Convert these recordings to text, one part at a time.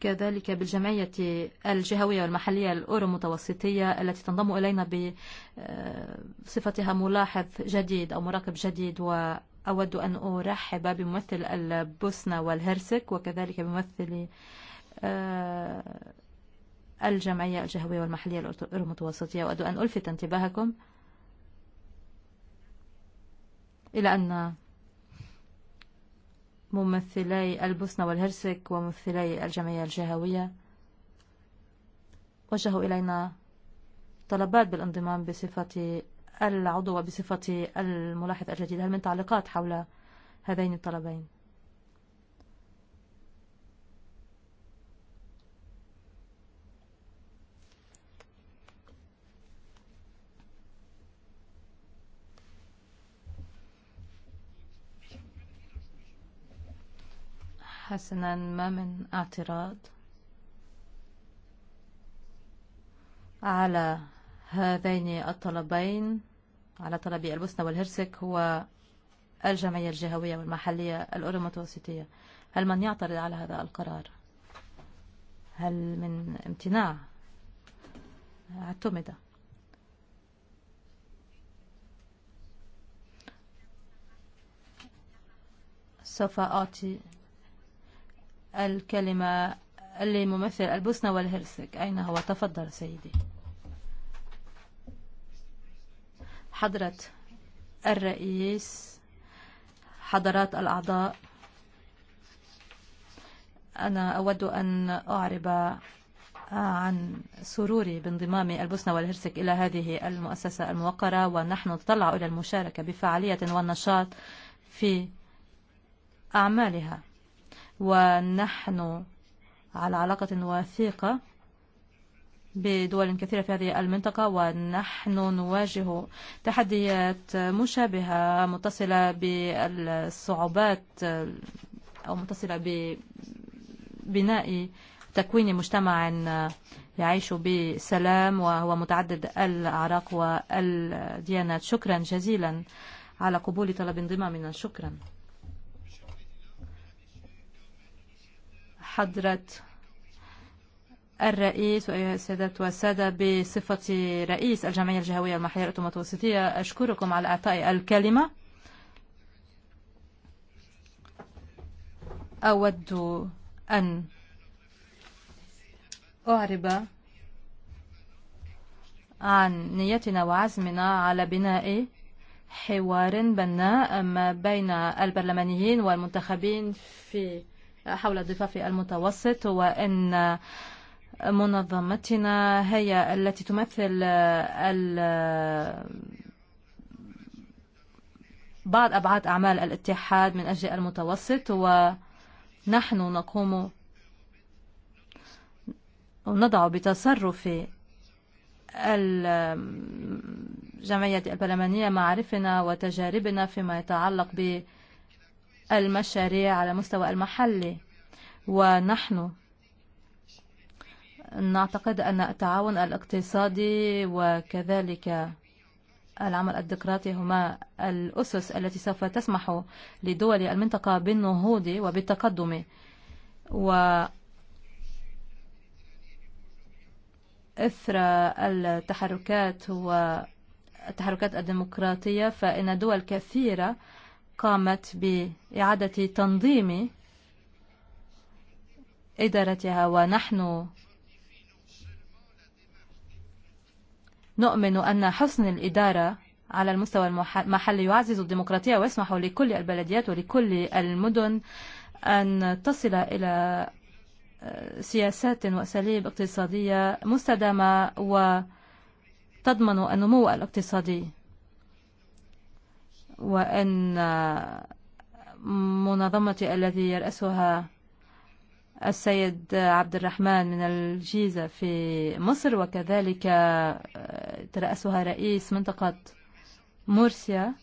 كذلك بالجمعية الجهوية والمحلية الأورو متوسطية التي تنضم إلينا بصفتها ملاحظ جديد أو مراقب جديد وأود أن أرحب بممثل البوسنة والهرسك وكذلك بممثل الجمعية الجهوية والمحلية الأورو متوسطية وأود أن ألفت انتباهكم إلى أن ممثلي البوسنة والهرسك وممثلي الجمعية الجهوية وجهوا إلينا طلبات بالانضمام بصفة العضو وبصفة الملاحظ الجديد هل من تعليقات حول هذين الطلبين حسنا ما من اعتراض على هذين الطلبين على طلبي البوسنة والهرسك هو الجمعية الجهوية والمحلية هل من يعترض على هذا القرار؟ هل من امتناع؟ اعتمد سوف أعطي الكلمة لممثل البوسنة والهرسك أين هو تفضل سيدي حضرة الرئيس حضرات الأعضاء أنا أود أن أعرب عن سروري بانضمام البوسنة والهرسك إلى هذه المؤسسة الموقرة ونحن نتطلع إلى المشاركة بفعالية والنشاط في أعمالها ونحن على علاقة وثيقة بدول كثيرة في هذه المنطقة ونحن نواجه تحديات مشابهة متصلة بالصعوبات أو متصلة ببناء تكوين مجتمع يعيش بسلام وهو متعدد الأعراق والديانات شكرا جزيلا على قبول طلب انضمامنا شكرا حضرة الرئيس وأيها السادة والسادة بصفة رئيس الجمعية الجهوية المحيرة المتوسطية أشكركم على إعطاء الكلمة أود أن أعرب عن نيتنا وعزمنا على بناء حوار بناء ما بين البرلمانيين والمنتخبين في حول الضفاف المتوسط وأن منظمتنا هي التي تمثل بعض أبعاد أعمال الاتحاد من أجل المتوسط ونحن نقوم ونضع بتصرف الجمعية البرلمانية معارفنا وتجاربنا فيما يتعلق ب المشاريع على مستوى المحلي ونحن نعتقد أن التعاون الاقتصادي وكذلك العمل الديمقراطي هما الأسس التي سوف تسمح لدول المنطقة بالنهوض وبالتقدم و إثر التحركات والتحركات الديمقراطية فإن دول كثيرة قامت بإعادة تنظيم إدارتها ونحن نؤمن أن حسن الإدارة على المستوى المحلي يعزز الديمقراطية ويسمح لكل البلديات ولكل المدن أن تصل إلى سياسات وأساليب اقتصادية مستدامة وتضمن النمو الاقتصادي وأن منظمة الذي يرأسها السيد عبد الرحمن من الجيزة في مصر وكذلك ترأسها رئيس منطقة مرسيا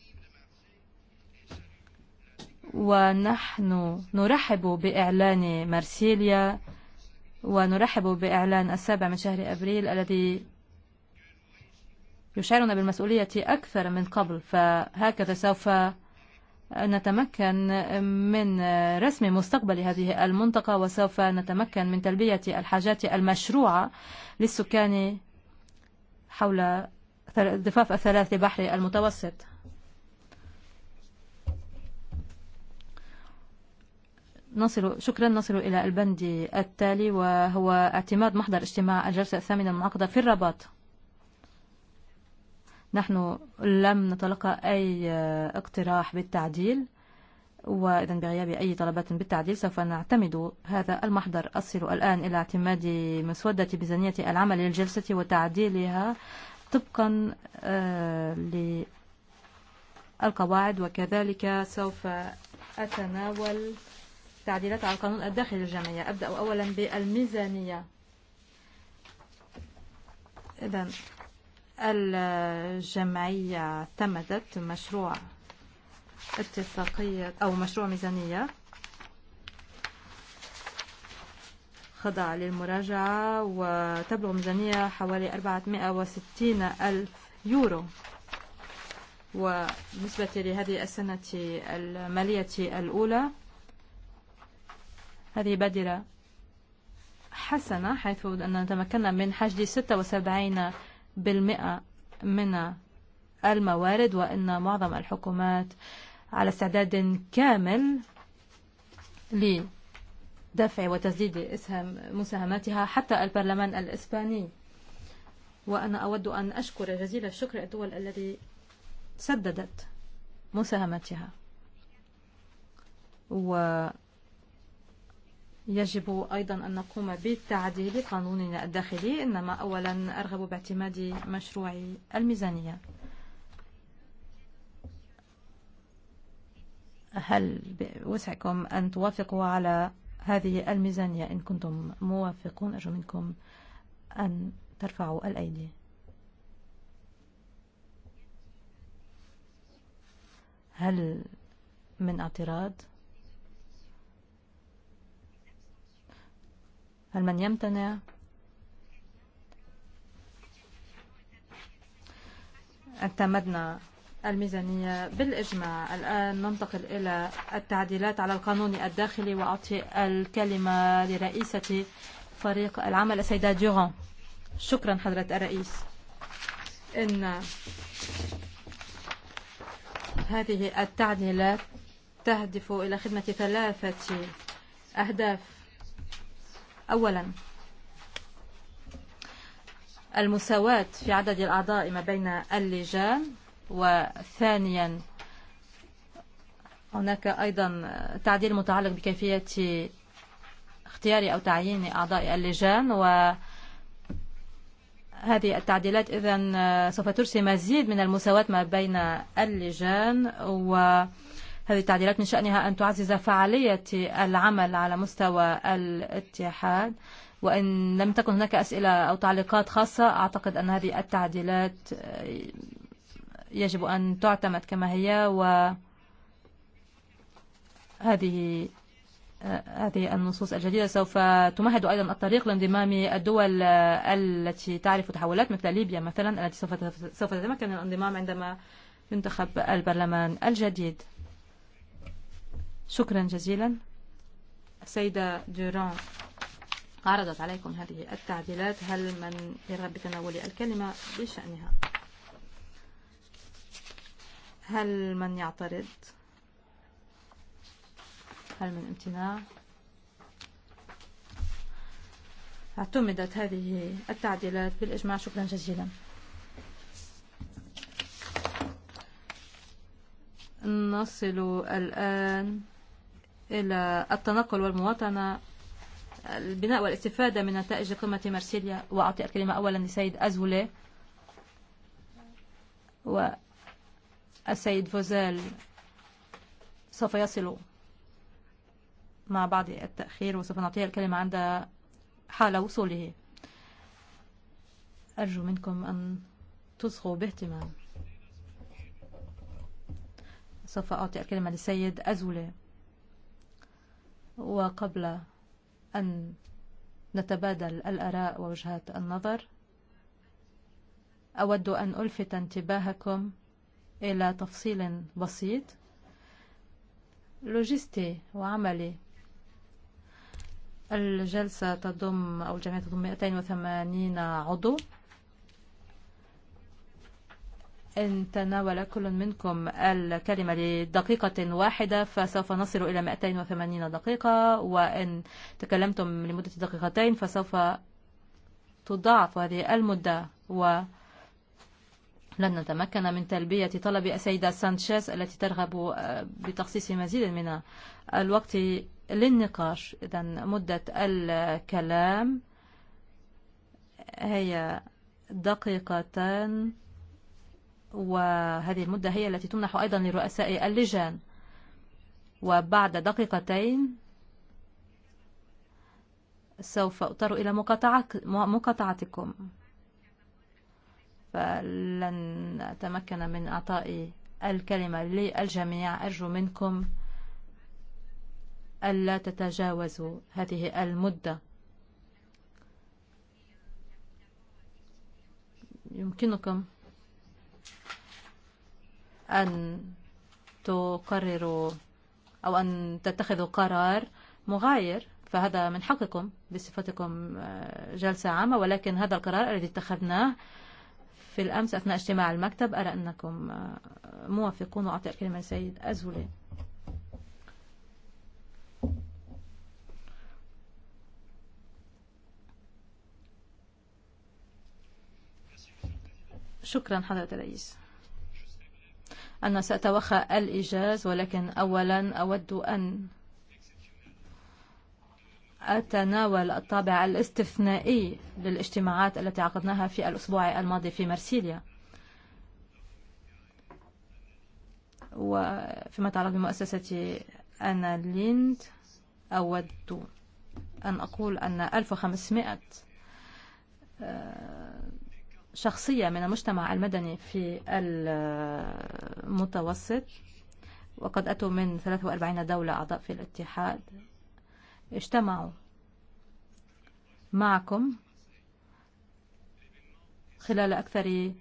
ونحن نرحب بإعلان مرسيليا ونرحب بإعلان السابع من شهر أبريل الذي يشعرون بالمسؤولية أكثر من قبل فهكذا سوف نتمكن من رسم مستقبل هذه المنطقة وسوف نتمكن من تلبية الحاجات المشروعة للسكان حول الضفاف الثلاث بحر المتوسط نصل شكرا نصل إلى البند التالي وهو اعتماد محضر اجتماع الجلسة الثامنة المعقدة في الرباط نحن لم نتلقى أي اقتراح بالتعديل وإذا بغياب أي طلبات بالتعديل سوف نعتمد هذا المحضر أصل الآن إلى اعتماد مسودة ميزانية العمل للجلسة وتعديلها طبقا للقواعد وكذلك سوف أتناول تعديلات على القانون الداخل للجمعية أبدأ أولا بالميزانية إذا الجمعية اعتمدت مشروع اتفاقية أو مشروع ميزانية خضع للمراجعة وتبلغ ميزانية حوالي 460 ألف يورو وبالنسبة لهذه السنة المالية الأولى هذه بادرة حسنة حيث أننا تمكنا من حشد 76 بالمئة من الموارد وأن معظم الحكومات على استعداد كامل لدفع وتسديد اسهم مساهماتها حتى البرلمان الإسباني وأنا أود أن أشكر جزيل الشكر الدول التي سددت مساهمتها يجب أيضا أن نقوم بتعديل قانوننا الداخلي إنما أولا أرغب باعتماد مشروع الميزانية هل بوسعكم أن توافقوا على هذه الميزانية إن كنتم موافقون أرجو منكم أن ترفعوا الأيدي هل من اعتراض؟ هل من يمتنع اعتمدنا الميزانية بالإجماع الآن ننتقل إلى التعديلات على القانون الداخلي وأعطي الكلمة لرئيسة فريق العمل السيدة ديوران شكرا حضرة الرئيس إن هذه التعديلات تهدف إلى خدمة ثلاثة أهداف أولا المساواة في عدد الأعضاء ما بين اللجان وثانيا هناك أيضا تعديل متعلق بكيفية اختيار أو تعيين أعضاء اللجان و هذه التعديلات إذا سوف ترسي مزيد من المساواة ما بين اللجان و هذه التعديلات من شأنها أن تعزز فعالية العمل على مستوى الاتحاد وإن لم تكن هناك أسئلة أو تعليقات خاصة أعتقد أن هذه التعديلات يجب أن تعتمد كما هي وهذه هذه النصوص الجديدة سوف تمهد أيضا الطريق لانضمام الدول التي تعرف تحولات مثل ليبيا مثلا التي سوف سوف تتمكن من الانضمام عندما ينتخب البرلمان الجديد شكرا جزيلا سيدة دوران عرضت عليكم هذه التعديلات هل من يرغب بتناول الكلمة بشأنها هل من يعترض هل من امتناع اعتمدت هذه التعديلات بالإجماع شكرا جزيلا نصل الآن إلى التنقل والمواطنة البناء والاستفادة من نتائج قمة مرسيليا وأعطي الكلمة أولا لسيد أزولي والسيد فوزال سوف يصل مع بعض التأخير وسوف نعطيه الكلمة عند حال وصوله أرجو منكم أن تصغوا باهتمام سوف أعطي الكلمة للسيد أزولي وقبل أن نتبادل الآراء ووجهات النظر أود أن ألفت انتباهكم إلى تفصيل بسيط لوجستي وعملي الجلسة تضم أو الجمعية تضم 280 عضو إن تناول كل منكم الكلمة لدقيقة واحدة فسوف نصل إلى 280 دقيقة وإن تكلمتم لمدة دقيقتين فسوف تضاعف هذه المدة ولن نتمكن من تلبية طلب السيدة سانشيز التي ترغب بتخصيص مزيد من الوقت للنقاش إذا مدة الكلام هي دقيقتان وهذه المدة هي التي تمنح أيضا لرؤساء اللجان وبعد دقيقتين سوف أضطر إلى مقاطعتكم فلن أتمكن من أعطاء الكلمة للجميع أرجو منكم ألا تتجاوزوا هذه المدة يمكنكم أن تقرروا أو أن تتخذوا قرار مغاير فهذا من حقكم بصفتكم جلسة عامة ولكن هذا القرار الذي اتخذناه في الأمس أثناء اجتماع المكتب أرى أنكم موافقون وأعطي الكلمة للسيد أزولي شكرا حضرة الرئيس أنا سأتوخى الإيجاز ولكن أولا أود أن أتناول الطابع الاستثنائي للاجتماعات التي عقدناها في الأسبوع الماضي في مرسيليا وفيما يتعلق بمؤسسة أنا ليند أود أن أقول أن 1500 شخصيه من المجتمع المدني في المتوسط وقد أتوا من 43 دولة أعضاء في الاتحاد اجتمعوا معكم خلال أكثر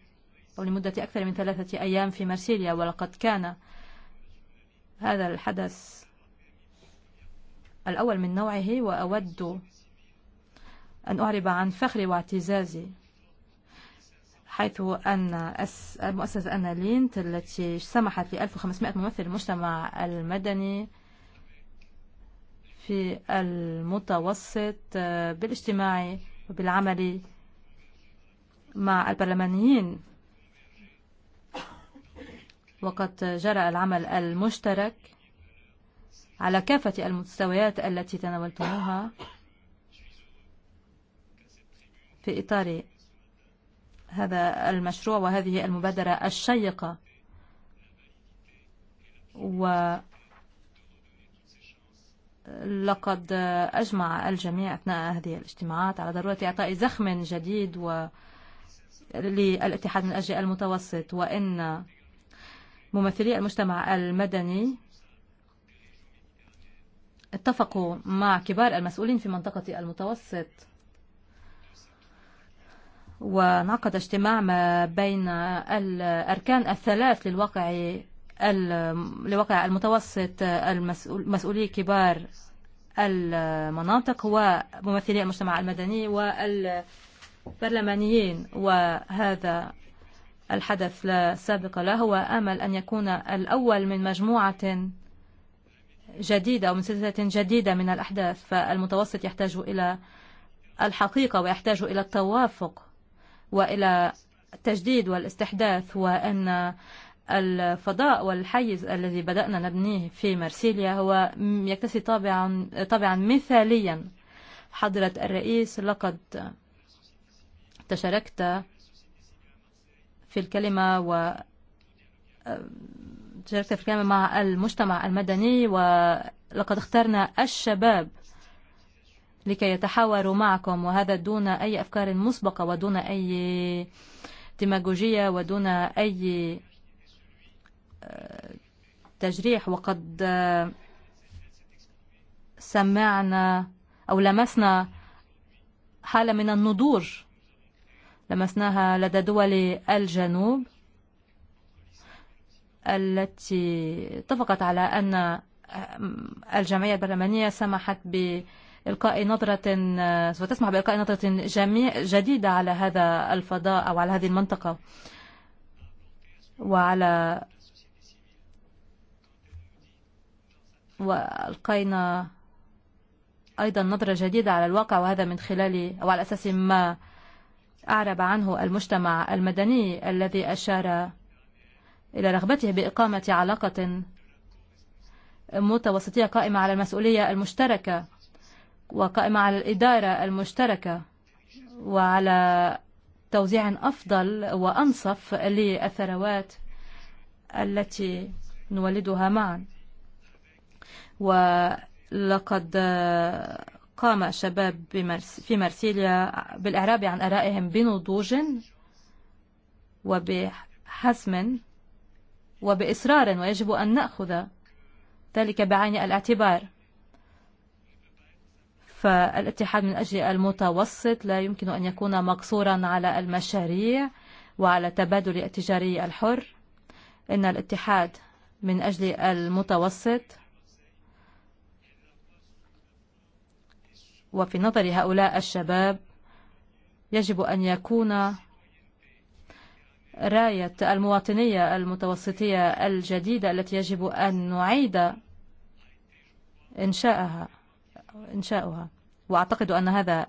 أو لمدة أكثر من ثلاثة أيام في مرسيليا ولقد كان هذا الحدث الأول من نوعه وأود أن أعرب عن فخري واعتزازي حيث أن مؤسسة لينت التي سمحت ل 1500 ممثل المجتمع المدني في المتوسط بالاجتماع وبالعمل مع البرلمانيين وقد جرى العمل المشترك على كافة المستويات التي تناولتموها في إطار هذا المشروع وهذه المبادرة الشيقة لقد أجمع الجميع أثناء هذه الاجتماعات على ضرورة إعطاء زخم جديد و للاتحاد من أجل المتوسط وإن ممثلي المجتمع المدني اتفقوا مع كبار المسؤولين في منطقة المتوسط ونعقد اجتماع ما بين الأركان الثلاث للواقع لواقع المتوسط المسؤولي كبار المناطق وممثلي المجتمع المدني والبرلمانيين وهذا الحدث لا سابق له أمل أن يكون الأول من مجموعة جديدة أو من سلسلة جديدة من الأحداث فالمتوسط يحتاج إلى الحقيقة ويحتاج إلى التوافق وإلى التجديد والاستحداث وأن الفضاء والحيز الذي بدأنا نبنيه في مرسيليا هو يكتسي طابعا طابعا مثاليا حضرة الرئيس لقد تشاركت في الكلمة و تشاركت في مع المجتمع المدني ولقد اخترنا الشباب لكي يتحاوروا معكم وهذا دون أي أفكار مسبقة ودون أي ديماغوجية ودون أي تجريح وقد سمعنا أو لمسنا حالة من النضور لمسناها لدى دول الجنوب التي اتفقت على أن الجمعية البرلمانية سمحت ب إلقاء نظرة سوف تسمع بإلقاء نظرة جديدة على هذا الفضاء أو على هذه المنطقة وعلى وألقينا أيضا نظرة جديدة على الواقع وهذا من خلال أو على أساس ما أعرب عنه المجتمع المدني الذي أشار إلى رغبته بإقامة علاقة متوسطية قائمة على المسؤولية المشتركة وقائمة على الإدارة المشتركة وعلى توزيع أفضل وأنصف للثروات التي نولدها معا ولقد قام شباب في مرسيليا بالإعراب عن آرائهم بنضوج وبحسم وبإصرار ويجب أن نأخذ ذلك بعين الاعتبار فالاتحاد من أجل المتوسط لا يمكن أن يكون مقصورا على المشاريع وعلى التبادل التجاري الحر إن الاتحاد من أجل المتوسط وفي نظر هؤلاء الشباب يجب أن يكون راية المواطنية المتوسطية الجديدة التي يجب أن نعيد إنشاءها إنشاؤها وأعتقد أن هذا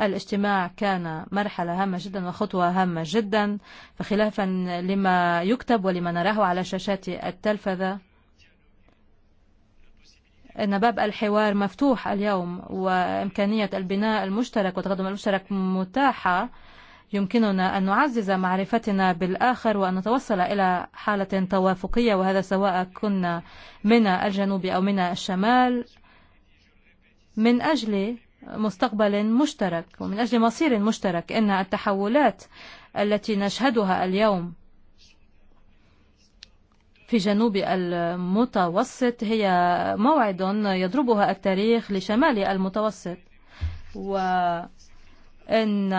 الاجتماع كان مرحلة هامة جدا وخطوة هامة جدا فخلافا لما يكتب ولما نراه على شاشات التلفزة أن باب الحوار مفتوح اليوم وإمكانية البناء المشترك وتقدم المشترك متاحة يمكننا أن نعزز معرفتنا بالآخر وأن نتوصل إلى حالة توافقية وهذا سواء كنا من الجنوب أو من الشمال من أجل مستقبل مشترك ومن أجل مصير مشترك إن التحولات التي نشهدها اليوم في جنوب المتوسط هي موعد يضربها التاريخ لشمال المتوسط وإن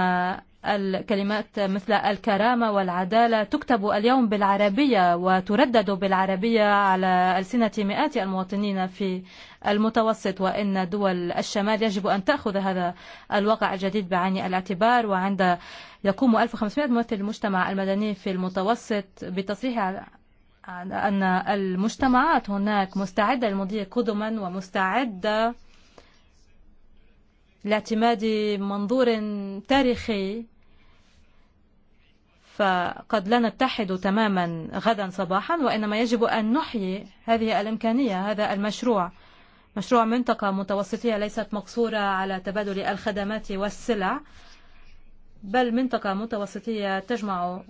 الكلمات مثل الكرامة والعدالة تكتب اليوم بالعربية وتردد بالعربية على ألسنة مئات المواطنين في المتوسط وإن دول الشمال يجب أن تأخذ هذا الواقع الجديد بعين الاعتبار وعند يقوم 1500 ممثل المجتمع المدني في المتوسط بتصريح أن المجتمعات هناك مستعدة للمضي قدما ومستعدة لاعتماد منظور تاريخي فقد لا نتحد تماما غدا صباحا وإنما يجب أن نحيي هذه الامكانيه هذا المشروع مشروع منطقه متوسطيه ليست مقصورة على تبادل الخدمات والسلع بل منطقه متوسطية تجمع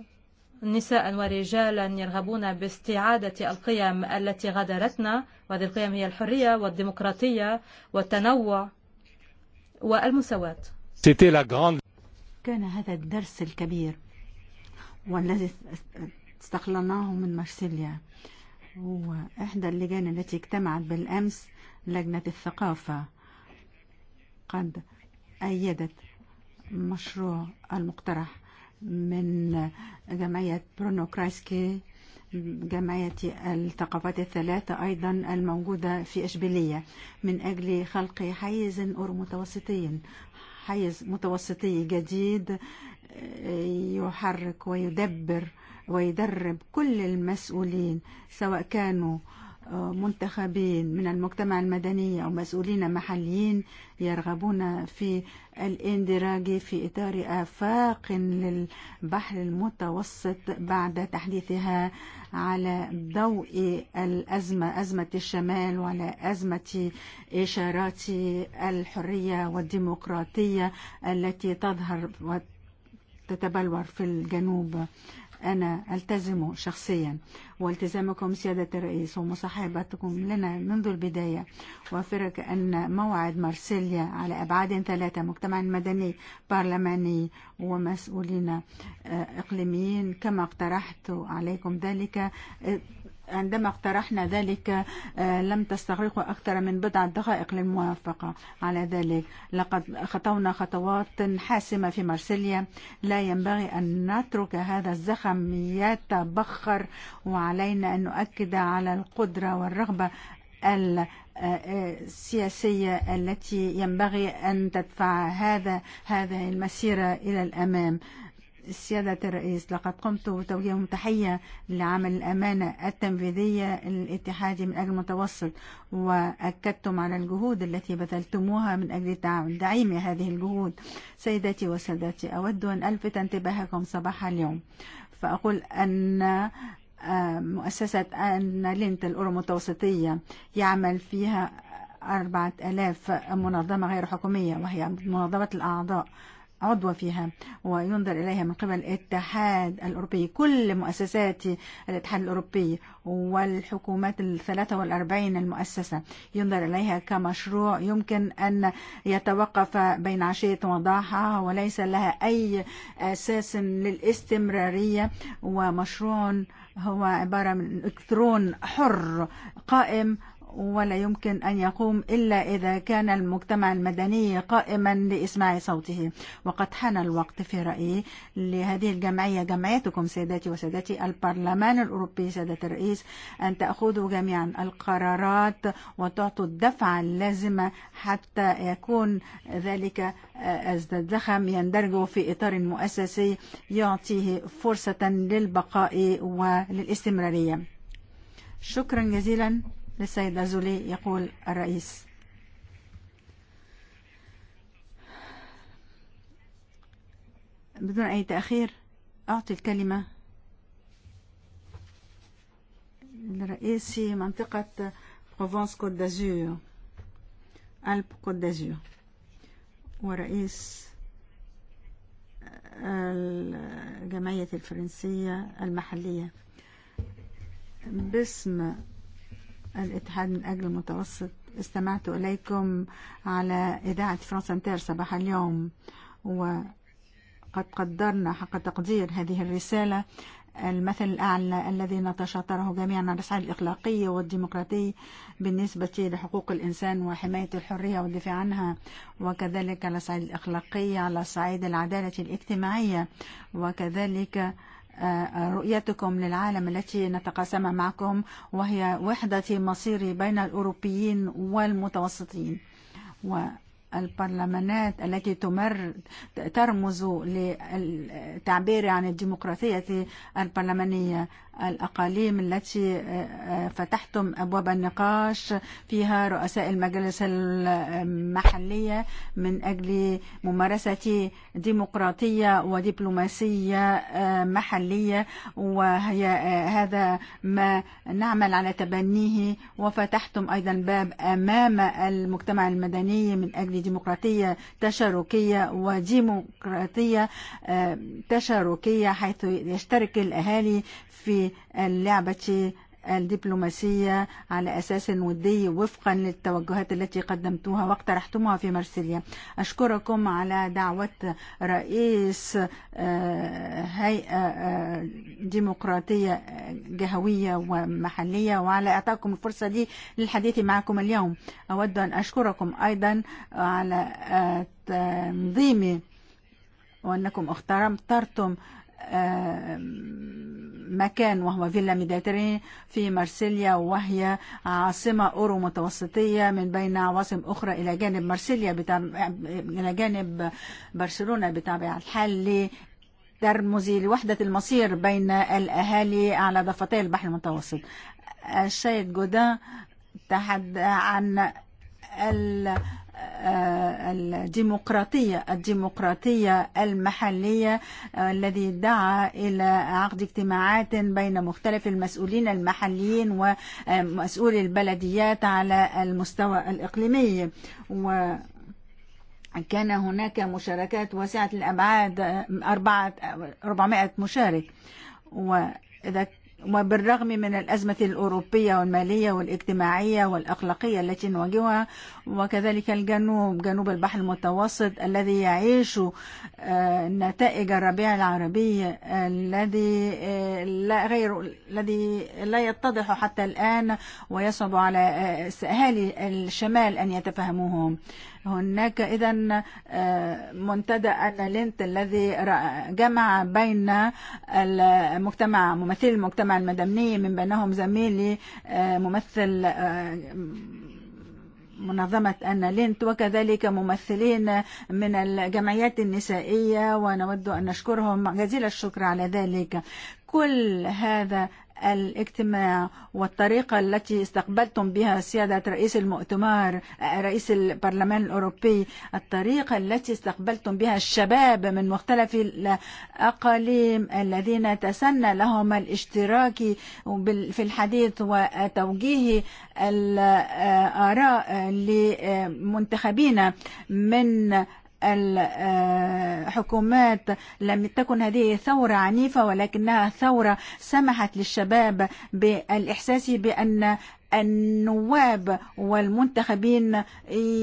نساء ورجالا يرغبون باستعاده القيم التي غادرتنا وهذه القيم هي الحريه والديمقراطيه والتنوع والمساواة كان هذا الدرس الكبير والذي استقلناه من مرسيليا هو إحدى اللجان التي اجتمعت بالأمس لجنة الثقافة قد أيدت مشروع المقترح من جمعية برونو كرايسكي جمعية الثقافات الثلاثة أيضا الموجودة في إشبيلية من أجل خلق حيز أور متوسطي حيز متوسطي جديد يحرك ويدبر ويدرب كل المسؤولين سواء كانوا منتخبين من المجتمع المدني أو مسؤولين محليين يرغبون في الاندراج في إطار آفاق للبحر المتوسط بعد تحديثها على ضوء الأزمة أزمة الشمال وعلى أزمة إشارات الحرية والديمقراطية التي تظهر وتتبلور في الجنوب أنا ألتزم شخصيا والتزامكم سيادة الرئيس ومصاحبتكم لنا منذ البداية وفرك أن موعد مارسيليا على أبعاد ثلاثة مجتمع مدني برلماني ومسؤولين إقليميين كما اقترحت عليكم ذلك عندما اقترحنا ذلك لم تستغرق أكثر من بضع دقائق للموافقة على ذلك لقد خطونا خطوات حاسمة في مارسيليا لا ينبغي أن نترك هذا الزخم يتبخر وعلينا أن نؤكد على القدرة والرغبة السياسية التي ينبغي أن تدفع هذا هذه المسيرة إلى الأمام سيادة الرئيس لقد قمت بتوجيه تحية لعمل الأمانة التنفيذية الاتحادي من أجل المتوسط وأكدتم على الجهود التي بذلتموها من أجل دعيم هذه الجهود سيداتي وسادتي أود أن ألفت انتباهكم صباح اليوم فأقول أن مؤسسة أن لينت الأورو المتوسطية يعمل فيها أربعة آلاف منظمة غير حكومية وهي منظمة الأعضاء عضو فيها وينظر إليها من قبل الاتحاد الأوروبي كل مؤسسات الاتحاد الأوروبي والحكومات الثلاثة والأربعين المؤسسة ينظر إليها كمشروع يمكن أن يتوقف بين عشية وضاحة وليس لها أي أساس للاستمرارية ومشروع هو عبارة من إلكترون حر قائم ولا يمكن أن يقوم إلا إذا كان المجتمع المدني قائما لإسماع صوته وقد حان الوقت في رأيي لهذه الجمعية جمعيتكم سيداتي وسادتي البرلمان الأوروبي سادة الرئيس أن تأخذوا جميعا القرارات وتعطوا الدفع اللازمة حتى يكون ذلك الزخم يندرج في إطار مؤسسي يعطيه فرصة للبقاء وللاستمرارية شكرا جزيلا للسيد أزولي يقول الرئيس بدون أي تأخير أعطي الكلمة لرئيس منطقة بروفانس كوت دازور ألب كوت دازور ورئيس الجمعية الفرنسية المحلية باسم الاتحاد من أجل المتوسط استمعت إليكم على إذاعة فرنسا انتر صباح اليوم وقد قدرنا حق تقدير هذه الرسالة المثل الأعلى الذي نتشاطره جميعا الرسالة الإخلاقية والديمقراطية بالنسبة لحقوق الإنسان وحماية الحرية والدفاع عنها وكذلك على الصعيد الأخلاقي على صعيد العدالة الاجتماعية وكذلك رؤيتكم للعالم التي نتقاسمها معكم وهي وحدة مصير بين الأوروبيين والمتوسطين والبرلمانات التي تمر ترمز للتعبير عن الديمقراطية البرلمانية الأقاليم التي فتحتم أبواب النقاش فيها رؤساء المجالس المحلية من أجل ممارسة ديمقراطية ودبلوماسية محلية وهي هذا ما نعمل على تبنيه وفتحتم أيضا باب أمام المجتمع المدني من أجل ديمقراطية تشاركية وديمقراطية تشاركية حيث يشترك الأهالي في اللعبة لعبة الدبلوماسية على أساس ودي وفقا للتوجهات التي قدمتوها واقترحتموها في مرسيليا أشكركم على دعوة رئيس هيئة ديمقراطية جهوية ومحلية وعلى إعطائكم الفرصة دي للحديث معكم اليوم أود أن أشكركم أيضا على تنظيمي وأنكم اخترتم مكان وهو فيلا ميداترين في مارسيليا وهي عاصمة أورو متوسطية من بين عواصم أخرى إلى جانب مارسيليا إلى جانب برشلونة بطبيعة الحال ترمز لوحدة المصير بين الأهالي على ضفتي البحر المتوسط السيد جودا تحدث عن الديمقراطية الديمقراطية المحلية الذي دعا إلى عقد اجتماعات بين مختلف المسؤولين المحليين ومسؤولي البلديات على المستوى الإقليمي و كان هناك مشاركات واسعة الأبعاد 400 مشارك وإذا وبالرغم من الأزمة الأوروبية والمالية والاجتماعية والأخلاقية التي نواجهها وكذلك الجنوب جنوب البحر المتوسط الذي يعيش نتائج الربيع العربي الذي لا غير الذي لا يتضح حتى الآن ويصعب على أهالي الشمال أن يتفهموهم هناك إذا منتدى لينت الذي جمع بين المجتمع ممثلي المجتمع المدني من بينهم زميلي ممثل منظمة أن لينت وكذلك ممثلين من الجمعيات النسائية ونود أن نشكرهم جزيل الشكر على ذلك كل هذا الاجتماع والطريقة التي استقبلتم بها سيادة رئيس المؤتمر رئيس البرلمان الأوروبي الطريقة التي استقبلتم بها الشباب من مختلف الأقاليم الذين تسنى لهم الاشتراك في الحديث وتوجيه الآراء لمنتخبين من الحكومات لم تكن هذه ثورة عنيفة ولكنها ثورة سمحت للشباب بالإحساس بأن النواب والمنتخبين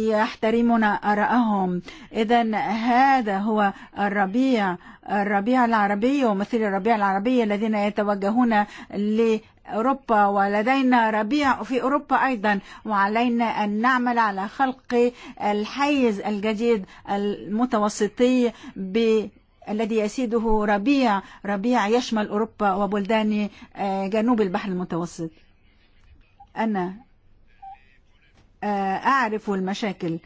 يحترمون آراءهم إذا هذا هو الربيع الربيع العربي ومثل الربيع العربي الذين يتوجهون ل أوروبا ولدينا ربيع في أوروبا أيضا وعلينا أن نعمل على خلق الحيز الجديد المتوسطي ب الذي يسيده ربيع ربيع يشمل أوروبا وبلدان جنوب البحر المتوسط أنا أعرف المشاكل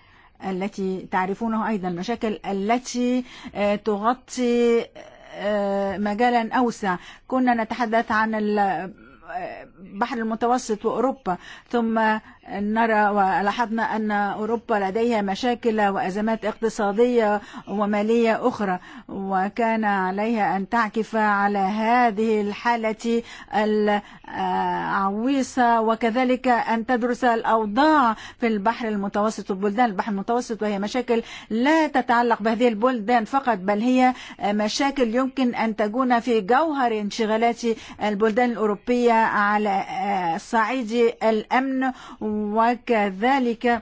التي تعرفونه أيضا المشاكل التي تغطي مجالا أوسع كنا نتحدث عن البحر المتوسط وأوروبا ثم نرى ولاحظنا أن أوروبا لديها مشاكل وأزمات اقتصادية ومالية أخرى وكان عليها أن تعكف على هذه الحالة العويصة وكذلك أن تدرس الأوضاع في البحر المتوسط والبلدان البحر المتوسط وهي مشاكل لا تتعلق بهذه البلدان فقط بل هي مشاكل يمكن أن تكون في جوهر انشغالات البلدان الأوروبية على صعيد الأمن وكذلك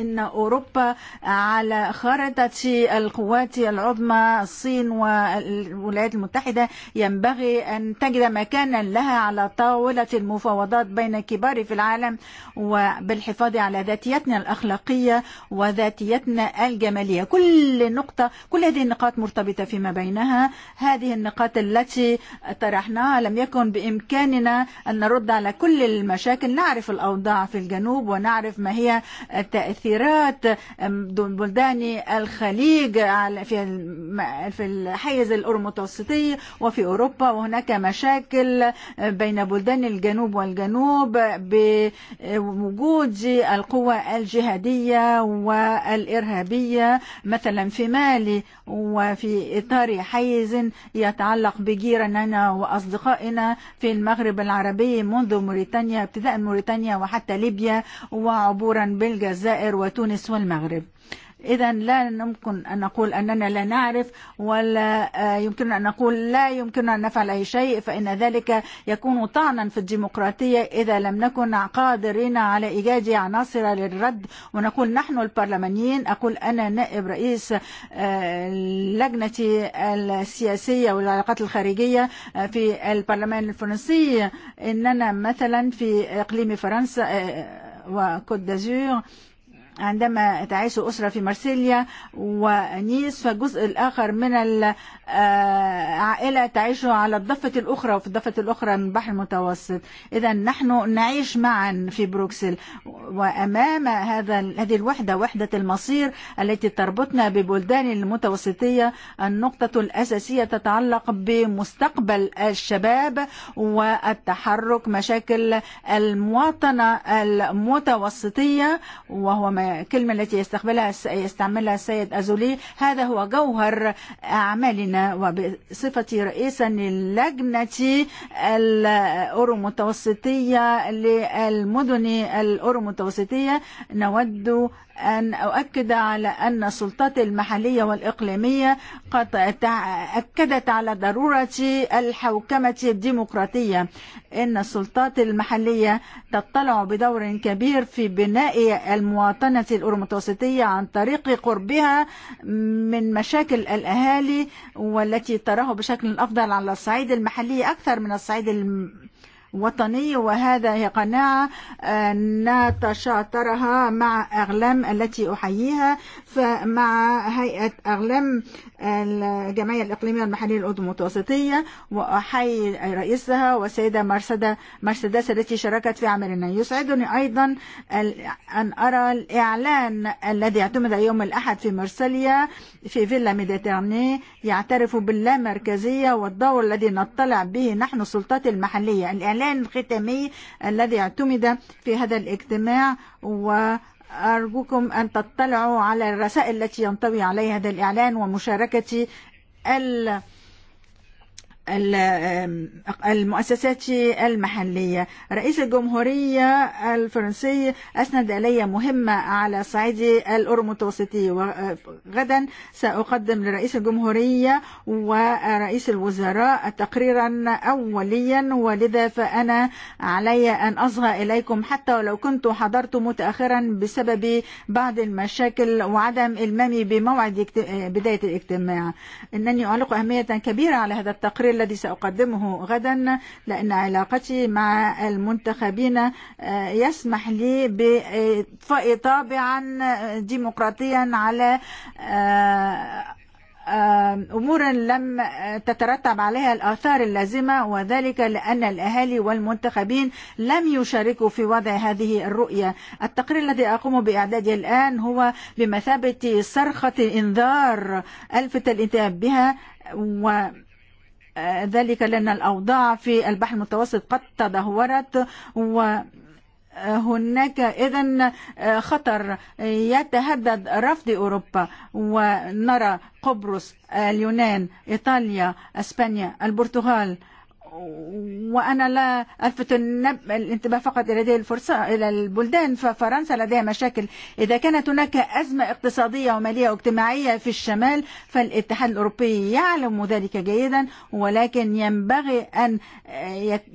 أن أوروبا على خارطه القوات العظمى الصين والولايات المتحده ينبغي أن تجد مكانا لها على طاوله المفاوضات بين كبار في العالم وبالحفاظ على ذاتيتنا الاخلاقيه وذاتيتنا الجماليه كل نقطه كل هذه النقاط مرتبطه فيما بينها هذه النقاط التي طرحناها لم يكن بإمكاننا أن نرد على كل المشاكل نعرف الأوضاع في الجنوب ونعرف ما هي التأثيرات بلدان الخليج في الحيز الأورمتوسطي وفي أوروبا وهناك مشاكل بين بلدان الجنوب والجنوب بوجود القوى الجهادية والإرهابية مثلا في مالي وفي إطار حيز يتعلق بجيراننا وأصدقائنا في المغرب العربي منذ موريتانيا ابتداء موريتانيا وحتى ليبيا عبورا بالجزائر وتونس والمغرب إذا لا يمكن أن نقول أننا لا نعرف ولا يمكن أن نقول لا يمكن أن نفعل أي شيء فإن ذلك يكون طعنا في الديمقراطية إذا لم نكن قادرين على إيجاد عناصر للرد ونقول نحن البرلمانيين أقول أنا نائب رئيس لجنة السياسية والعلاقات الخارجية في البرلمان الفرنسي إننا مثلا في إقليم فرنسا وكوت دازور عندما تعيش أسرة في مارسيليا ونيس فالجزء الآخر من عائلة تعيش على الضفة الأخرى وفي الضفة الأخرى من البحر المتوسط إذا نحن نعيش معا في بروكسل وأمام هذا هذه الوحدة وحدة المصير التي تربطنا ببلدان المتوسطية النقطة الأساسية تتعلق بمستقبل الشباب والتحرك مشاكل المواطنة المتوسطية وهو ما الكلمة التي يستقبلها يستعملها السيد أزولي هذا هو جوهر أعمالنا وبصفتي رئيسا للجنة الأورو متوسطية للمدن الأورو متوسطية نود أن أؤكد على أن السلطات المحلية والإقليمية قد أكدت على ضرورة الحوكمة الديمقراطية إن السلطات المحلية تطلع بدور كبير في بناء المواطنة الأورو متوسطية عن طريق قربها من مشاكل الأهالي والتي تراه بشكل أفضل على الصعيد المحلي أكثر من الصعيد الوطني وهذا هي قناعة نتشاطرها مع أغلام التي أحييها فمع هيئة أغلام الجمعية الإقليمية والمحلية الأردن المتوسطية وأحيي رئيسها والسيدة مرسدة مرسدس التي شاركت في عملنا يسعدني أيضا أن أرى الإعلان الذي اعتمد يوم الأحد في مرسليا في فيلا ميديتراني يعترف باللامركزية والدور الذي نطلع به نحن السلطات المحلية الإعلان الختامي الذي اعتمد في هذا الاجتماع و أرجوكم أن تطلعوا على الرسائل التي ينطوي عليها هذا الإعلان ومشاركة ال المؤسسات المحلية رئيس الجمهورية الفرنسي أسند إلي مهمة على صعيد الأور المتوسطي وغدا سأقدم لرئيس الجمهورية ورئيس الوزراء تقريرا أوليا ولذا فأنا علي أن أصغى إليكم حتى ولو كنت حضرت متأخرا بسبب بعض المشاكل وعدم إلمامي بموعد بداية الاجتماع إنني أعلق أهمية كبيرة على هذا التقرير الذي سأقدمه غدا لأن علاقتي مع المنتخبين يسمح لي بإطفاء طابعا ديمقراطيا على أمور لم تترتب عليها الآثار اللازمة وذلك لأن الأهالي والمنتخبين لم يشاركوا في وضع هذه الرؤية التقرير الذي أقوم بإعداده الآن هو بمثابة صرخة إنذار ألفت الانتباه بها و ذلك لأن الأوضاع في البحر المتوسط قد تدهورت و هناك إذا خطر يتهدد رفض أوروبا ونرى قبرص اليونان إيطاليا أسبانيا البرتغال وأنا لا ألفت الانتباه فقط إلى هذه إلى البلدان ففرنسا لديها مشاكل إذا كانت هناك ازمه اقتصاديه وماليه واجتماعيه في الشمال فالاتحاد الأوروبي يعلم ذلك جيدا ولكن ينبغي أن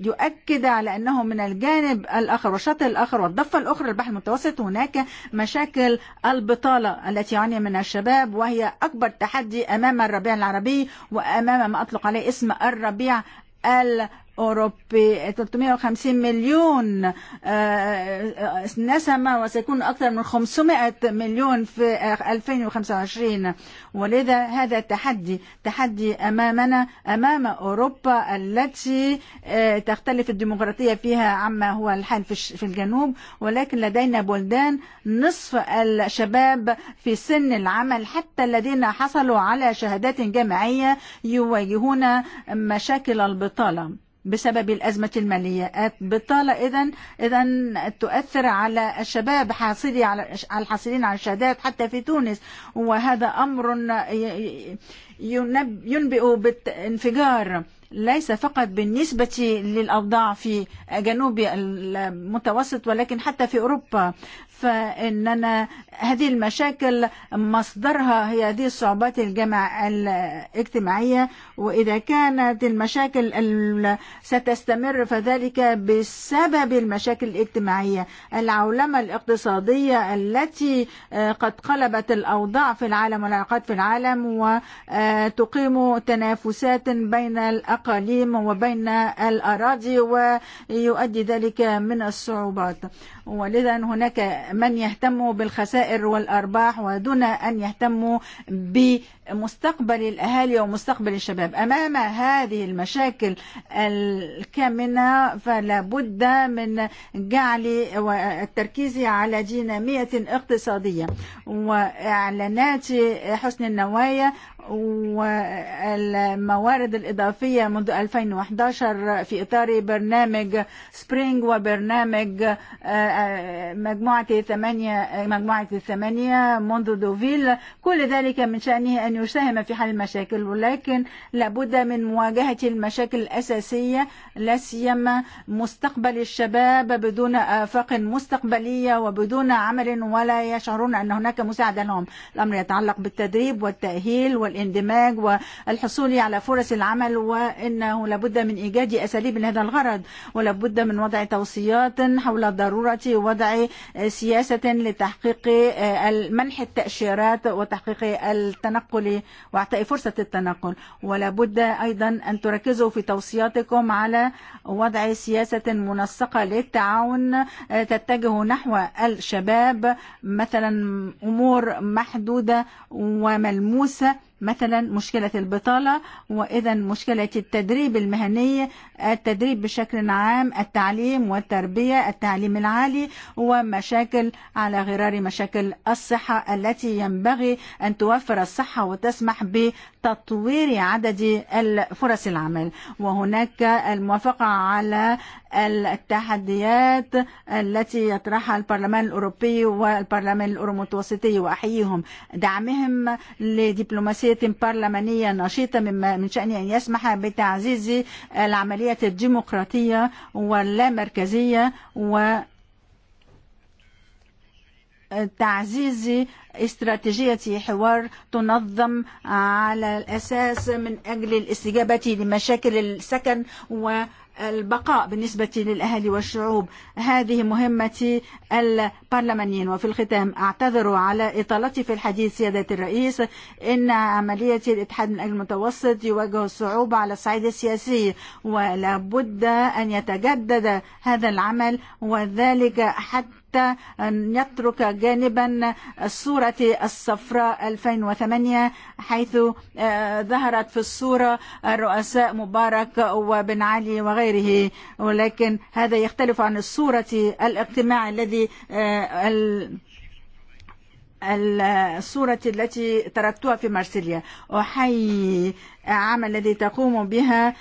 يؤكد على أنه من الجانب الآخر والشط الآخر والضفه الأخرى البحر المتوسط هناك مشاكل البطاله التي يعاني منها الشباب وهي أكبر تحدي أمام الربيع العربي وأمام ما أطلق عليه اسم الربيع Ελ أوروبي 350 مليون نسمة وسيكون أكثر من 500 مليون في 2025 ولذا هذا تحدي تحدي أمامنا أمام أوروبا التي تختلف الديمقراطية فيها عما هو الحال في الجنوب ولكن لدينا بلدان نصف الشباب في سن العمل حتى الذين حصلوا على شهادات جامعية يواجهون مشاكل البطالة بسبب الأزمة المالية بالطالة إذا إذا تؤثر على الشباب حاصلي على الحاصلين على الشهادات حتى في تونس وهذا أمر ينبئ بانفجار ليس فقط بالنسبة للأوضاع في جنوب المتوسط ولكن حتى في أوروبا فإننا هذه المشاكل مصدرها هي هذه الصعوبات الجمع وإذا كانت المشاكل ستستمر فذلك بسبب المشاكل الاجتماعيه العولمة الاقتصاديه التي قد قلبت الأوضاع في العالم والعلاقات في العالم وتقيم تنافسات بين الأقاليم وبين الأراضي ويؤدي ذلك من الصعوبات ولذا هناك من يهتم بالخسائر والأرباح ودون أن يهتموا بمستقبل الأهالي ومستقبل الشباب أمام هذه المشاكل الكامنة فلا بد من جعل التركيز على دينامية اقتصادية وإعلانات حسن النوايا والموارد الإضافية منذ 2011 في إطار برنامج سبرينغ وبرنامج مجموعة الثمانية مجموعة الثمانية منذ دوفيل كل ذلك من شأنه أن يساهم في حل المشاكل ولكن لابد من مواجهة المشاكل الأساسية لا سيما مستقبل الشباب بدون آفاق مستقبلية وبدون عمل ولا يشعرون أن هناك مساعدة لهم الأمر يتعلق بالتدريب والتأهيل وال والاندماج والحصول على فرص العمل وأنه لابد من إيجاد أساليب لهذا الغرض ولابد من وضع توصيات حول ضروره وضع سياسه لتحقيق منح التأشيرات وتحقيق التنقل وإعطاء فرصه التنقل ولابد أيضا أن تركزوا في توصياتكم على وضع سياسه منسقه للتعاون تتجه نحو الشباب مثلا أمور محدوده وملموسه مثلا مشكلة البطالة وإذا مشكلة التدريب المهني التدريب بشكل عام التعليم والتربية التعليم العالي ومشاكل على غرار مشاكل الصحة التي ينبغي أن توفر الصحة وتسمح ب تطوير عدد فرص العمل وهناك الموافقه على التحديات التي يطرحها البرلمان الأوروبي والبرلمان الأورومتوسطي وأحييهم دعمهم لدبلوماسية برلمانية نشيطة مما من شأن أن يسمح بتعزيز العملية الديمقراطيه واللامركزيه و تعزيز استراتيجية حوار تنظم على الأساس من أجل الاستجابة لمشاكل السكن و البقاء بالنسبة للأهالي والشعوب هذه مهمة البرلمانيين وفي الختام أعتذر على إطالتي في الحديث سيادة الرئيس إن عملية الاتحاد من أجل المتوسط يواجه صعوبة على الصعيد السياسي ولا بد أن يتجدد هذا العمل وذلك حتى حتى أن يترك جانبا الصورة الصفراء 2008 حيث ظهرت في الصورة الرؤساء مبارك وبن علي وغيره ولكن هذا يختلف عن الصورة الاجتماع الذي الصورة التي تركتها في مارسيليا أحيي العمل الذي تقوم بها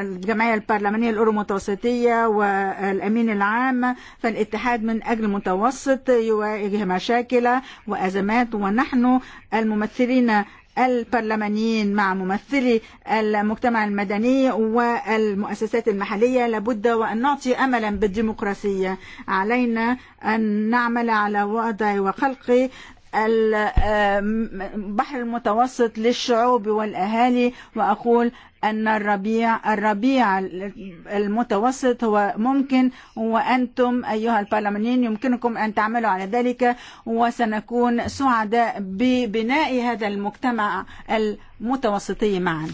الجمعية البرلمانية الأورو متوسطية والأمين العام فالاتحاد من أجل المتوسط يواجه مشاكل وأزمات ونحن الممثلين البرلمانيين مع ممثلي المجتمع المدني والمؤسسات المحلية لابد وأن نعطي أملا بالديمقراطية علينا أن نعمل على وضع وخلق البحر المتوسط للشعوب والأهالي وأقول أن الربيع الربيع المتوسط هو ممكن وأنتم أيها البرلمانيين يمكنكم أن تعملوا على ذلك وسنكون سعداء ببناء هذا المجتمع المتوسطي معا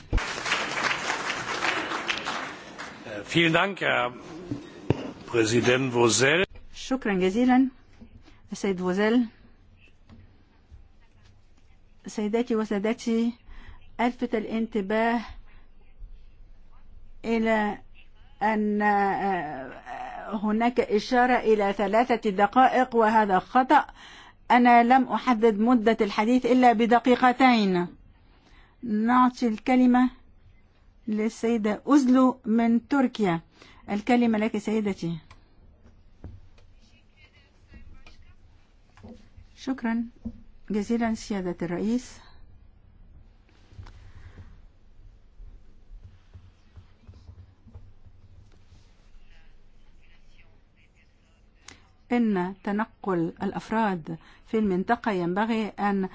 شكرا جزيلا السيد فوزيل سيداتي وسادتي ألفت الانتباه إلى أن هناك إشارة إلى ثلاثة دقائق وهذا خطأ أنا لم أحدد مدة الحديث إلا بدقيقتين نعطي الكلمة للسيدة أزلو من تركيا الكلمة لك سيدتي شكرا جزيلا سيادة الرئيس أن تنقل الأفراد في المنطقة ينبغي أن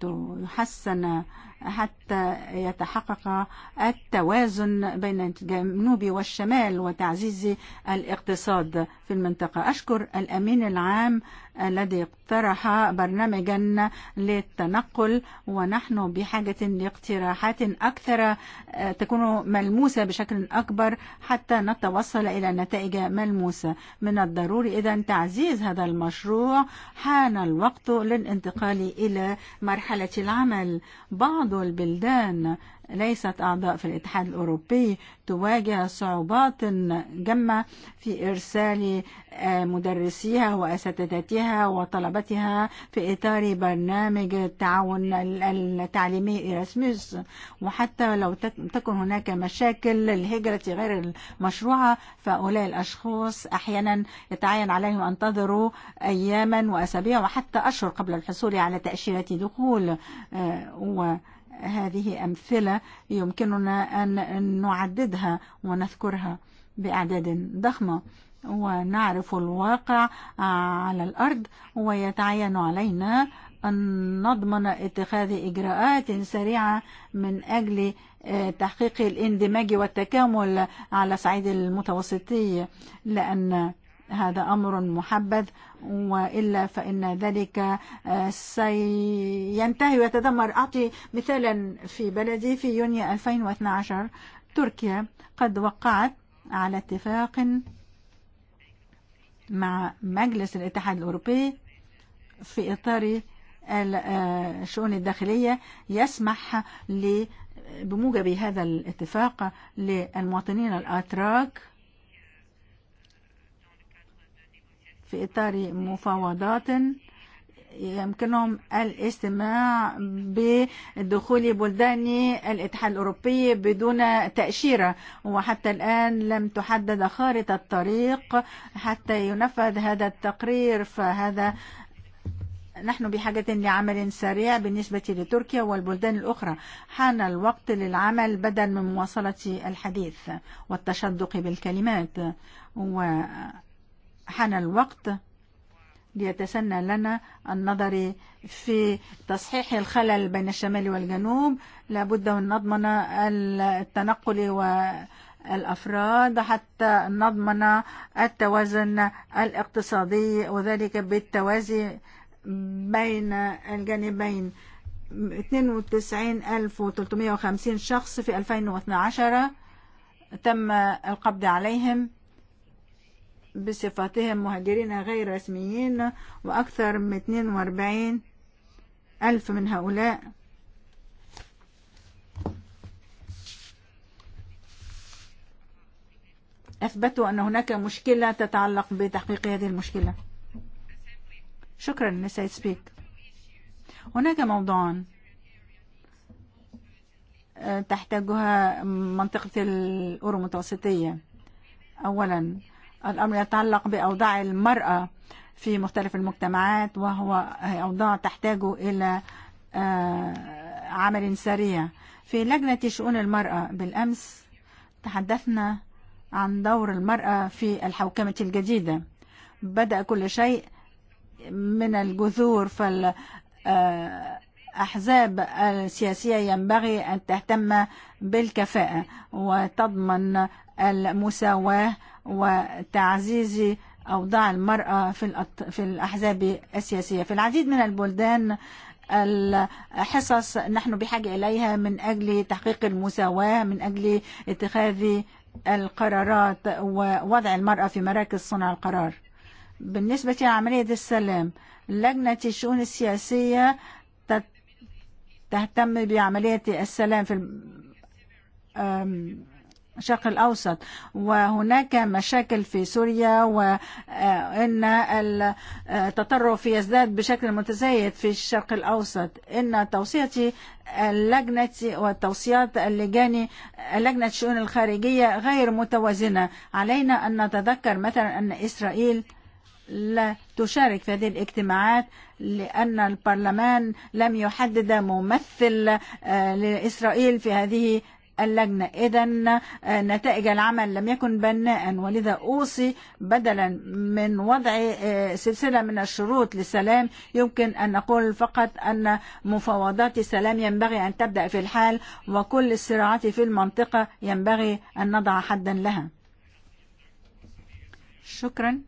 تحسن حتى يتحقق التوازن بين الجنوب والشمال وتعزيز الاقتصاد في المنطقة أشكر الأمين العام الذي اقترح برنامجا للتنقل ونحن بحاجة لاقتراحات أكثر تكون ملموسة بشكل أكبر حتى نتوصل إلى نتائج ملموسة من الضروري إذا تعزيز هذا المشروع حان الوقت للانتقال إلى مرحلة العمل بعض البلدان ليست أعضاء في الاتحاد الأوروبي تواجه صعوبات جمة في إرسال مدرسيها وأساتذتها وطلبتها في إطار برنامج التعاون التعليمي إيراسموس وحتى لو تكن هناك مشاكل الهجرة غير المشروعة فأولئك الأشخاص أحيانا يتعين عليهم أن انتظروا أياما وأسابيع وحتى أشهر قبل الحصول على تأشيرة دخول و هذه أمثلة يمكننا أن نعددها ونذكرها بأعداد ضخمة ونعرف الواقع على الأرض ويتعين علينا أن نضمن اتخاذ إجراءات سريعة من أجل تحقيق الاندماج والتكامل على صعيد المتوسطي لأن هذا أمر محبذ وإلا فإن ذلك سينتهي ويتدمر أعطي مثالا في بلدي في يونيو 2012 تركيا قد وقعت على اتفاق مع مجلس الاتحاد الأوروبي في إطار الشؤون الداخلية يسمح بموجب هذا الاتفاق للمواطنين الأتراك في إطار مفاوضات يمكنهم الاستماع بدخول بلدان الاتحاد الأوروبي بدون تاشيره وحتى الآن لم تحدد خارطه الطريق حتى ينفذ هذا التقرير فهذا نحن بحاجة لعمل سريع بالنسبة لتركيا والبلدان الأخرى حان الوقت للعمل بدلا من مواصلة الحديث والتشدق بالكلمات و حان الوقت ليتسنى لنا النظر في تصحيح الخلل بين الشمال والجنوب لابد أن نضمن التنقل والأفراد حتى نضمن التوازن الاقتصادي وذلك بالتوازي بين الجانبين 92350 شخص في 2012 تم القبض عليهم بصفتهم مهاجرين غير رسميين وأكثر من 42 ألف من هؤلاء أثبتوا أن هناك مشكلة تتعلق بتحقيق هذه المشكلة شكرا لسيد سبيك هناك موضوعان تحتاجها منطقة الأورو المتوسطية أولا الأمر يتعلق بأوضاع المرأة في مختلف المجتمعات وهو أوضاع تحتاج إلى عمل سريع في لجنة شؤون المرأة بالأمس تحدثنا عن دور المرأة في الحوكمة الجديدة بدأ كل شيء من الجذور فالأحزاب السياسية ينبغي أن تهتم بالكفاءة وتضمن المساواة وتعزيز أوضاع المرأة في الأحزاب السياسية في العديد من البلدان الحصص نحن بحاجة إليها من أجل تحقيق المساواة من أجل اتخاذ القرارات ووضع المرأة في مراكز صنع القرار بالنسبة لعملية السلام لجنة الشؤون السياسية تهتم بعملية السلام في الشرق الأوسط وهناك مشاكل في سوريا وإن التطرف يزداد بشكل متزايد في الشرق الأوسط إن توصية اللجنة وتوصيات اللجان لجنة الشؤون الخارجية غير متوازنة علينا أن نتذكر مثلا أن إسرائيل لا تشارك في هذه الاجتماعات لأن البرلمان لم يحدد ممثل لإسرائيل في هذه اللجنة إذا نتائج العمل لم يكن بناء ولذا أوصي بدلا من وضع سلسلة من الشروط للسلام يمكن أن نقول فقط أن مفاوضات السلام ينبغي أن تبدأ في الحال وكل الصراعات في المنطقة ينبغي أن نضع حدا لها شكرا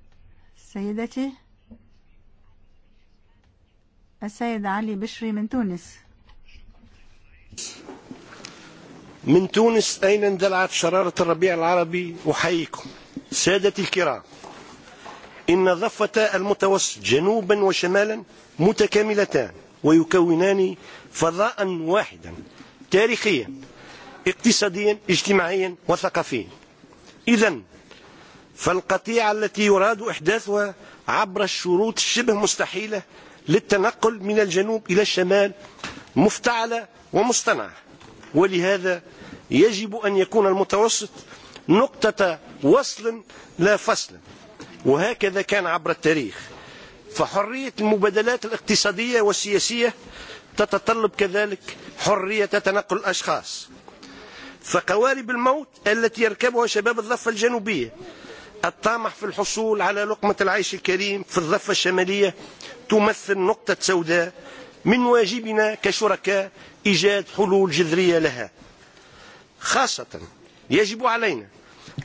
سيدتي السيد علي بشري من تونس من تونس أين اندلعت شراره الربيع العربي أحييكم سادتي الكرام إن ضفتا المتوسط جنوبا وشمالا متكاملتان ويكونان فضاء واحدا تاريخيا اقتصاديا اجتماعيا وثقافيا إذا فالقطيعة التي يراد إحداثها عبر الشروط الشبه مستحيلة للتنقل من الجنوب إلى الشمال مفتعلة ومصطنعه ولهذا يجب أن يكون المتوسط نقطة وصل لا فصل وهكذا كان عبر التاريخ فحرية المبادلات الاقتصادية والسياسية تتطلب كذلك حرية تنقل الأشخاص فقوارب الموت التي يركبها شباب الضفة الجنوبية الطامح في الحصول على لقمة العيش الكريم في الضفة الشمالية تمثل نقطة سوداء من واجبنا كشركاء إيجاد حلول جذريه لها خاصه يجب علينا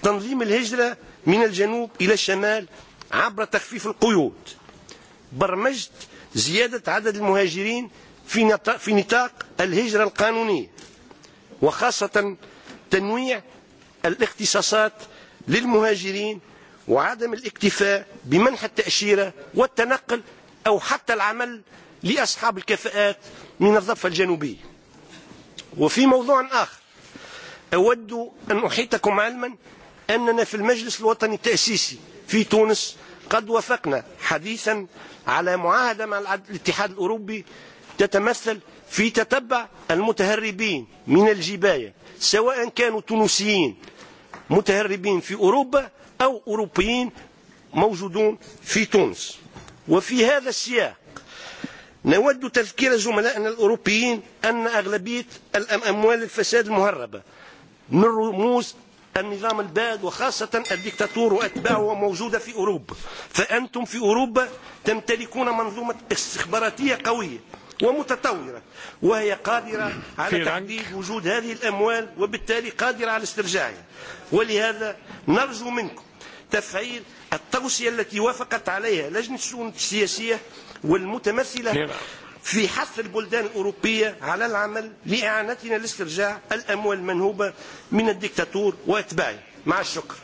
تنظيم الهجره من الجنوب إلى الشمال عبر تخفيف القيود برمجت زياده عدد المهاجرين في نطاق الهجره القانونيه وخاصه تنويع الاختصاصات للمهاجرين وعدم الاكتفاء بمنح التاشيره والتنقل أو حتى العمل لأصحاب الكفاءات من الضفة الجنوبية وفي موضوع آخر أود أن أحيطكم علما أننا في المجلس الوطني التأسيسي في تونس قد وافقنا حديثا على معاهدة مع الاتحاد الأوروبي تتمثل في تتبع المتهربين من الجباية سواء كانوا تونسيين متهربين في أوروبا أو أوروبيين موجودون في تونس وفي هذا السياق نود تذكير زملائنا الأوروبيين أن أغلبية الأموال الفساد المهربة من رموز النظام الباد وخاصة الدكتاتور وأتباعه موجودة في أوروبا فأنتم في أوروبا تمتلكون منظومة استخباراتية قوية ومتطورة وهي قادرة على تحديد وجود هذه الأموال وبالتالي قادرة على استرجاعها ولهذا نرجو منكم تفعيل التوصية التي وافقت عليها لجنة الشؤون السياسية والمتمثلة في حث البلدان الأوروبية على العمل لإعانتنا لاسترجاع الأموال المنهوبة من الدكتاتور وأتباعه مع الشكر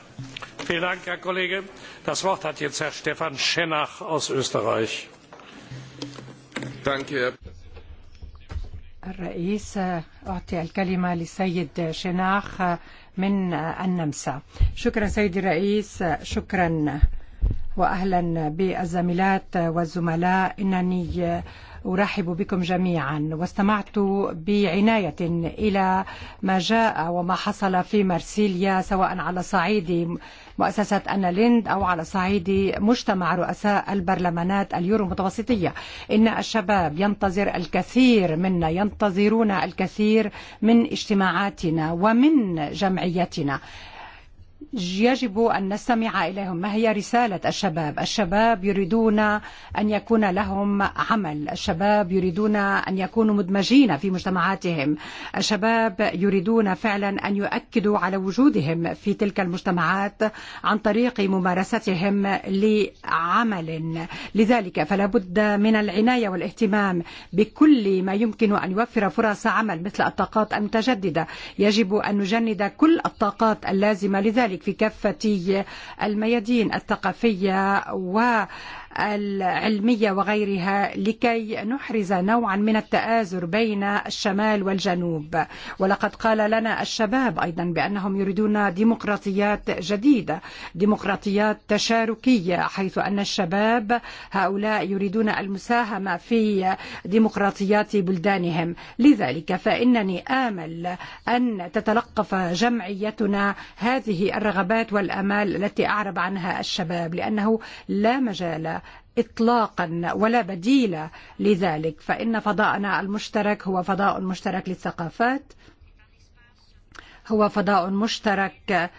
Vielen Dank, Herr Kollege. Das Wort hat jetzt Herr Stefan Schenach aus Österreich. Danke. الرئيس أعطي الكلمة للسيد شناخ من النمسا شكرا سيدي الرئيس شكرا وأهلا بالزميلات والزملاء إنني أرحب بكم جميعا واستمعت بعناية إلى ما جاء وما حصل في مرسيليا سواء على صعيد مؤسسه أنا ليند أو على صعيد مجتمع رؤساء البرلمانات اليورو المتوسطيه إن الشباب ينتظر الكثير منا ينتظرون الكثير من اجتماعاتنا ومن جمعيتنا يجب أن نستمع إليهم ما هي رسالة الشباب الشباب يريدون أن يكون لهم عمل الشباب يريدون أن يكونوا مدمجين في مجتمعاتهم الشباب يريدون فعلا أن يؤكدوا على وجودهم في تلك المجتمعات عن طريق ممارستهم لعمل لذلك فلا بد من العناية والاهتمام بكل ما يمكن أن يوفر فرص عمل مثل الطاقات المتجددة يجب أن نجند كل الطاقات اللازمة لذلك كذلك في كافة الميادين الثقافية و العلمية وغيرها لكي نحرز نوعا من التآزر بين الشمال والجنوب ولقد قال لنا الشباب أيضا بأنهم يريدون ديمقراطيات جديدة ديمقراطيات تشاركية حيث أن الشباب هؤلاء يريدون المساهمة في ديمقراطيات بلدانهم لذلك فإنني آمل أن تتلقف جمعيتنا هذه الرغبات والأمال التي أعرب عنها الشباب لأنه لا مجال إطلاقا ولا بديل لذلك فإن فضاءنا المشترك هو فضاء مشترك للثقافات هو فضاء مشترك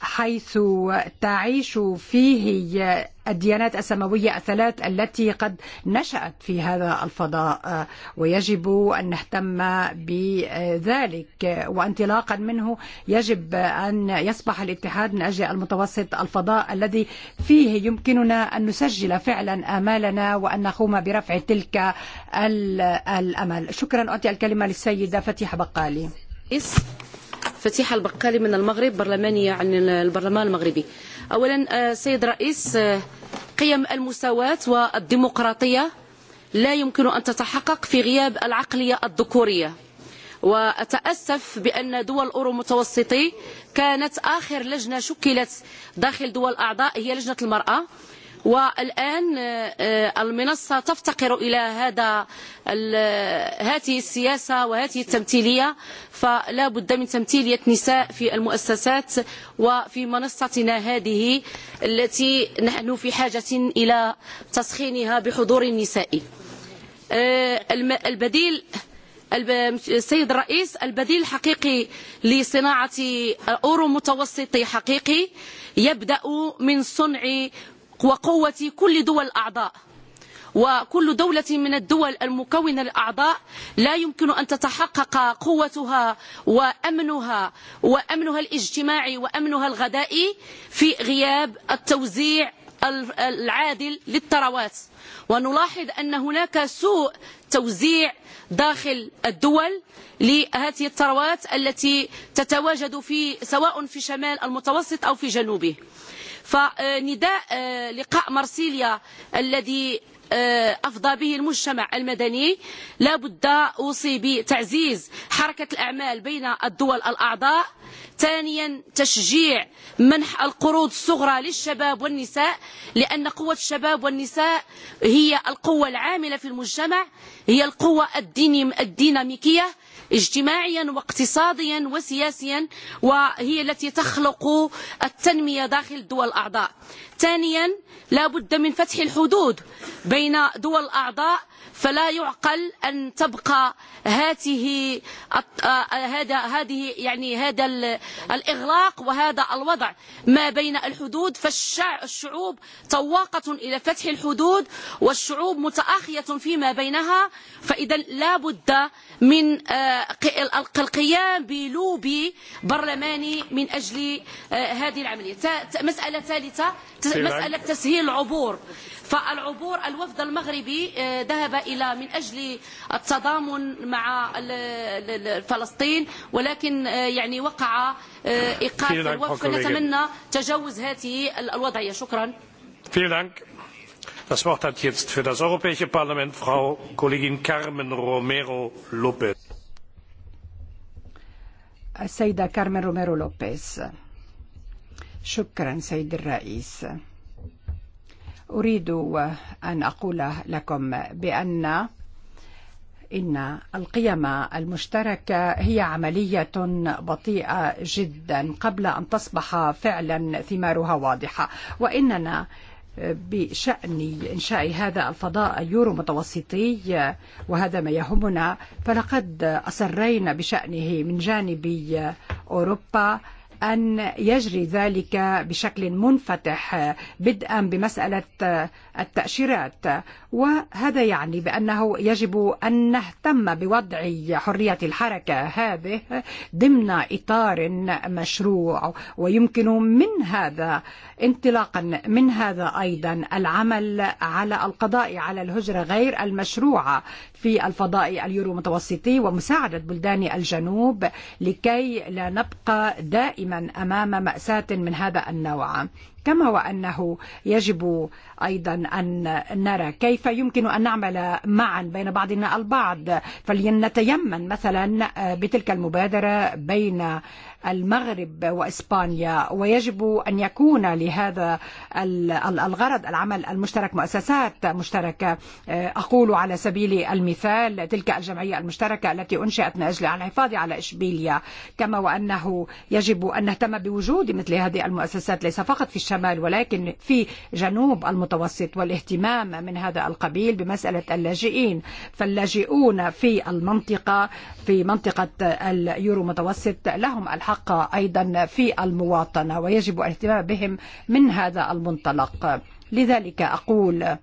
حيث تعيش فيه الديانات السماوية الثلاث التي قد نشأت في هذا الفضاء ويجب أن نهتم بذلك وانطلاقا منه يجب أن يصبح الاتحاد من أجل المتوسط الفضاء الذي فيه يمكننا أن نسجل فعلا آمالنا وأن نقوم برفع تلك الأمل شكرا أعطي الكلمة للسيدة فتيح بقالي فتيحة البقالي من المغرب برلمانية عن البرلمان المغربي أولا سيد رئيس قيم المساواة والديمقراطية لا يمكن أن تتحقق في غياب العقلية الذكورية وأتأسف بأن دول أورو متوسطي كانت آخر لجنة شكلت داخل دول أعضاء هي لجنة المرأة والآن المنصة تفتقر إلى هذا هذه السياسة وهذه التمثيلية فلا بد من تمثيلية نساء في المؤسسات وفي منصتنا هذه التي نحن في حاجة إلى تسخينها بحضور النساء. البديل السيد الرئيس البديل الحقيقي لصناعة أورو متوسطي حقيقي يبدأ من صنع وقوة كل دول الأعضاء وكل دولة من الدول المكونة للأعضاء لا يمكن أن تتحقق قوتها وأمنها وأمنها الاجتماعي وأمنها الغذائي في غياب التوزيع العادل للثروات ونلاحظ أن هناك سوء توزيع داخل الدول لهذه الثروات التي تتواجد في سواء في شمال المتوسط أو في جنوبه فنداء لقاء مرسيليا الذي أفضى به المجتمع المدني لا بد أوصي بتعزيز حركة الأعمال بين الدول الأعضاء ثانيا تشجيع منح القروض الصغرى للشباب والنساء لأن قوة الشباب والنساء هي القوة العاملة في المجتمع هي القوة الديناميكيه اجتماعيا واقتصاديا وسياسيا وهي التي تخلق التنميه داخل الدول الأعضاء ثانيا لا بد من فتح الحدود بين دول الأعضاء فلا يعقل أن تبقى هذه هذه يعني هذا الإغلاق وهذا الوضع ما بين الحدود فالشعوب طواقة إلى فتح الحدود والشعوب متأخية فيما بينها فإذا لا بد من القيام بلوبي برلماني من أجل هذه العملية مسألة ثالثة مسألة تسهيل العبور فالعبور الوفد المغربي ذهب إلى من أجل التضامن مع فلسطين ولكن يعني وقع إيقاف الوفد فنتمنى تجاوز هذه الوضعية شكرا Das Wort hat jetzt für das Europäische Parlament Frau Kollegin Carmen Romero López. Seida Carmen Romero López. شكرا سيد الرئيس أريد أن أقول لكم بأن إن القيم المشتركة هي عملية بطيئة جدا قبل أن تصبح فعلا ثمارها واضحة وإننا بشأن إنشاء هذا الفضاء اليورو متوسطي وهذا ما يهمنا فلقد أصرينا بشأنه من جانب أوروبا أن يجري ذلك بشكل منفتح بدءا بمسألة التأشيرات وهذا يعني بأنه يجب أن نهتم بوضع حرية الحركة هذه ضمن إطار مشروع ويمكن من هذا انطلاقا من هذا أيضا العمل على القضاء على الهجرة غير المشروعة في الفضاء اليورو متوسطي ومساعدة بلدان الجنوب لكي لا نبقى دائما أمام مأساة من هذا النوع كما وأنه يجب أيضا أن نرى كيف يمكن أن نعمل معا بين بعضنا البعض فلنتيمن مثلا بتلك المبادره بين المغرب وإسبانيا ويجب أن يكون لهذا الغرض العمل المشترك مؤسسات مشتركه أقول على سبيل المثال تلك الجمعيه المشتركة التي أنشئت من أجل الحفاظ على إشبيليا كما وأنه يجب أن نهتم بوجود مثل هذه المؤسسات ليس فقط في الشمال ولكن في جنوب المتوسط والاهتمام من هذا القبيل بمسألة اللاجئين فاللاجئون في المنطقة في منطقة اليورو متوسط لهم الحق أيضا في المواطنة ويجب الاهتمام بهم من هذا المنطلق لذلك أقول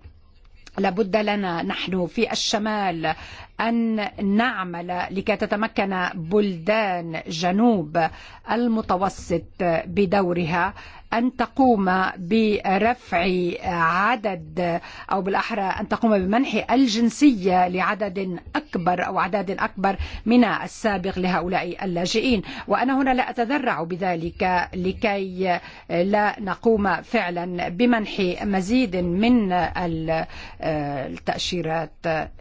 لابد لنا نحن في الشمال أن نعمل لكي تتمكن بلدان جنوب المتوسط بدورها أن تقوم برفع عدد أو بالأحرى أن تقوم بمنح الجنسية لعدد أكبر أو عدد أكبر من السابق لهؤلاء اللاجئين وأنا هنا لا أتذرع بذلك لكي لا نقوم فعلا بمنح مزيد من التأشيرات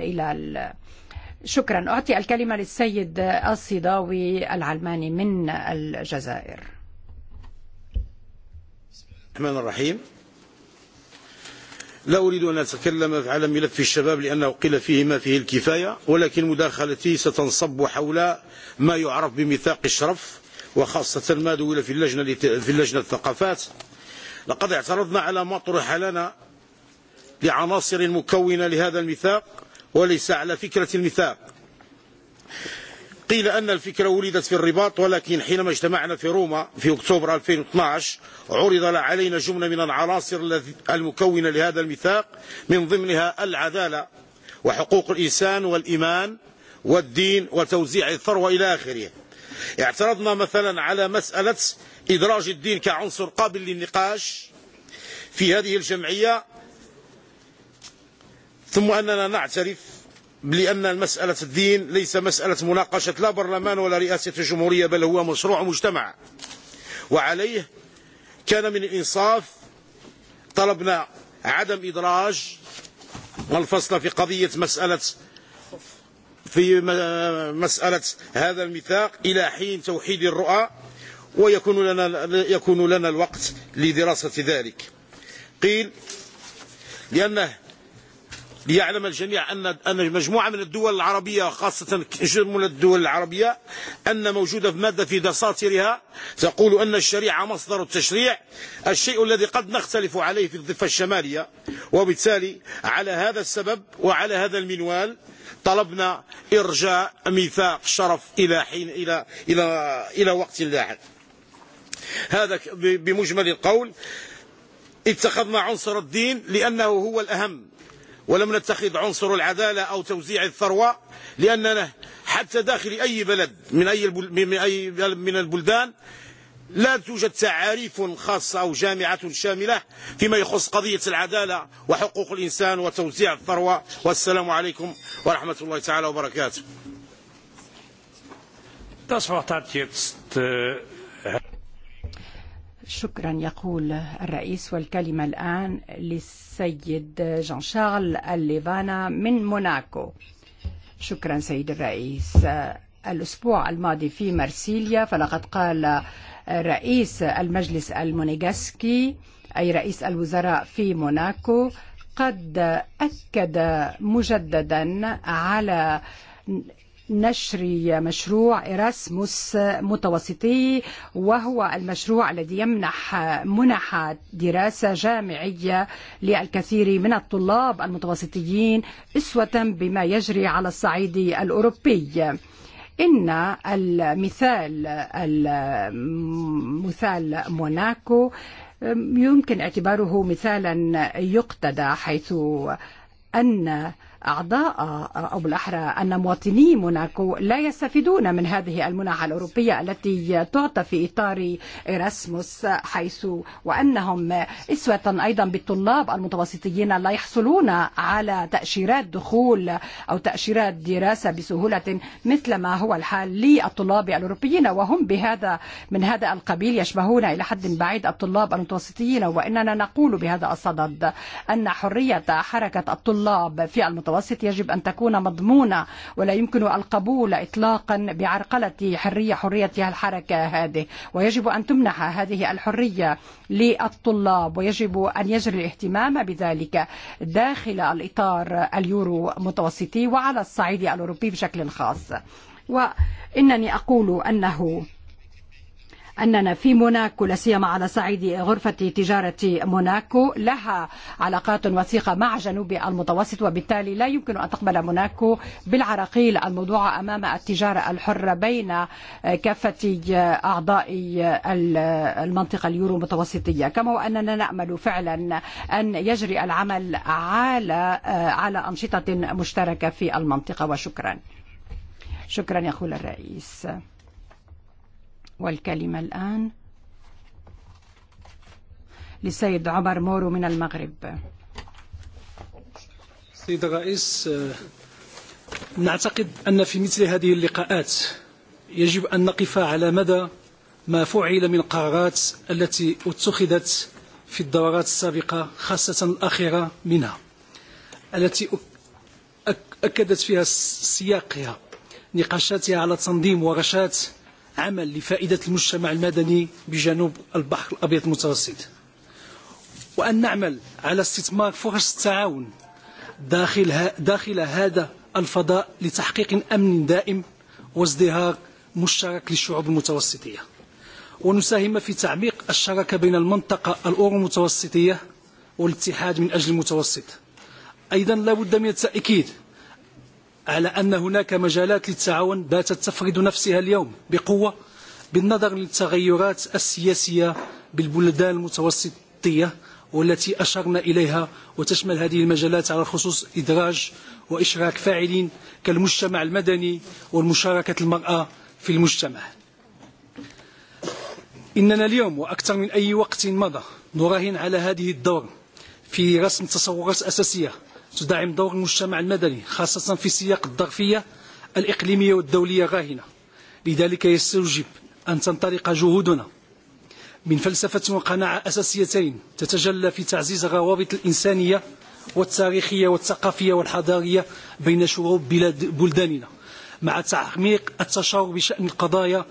إلى ال... شكرا أعطي الكلمة للسيد الصداوي العلماني من الجزائر الرحمن الرحيم لا أريد أن أتكلم على ملف الشباب لأنه قيل فيه ما فيه الكفاية ولكن مداخلتي ستنصب حول ما يعرف بميثاق الشرف وخاصة ما دول في اللجنة, في اللجنة الثقافات لقد اعترضنا على ما طرح لنا لعناصر مكونة لهذا الميثاق وليس على فكرة الميثاق قيل أن الفكرة ولدت في الرباط ولكن حينما اجتمعنا في روما في أكتوبر 2012 عرض علينا جملة من العناصر المكونة لهذا الميثاق من ضمنها العدالة وحقوق الإنسان والإيمان والدين وتوزيع الثروة إلى آخره اعترضنا مثلا على مسألة إدراج الدين كعنصر قابل للنقاش في هذه الجمعية ثم أننا نعترف لأن مسألة الدين ليس مسألة مناقشه لا برلمان ولا رئاسه الجمهورية بل هو مشروع مجتمع وعليه كان من الإنصاف طلبنا عدم إدراج والفصل في قضية مسألة في مسألة هذا الميثاق إلى حين توحيد الرؤى ويكون لنا يكون لنا الوقت لدراسه ذلك قيل لأنه ليعلم الجميع أن أن مجموعة من الدول العربية خاصة من الدول العربية أن موجودة في مادة في دساتيرها تقول أن الشريعة مصدر التشريع الشيء الذي قد نختلف عليه في الضفة الشمالية وبالتالي على هذا السبب وعلى هذا المنوال طلبنا إرجاء ميثاق شرف إلى حين إلى إلى إلى وقت لاحق هذا بمجمل القول اتخذنا عنصر الدين لأنه هو الأهم ولم نتخذ عنصر العدالة أو توزيع الثروة لأننا حتى داخل أي بلد من أي من البلدان لا توجد تعاريف خاصة أو جامعة شاملة فيما يخص قضية العدالة وحقوق الإنسان وتوزيع الثروة والسلام عليكم ورحمة الله تعالى وبركاته شكرا يقول الرئيس والكلمة الآن لس السيد جان شارل الليفانا من موناكو شكرا سيد الرئيس الأسبوع الماضي في مرسيليا فلقد قال رئيس المجلس المونيغاسكي أي رئيس الوزراء في موناكو قد أكد مجددا على نشر مشروع إراسموس متوسطي وهو المشروع الذي يمنح منح دراسة جامعية للكثير من الطلاب المتوسطيين أسوة بما يجري على الصعيد الأوروبي إن المثال المثال موناكو يمكن اعتباره مثالا يقتدى حيث أن أعضاء أو بالأحرى أن مواطني موناكو لا يستفيدون من هذه المنحة الأوروبية التي تعطى في إطار إراسموس حيث وأنهم إسوة أيضا بالطلاب المتوسطيين لا يحصلون على تأشيرات دخول أو تأشيرات دراسة بسهولة مثل ما هو الحال للطلاب الأوروبيين وهم بهذا من هذا القبيل يشبهون إلى حد بعيد الطلاب المتوسطيين وإننا نقول بهذا الصدد أن حرية حركة الطلاب في المتوسطيين المتوسط يجب أن تكون مضمونة ولا يمكن القبول إطلاقا بعرقلة حرية حريتها الحركة هذه ويجب أن تمنح هذه الحرية للطلاب ويجب أن يجري الاهتمام بذلك داخل الإطار اليورو متوسطي وعلى الصعيد الأوروبي بشكل خاص وإنني أقول أنه أننا في موناكو لا سيما على صعيد غرفة تجارة موناكو لها علاقات وثيقة مع جنوب المتوسط وبالتالي لا يمكن أن تقبل موناكو بالعراقيل الموضوع أمام التجارة الحرة بين كافة أعضاء المنطقة اليورو متوسطية كما وأننا نأمل فعلا أن يجري العمل على على أنشطة مشتركة في المنطقة وشكرا شكرا أخو الرئيس والكلمة الآن للسيد عمر مورو من المغرب سيد الرئيس نعتقد أن في مثل هذه اللقاءات يجب أن نقف على مدى ما فعل من قرارات التي اتخذت في الدورات السابقة خاصة الأخيرة منها التي أكدت فيها سياقها نقاشاتها على تنظيم ورشات عمل لفائدة المجتمع المدني بجنوب البحر الأبيض المتوسط وأن نعمل على استثمار فرص التعاون داخل, داخل هذا الفضاء لتحقيق أمن دائم وازدهار مشترك للشعوب المتوسطية ونساهم في تعميق الشراكة بين المنطقة الأورو متوسطية والاتحاد من أجل المتوسط أيضا لا بد من التأكيد على أن هناك مجالات للتعاون باتت تفرض نفسها اليوم بقوة بالنظر للتغيرات السياسية بالبلدان المتوسطية والتي أشرنا إليها وتشمل هذه المجالات على خصوص إدراج وإشراك فاعلين كالمجتمع المدني والمشاركة المرأة في المجتمع إننا اليوم وأكثر من أي وقت مضى نراهن على هذه الدور في رسم تصورات أساسية تدعم دور المجتمع المدني خاصة في سياق الظرفية الإقليمية والدولية غاهنة لذلك يستوجب أن تنطلق جهودنا من فلسفة وقناعة أساسيتين تتجلى في تعزيز غوابط الإنسانية والتاريخية والثقافية والحضارية بين شعوب بلاد بلداننا مع تعميق التشاور بشأن القضايا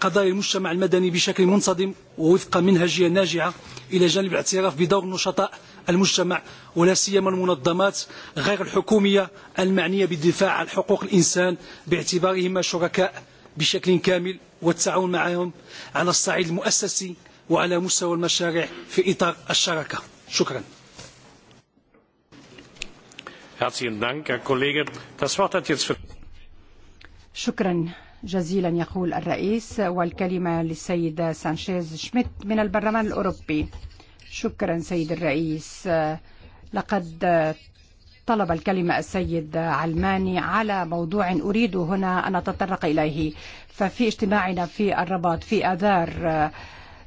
قضايا المجتمع المدني بشكل منتظم ووفق منهجية ناجعة إلى جانب الاعتراف بدور النشطاء المجتمع ولا سيما المنظمات غير الحكومية المعنية بالدفاع عن حقوق الإنسان باعتبارهم شركاء بشكل كامل والتعاون معهم على الصعيد المؤسسي وعلى مستوى المشاريع في إطار الشراكة شكرا شكرا جزيلا يقول الرئيس والكلمة للسيد سانشيز شميت من البرلمان الأوروبي شكرا سيد الرئيس لقد طلب الكلمة السيد علماني على موضوع أريد هنا أن أتطرق إليه ففي اجتماعنا في الرباط في أذار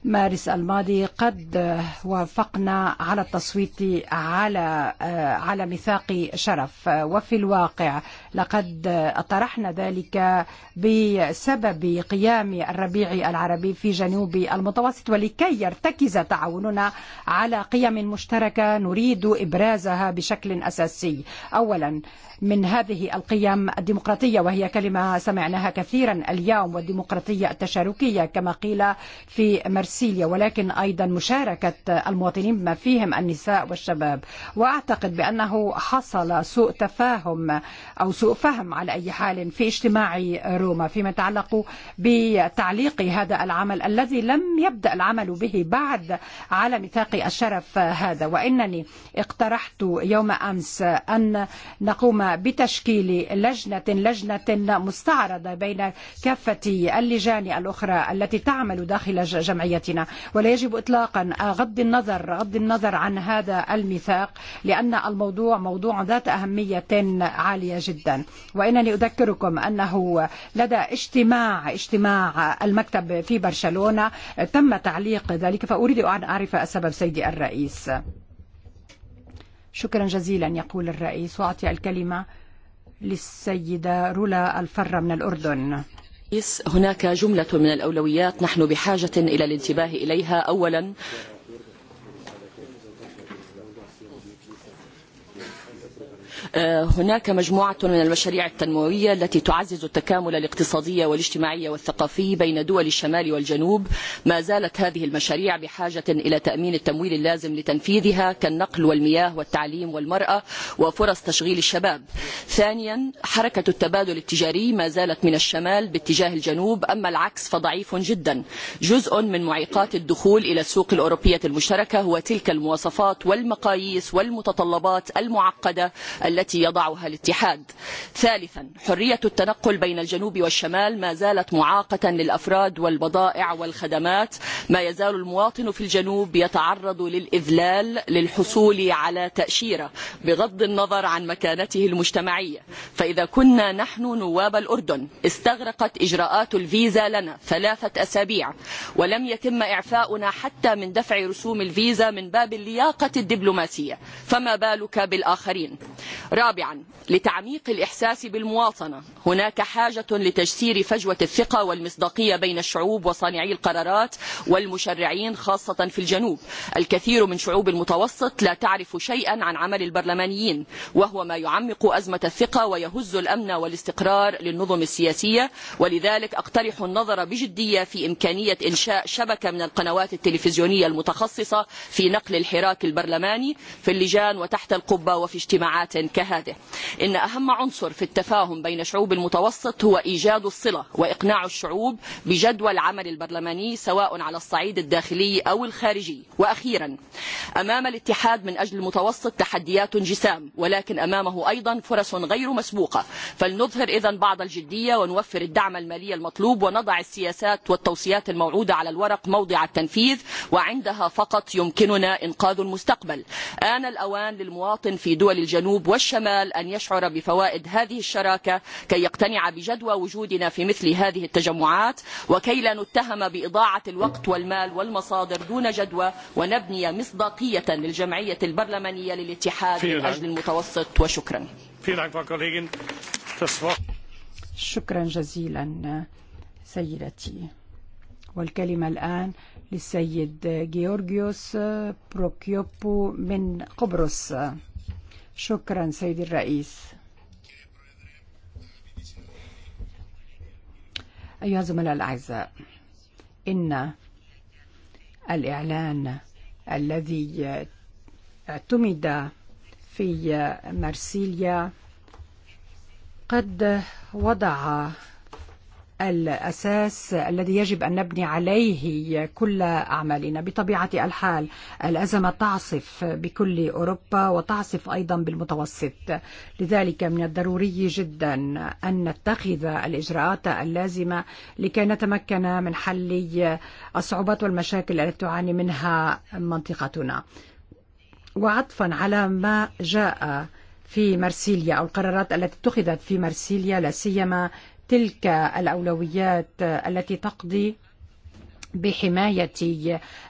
مارس الماضي قد وافقنا على التصويت على على ميثاق شرف وفي الواقع لقد طرحنا ذلك بسبب قيام الربيع العربي في جنوب المتوسط ولكي يرتكز تعاوننا على قيم مشتركه نريد ابرازها بشكل اساسي اولا من هذه القيم الديمقراطية وهي كلمة سمعناها كثيرا اليوم والديمقراطية التشاركية كما قيل في مرسيليا ولكن أيضا مشاركة المواطنين بما فيهم النساء والشباب وأعتقد بأنه حصل سوء تفاهم أو سوء فهم على أي حال في اجتماع روما فيما يتعلق بتعليق هذا العمل الذي لم يبدأ العمل به بعد على ميثاق الشرف هذا وإنني اقترحت يوم أمس أن نقوم بتشكيل لجنة لجنة مستعرضة بين كافة اللجان الأخرى التي تعمل داخل جمعيتنا ولا يجب إطلاقا غض النظر غض النظر عن هذا الميثاق لأن الموضوع موضوع ذات أهمية عالية جدا وإنني أذكركم أنه لدى اجتماع اجتماع المكتب في برشلونة تم تعليق ذلك فأريد أن أعرف السبب سيدي الرئيس شكرا جزيلا يقول الرئيس وأعطي الكلمة للسيدة رولا الفرة من الأردن هناك جملة من الأولويات نحن بحاجة إلى الانتباه إليها أولا هناك مجموعة من المشاريع التنموية التي تعزز التكامل الاقتصادي والاجتماعي والثقافي بين دول الشمال والجنوب ما زالت هذه المشاريع بحاجة إلى تأمين التمويل اللازم لتنفيذها كالنقل والمياه والتعليم والمرأة وفرص تشغيل الشباب ثانيا حركة التبادل التجاري ما زالت من الشمال باتجاه الجنوب أما العكس فضعيف جدا جزء من معيقات الدخول إلى السوق الأوروبية المشتركة هو تلك المواصفات والمقاييس والمتطلبات المعقدة التي التي يضعها الاتحاد ثالثا حرية التنقل بين الجنوب والشمال ما زالت معاقة للأفراد والبضائع والخدمات ما يزال المواطن في الجنوب يتعرض للإذلال للحصول على تأشيرة بغض النظر عن مكانته المجتمعية فإذا كنا نحن نواب الأردن استغرقت إجراءات الفيزا لنا ثلاثة أسابيع ولم يتم إعفاؤنا حتى من دفع رسوم الفيزا من باب اللياقة الدبلوماسية فما بالك بالآخرين رابعا لتعميق الإحساس بالمواطنة هناك حاجة لتجسير فجوة الثقة والمصداقية بين الشعوب وصانعي القرارات والمشرعين خاصة في الجنوب الكثير من شعوب المتوسط لا تعرف شيئا عن عمل البرلمانيين وهو ما يعمق أزمة الثقة ويهز الأمن والاستقرار للنظم السياسية ولذلك أقترح النظر بجدية في إمكانية إنشاء شبكة من القنوات التلفزيونية المتخصصة في نقل الحراك البرلماني في اللجان وتحت القبة وفي اجتماعات الشهادة إن أهم عنصر في التفاهم بين شعوب المتوسط هو إيجاد الصلة وإقناع الشعوب بجدوى العمل البرلماني سواء على الصعيد الداخلي أو الخارجي وأخيرا أمام الاتحاد من أجل المتوسط تحديات جسام ولكن أمامه أيضا فرص غير مسبوقة فلنظهر إذا بعض الجدية ونوفر الدعم المالي المطلوب ونضع السياسات والتوصيات الموعودة على الورق موضع التنفيذ وعندها فقط يمكننا إنقاذ المستقبل آن الأوان للمواطن في دول الجنوب الشمال أن يشعر بفوائد هذه الشراكة كي يقتنع بجدوى وجودنا في مثل هذه التجمعات وكي لا نتهم بإضاعة الوقت والمال والمصادر دون جدوى ونبني مصداقية للجمعية البرلمانية للاتحاد لأجل المتوسط وشكرا شكرا جزيلا سيدتي والكلمة الآن للسيد جيورجيوس بروكيوبو من قبرص شكرا سيد الرئيس أيها الزملاء الأعزاء إن الإعلان الذي اعتمد في مرسيليا قد وضع الأساس الذي يجب أن نبني عليه كل أعمالنا بطبيعة الحال الأزمة تعصف بكل أوروبا وتعصف أيضا بالمتوسط لذلك من الضروري جدا أن نتخذ الإجراءات اللازمة لكي نتمكن من حل الصعوبات والمشاكل التي تعاني منها منطقتنا وعطفا على ما جاء في مرسيليا أو القرارات التي اتخذت في مرسيليا لا سيما تلك الأولويات التي تقضي بحمايه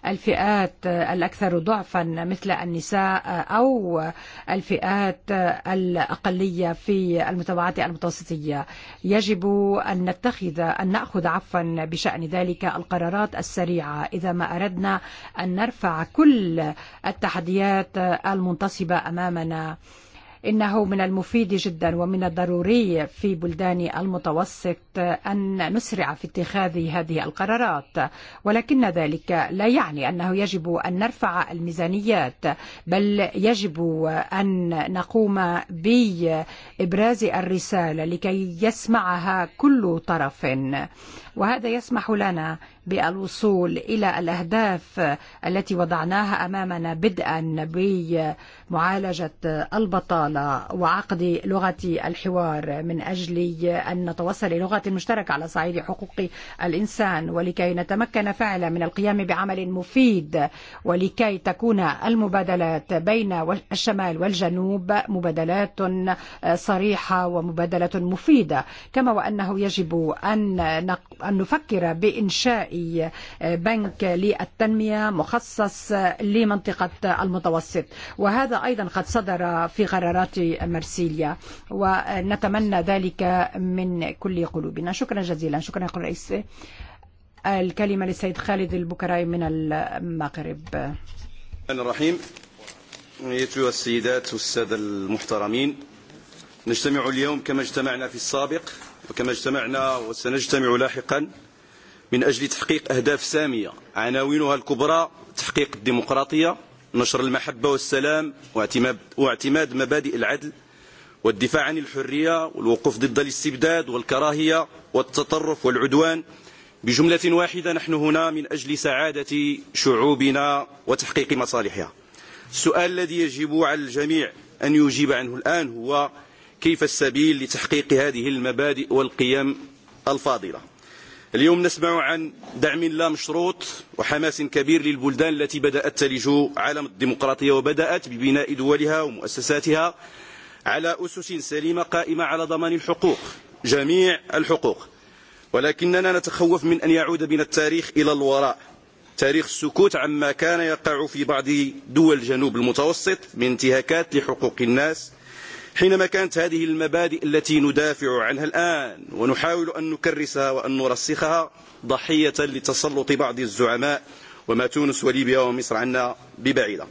الفئات الأكثر ضعفا مثل النساء أو الفئات الأقلية في المجتمعات المتوسطية يجب أن نتخذ أن نأخذ عفوا بشأن ذلك القرارات السريعة إذا ما أردنا أن نرفع كل التحديات المنتصبه أمامنا إنه من المفيد جدا ومن الضروري في بلدان المتوسط أن نسرع في اتخاذ هذه القرارات ولكن ذلك لا يعني أنه يجب أن نرفع الميزانيات بل يجب أن نقوم بإبراز الرساله لكي يسمعها كل طرف وهذا يسمح لنا بالوصول إلى الأهداف التي وضعناها أمامنا بدءا بمعالجة البطاله وعقد لغة الحوار من أجل أن نتوصل لغه مشتركه على صعيد حقوق الإنسان ولكي نتمكن فعلا من القيام بعمل مفيد ولكي تكون المبادلات بين الشمال والجنوب مبادلات صريحة ومبادلة مفيده كما وأنه يجب أن أن نفكر بإنشاء بنك للتنمية مخصص لمنطقة المتوسط وهذا أيضا قد صدر في قرارات مرسيليا ونتمنى ذلك من كل قلوبنا شكرا جزيلا شكرا يا رئيس الكلمة للسيد خالد البكراي من المغرب الرحيم أيتها السيدات والسادة المحترمين نجتمع اليوم كما اجتمعنا في السابق وكما اجتمعنا وسنجتمع لاحقا من أجل تحقيق أهداف سامية عناوينها الكبرى تحقيق الديمقراطية نشر المحبة والسلام واعتماد مبادئ العدل والدفاع عن الحرية والوقوف ضد الاستبداد والكراهية والتطرف والعدوان بجملة واحدة نحن هنا من أجل سعادة شعوبنا وتحقيق مصالحها السؤال الذي يجب على الجميع أن يجيب عنه الآن هو كيف السبيل لتحقيق هذه المبادئ والقيم الفاضلة اليوم نسمع عن دعم لا مشروط وحماس كبير للبلدان التي بدأت تلج عالم الديمقراطية وبدأت ببناء دولها ومؤسساتها على أسس سليمة قائمة على ضمان الحقوق جميع الحقوق ولكننا نتخوف من أن يعود بنا التاريخ إلى الوراء تاريخ السكوت عما كان يقع في بعض دول جنوب المتوسط من انتهاكات لحقوق الناس حينما كانت هذه المبادئ التي ندافع عنها الآن ونحاول أن نكرسها وأن نرسخها ضحية لتسلط بعض الزعماء وما تونس وليبيا ومصر عنا ببعيدة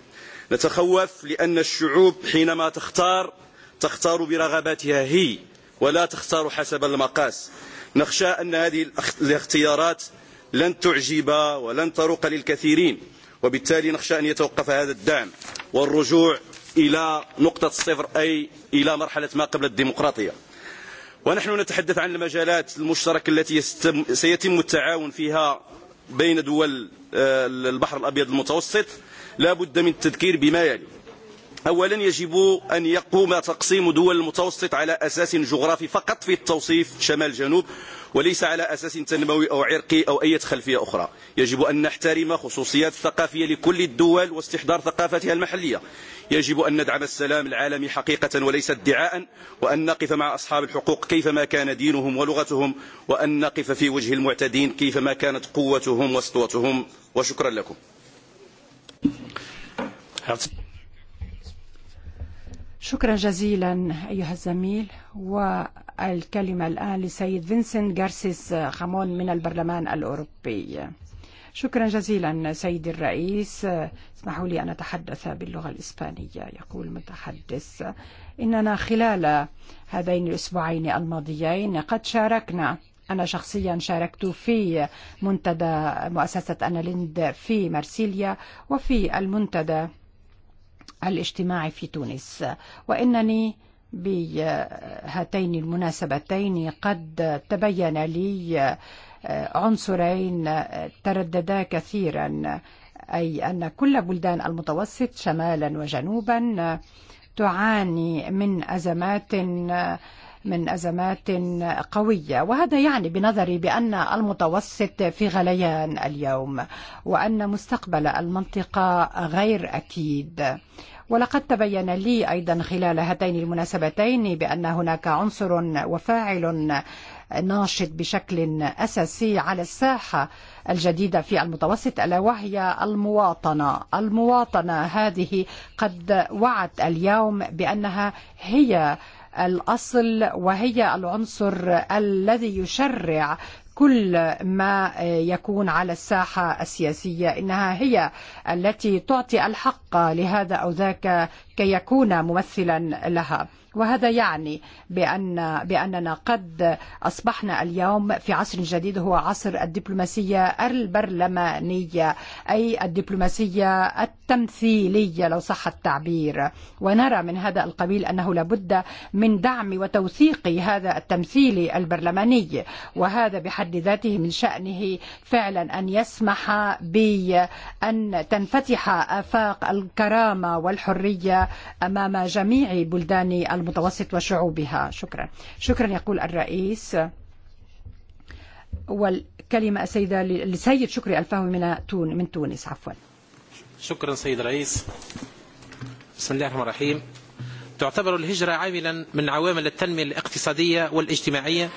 نتخوف لأن الشعوب حينما تختار تختار برغباتها هي ولا تختار حسب المقاس نخشى أن هذه الاختيارات لن تعجب ولن ترق للكثيرين وبالتالي نخشى أن يتوقف هذا الدعم والرجوع إلى نقطة الصفر أي إلى مرحلة ما قبل الديمقراطية ونحن نتحدث عن المجالات المشتركة التي سيتم التعاون فيها بين دول البحر الأبيض المتوسط لا بد من التذكير بما يلي أولا يجب أن يقوم تقسيم دول المتوسط على أساس جغرافي فقط في التوصيف شمال جنوب وليس على أساس تنموي أو عرقي أو أي خلفية أخرى يجب أن نحترم خصوصيات الثقافية لكل الدول واستحضار ثقافتها المحلية يجب أن ندعم السلام العالمي حقيقة وليس ادعاء وأن نقف مع أصحاب الحقوق كيفما كان دينهم ولغتهم وأن نقف في وجه المعتدين كيفما كانت قوتهم وسطوتهم وشكرا لكم شكرا جزيلا أيها الزميل والكلمة الآن لسيد فينسنت غارسيس خامون من البرلمان الأوروبي شكرا جزيلا سيدي الرئيس اسمحوا لي أن أتحدث باللغة الإسبانية يقول المتحدث إننا خلال هذين الأسبوعين الماضيين قد شاركنا أنا شخصيا شاركت في منتدى مؤسسة أنا في مرسيليا وفي المنتدى الاجتماع في تونس وإنني بهاتين المناسبتين قد تبين لي عنصرين ترددا كثيرا أي أن كل بلدان المتوسط شمالا وجنوبا تعاني من أزمات من أزمات قوية وهذا يعني بنظري بأن المتوسط في غليان اليوم وأن مستقبل المنطقة غير أكيد ولقد تبين لي أيضا خلال هاتين المناسبتين بأن هناك عنصر وفاعل ناشط بشكل أساسي على الساحة الجديدة في المتوسط ألا وهي المواطنة المواطنة هذه قد وعت اليوم بأنها هي الأصل وهي العنصر الذي يشرع كل ما يكون على الساحة السياسية إنها هي التي تعطي الحق لهذا أو ذاك كي يكون ممثلا لها وهذا يعني بأن بأننا قد أصبحنا اليوم في عصر جديد هو عصر الدبلوماسية البرلمانية أي الدبلوماسية التمثيلية لو صح التعبير ونرى من هذا القبيل أنه لابد من دعم وتوثيق هذا التمثيل البرلماني وهذا بحد ذاته من شأنه فعلا أن يسمح بأن تنفتح آفاق الكرامة والحرية أمام جميع بلدان المتوسط وشعوبها شكرا شكرا يقول الرئيس والكلمة السيدة للسيد شكري الفهوي من تون من تونس عفوا شكرا سيد الرئيس بسم الله الرحمن الرحيم تعتبر الهجرة عاملا من عوامل التنمية الاقتصادية والاجتماعية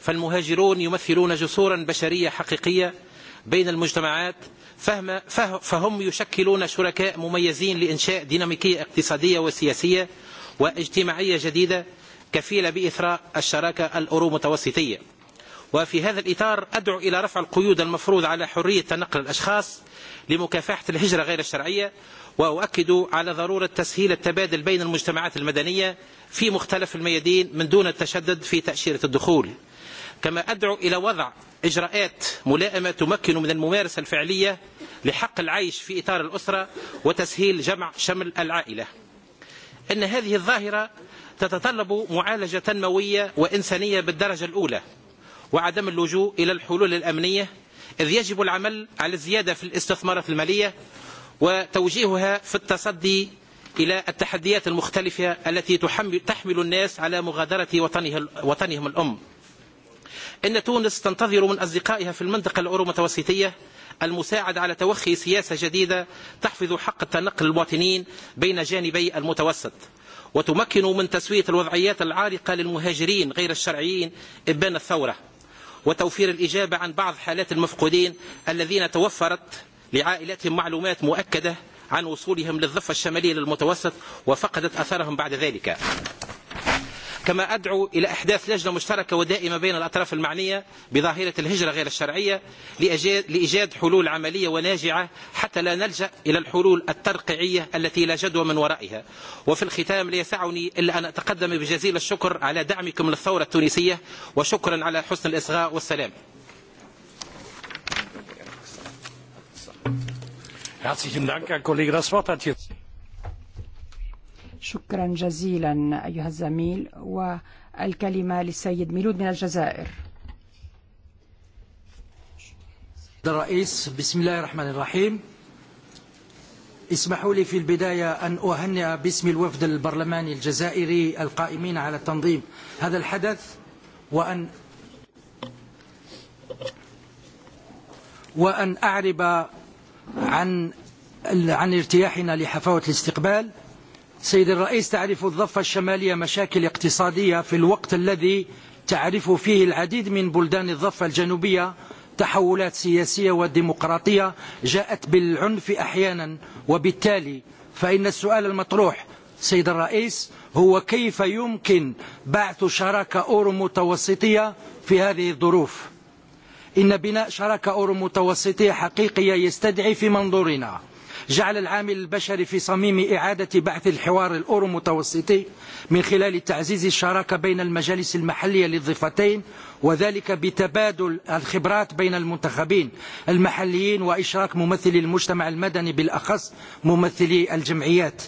فالمهاجرون يمثلون جسورا بشرية حقيقية بين المجتمعات فهم فهم يشكلون شركاء مميزين لإنشاء ديناميكية اقتصادية وسياسية واجتماعية جديدة كفيلة بإثراء الشراكة الأورو متوسطية وفي هذا الإطار أدعو إلى رفع القيود المفروض على حرية تنقل الأشخاص لمكافحة الهجرة غير الشرعية وأؤكد على ضرورة تسهيل التبادل بين المجتمعات المدنية في مختلف الميادين من دون التشدد في تأشيرة الدخول كما أدعو إلى وضع إجراءات ملائمة تمكن من الممارسة الفعلية لحق العيش في إطار الأسرة وتسهيل جمع شمل العائلة أن هذه الظاهرة تتطلب معالجة تنموية وإنسانية بالدرجة الأولى وعدم اللجوء إلى الحلول الأمنية إذ يجب العمل على الزيادة في الاستثمارات المالية وتوجيهها في التصدي إلى التحديات المختلفة التي تحمل الناس على مغادرة وطنهم الأم إن تونس تنتظر من أصدقائها في المنطقة الأورو متوسطية المساعد على توخي سياسة جديدة تحفظ حق التنقل المواطنين بين جانبي المتوسط وتمكن من تسوية الوضعيات العارقة للمهاجرين غير الشرعيين إبان الثورة وتوفير الإجابة عن بعض حالات المفقودين الذين توفرت لعائلاتهم معلومات مؤكدة عن وصولهم للضفة الشمالية للمتوسط وفقدت أثرهم بعد ذلك كما أدعو إلى إحداث لجنة مشتركة ودائمة بين الأطراف المعنية بظاهرة الهجرة غير الشرعية لإيجاد حلول عملية وناجعة حتى لا نلجأ إلى الحلول الترقيعية التي لا جدوى من ورائها وفي الختام ليسعني إلا أن أتقدم بجزيل الشكر على دعمكم للثورة التونسية وشكرا على حسن الإصغاء والسلام Herzlichen Dank, Herr Kollege. Das Wort hat jetzt. شكرا جزيلا أيها الزميل والكلمة للسيد ميلود من الجزائر الرئيس بسم الله الرحمن الرحيم اسمحوا لي في البداية أن أهنئ باسم الوفد البرلماني الجزائري القائمين على تنظيم هذا الحدث وأن وأن أعرب عن عن ارتياحنا لحفاوة الاستقبال سيد الرئيس تعرف الضفة الشمالية مشاكل اقتصادية في الوقت الذي تعرف فيه العديد من بلدان الضفة الجنوبية تحولات سياسية وديمقراطية جاءت بالعنف أحيانا وبالتالي فإن السؤال المطروح سيد الرئيس هو كيف يمكن بعث شراكة أورو متوسطية في هذه الظروف إن بناء شراكة أورو متوسطية حقيقية يستدعي في منظورنا جعل العامل البشري في صميم إعادة بعث الحوار الأورو متوسطي من خلال تعزيز الشراكة بين المجالس المحلية للضفتين وذلك بتبادل الخبرات بين المنتخبين المحليين وإشراك ممثلي المجتمع المدني بالأخص ممثلي الجمعيات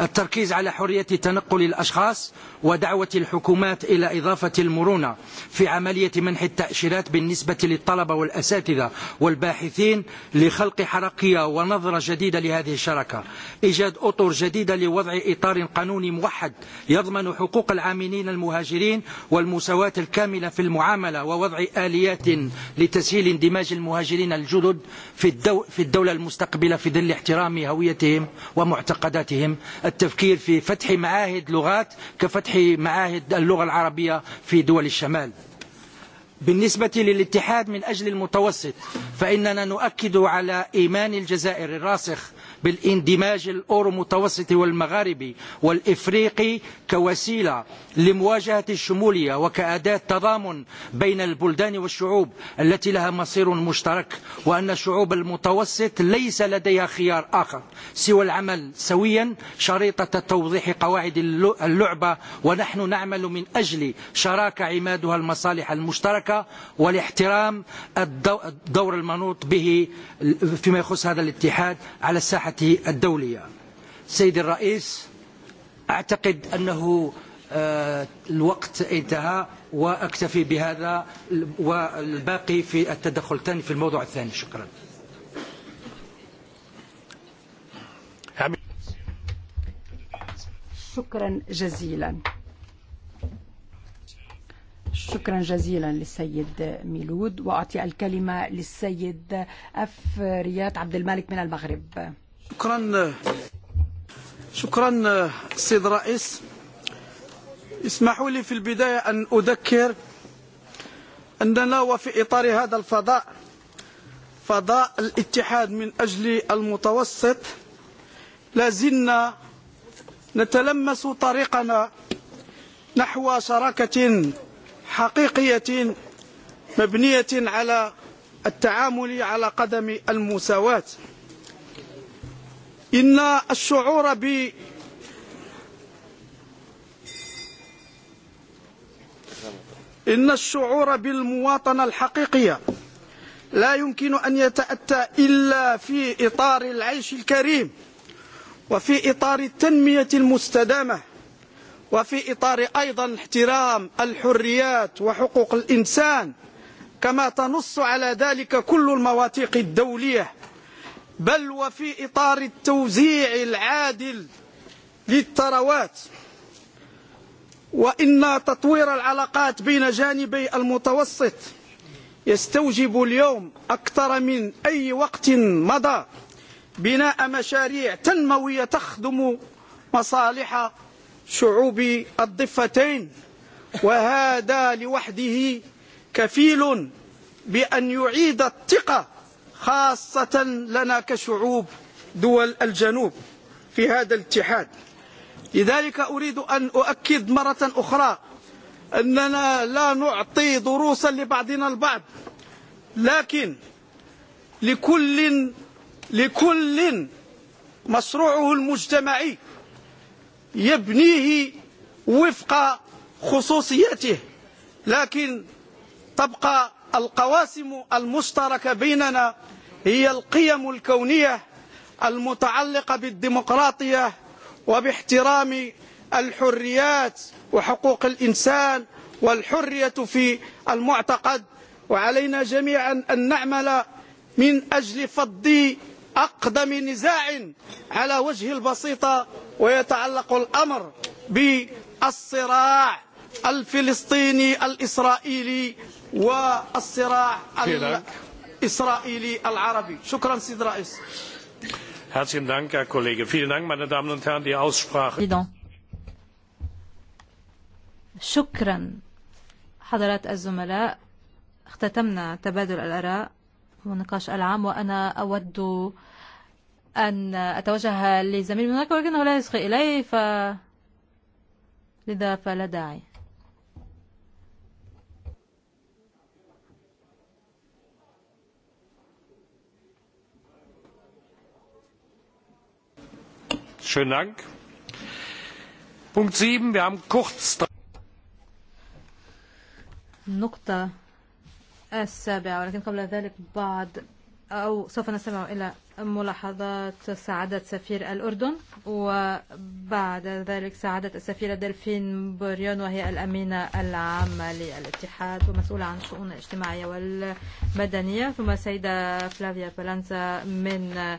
التركيز على حرية تنقل الأشخاص ودعوة الحكومات إلى إضافة المرونة في عملية منح التأشيرات بالنسبة للطلبة والأساتذة والباحثين لخلق حرقية ونظرة جديدة لهذه الشركة إيجاد أطر جديدة لوضع إطار قانوني موحد يضمن حقوق العاملين المهاجرين والمساواة الكاملة في المعاملة ووضع آليات لتسهيل اندماج المهاجرين الجدد في الدولة المستقبلة في ظل احترام هويتهم ومعتقداتهم التفكير في فتح معاهد لغات كفتح معاهد اللغة العربية في دول الشمال بالنسبة للاتحاد من أجل المتوسط فإننا نؤكد على إيمان الجزائر الراسخ بالاندماج الأورو متوسطي والمغاربي والإفريقي كوسيله لمواجهه الشموليه وكاداه تضامن بين البلدان والشعوب التي لها مصير مشترك وأن شعوب المتوسط ليس لديها خيار آخر سوى العمل سويا شريطه توضيح قواعد اللعبه ونحن نعمل من أجل شراكه عمادها المصالح المشتركه والاحترام الدور المنوط به فيما يخص هذا الاتحاد على الساحه الدولية سيد الرئيس أعتقد أنه الوقت انتهى وأكتفي بهذا والباقي في التدخل الثاني في الموضوع الثاني شكرا شكرا جزيلا شكرا جزيلا للسيد ميلود وأعطي الكلمة للسيد أفريات رياض عبد الملك من المغرب شكرا شكرا سيد رئيس اسمحوا لي في البداية أن أذكر أننا وفي إطار هذا الفضاء فضاء الاتحاد من أجل المتوسط لازلنا نتلمس طريقنا نحو شراكة حقيقية مبنية على التعامل على قدم المساواة إن الشعور ب إن الشعور بالمواطنة الحقيقية لا يمكن أن يتأتى إلا في إطار العيش الكريم وفي إطار التنمية المستدامة وفي إطار أيضا احترام الحريات وحقوق الإنسان كما تنص على ذلك كل المواثيق الدولية بل وفي إطار التوزيع العادل للثروات وإن تطوير العلاقات بين جانبي المتوسط يستوجب اليوم أكثر من أي وقت مضى بناء مشاريع تنموية تخدم مصالح شعوب الضفتين وهذا لوحده كفيل بأن يعيد الثقه خاصة لنا كشعوب دول الجنوب في هذا الاتحاد لذلك أريد أن أؤكد مرة أخرى أننا لا نعطي دروسا لبعضنا البعض لكن لكل لكل مشروعه المجتمعي يبنيه وفق خصوصيته لكن تبقى القواسم المشتركه بيننا هي القيم الكونيه المتعلقه بالديمقراطيه وباحترام الحريات وحقوق الإنسان والحريه في المعتقد وعلينا جميعا أن نعمل من أجل فض أقدم نزاع على وجه البسيطه ويتعلق الأمر بالصراع الفلسطيني الإسرائيلي والصراع الإسرائيلي العربي شكرا سيد رئيس Herzlichen Dank, Herr Kollege. Vielen Dank, meine Damen und Herren, die Aussprache. شكرا حضرات الزملاء اختتمنا تبادل الآراء والنقاش العام وأنا أود أن أتوجه لزميل هناك ولكنه لا يصغي إلي ف لذا فلا داعي Schönen Dank. 7. Wir haben kurz. نقطة السابعة ولكن قبل ذلك بعض أو سوف نستمع إلى ملاحظات سعادة سفير الأردن وبعد ذلك سعادة السفيرة دلفين بوريون وهي الأمينة العامة للاتحاد ومسؤولة عن الشؤون الاجتماعية والمدنية ثم سيدة فلافيا بالانسا من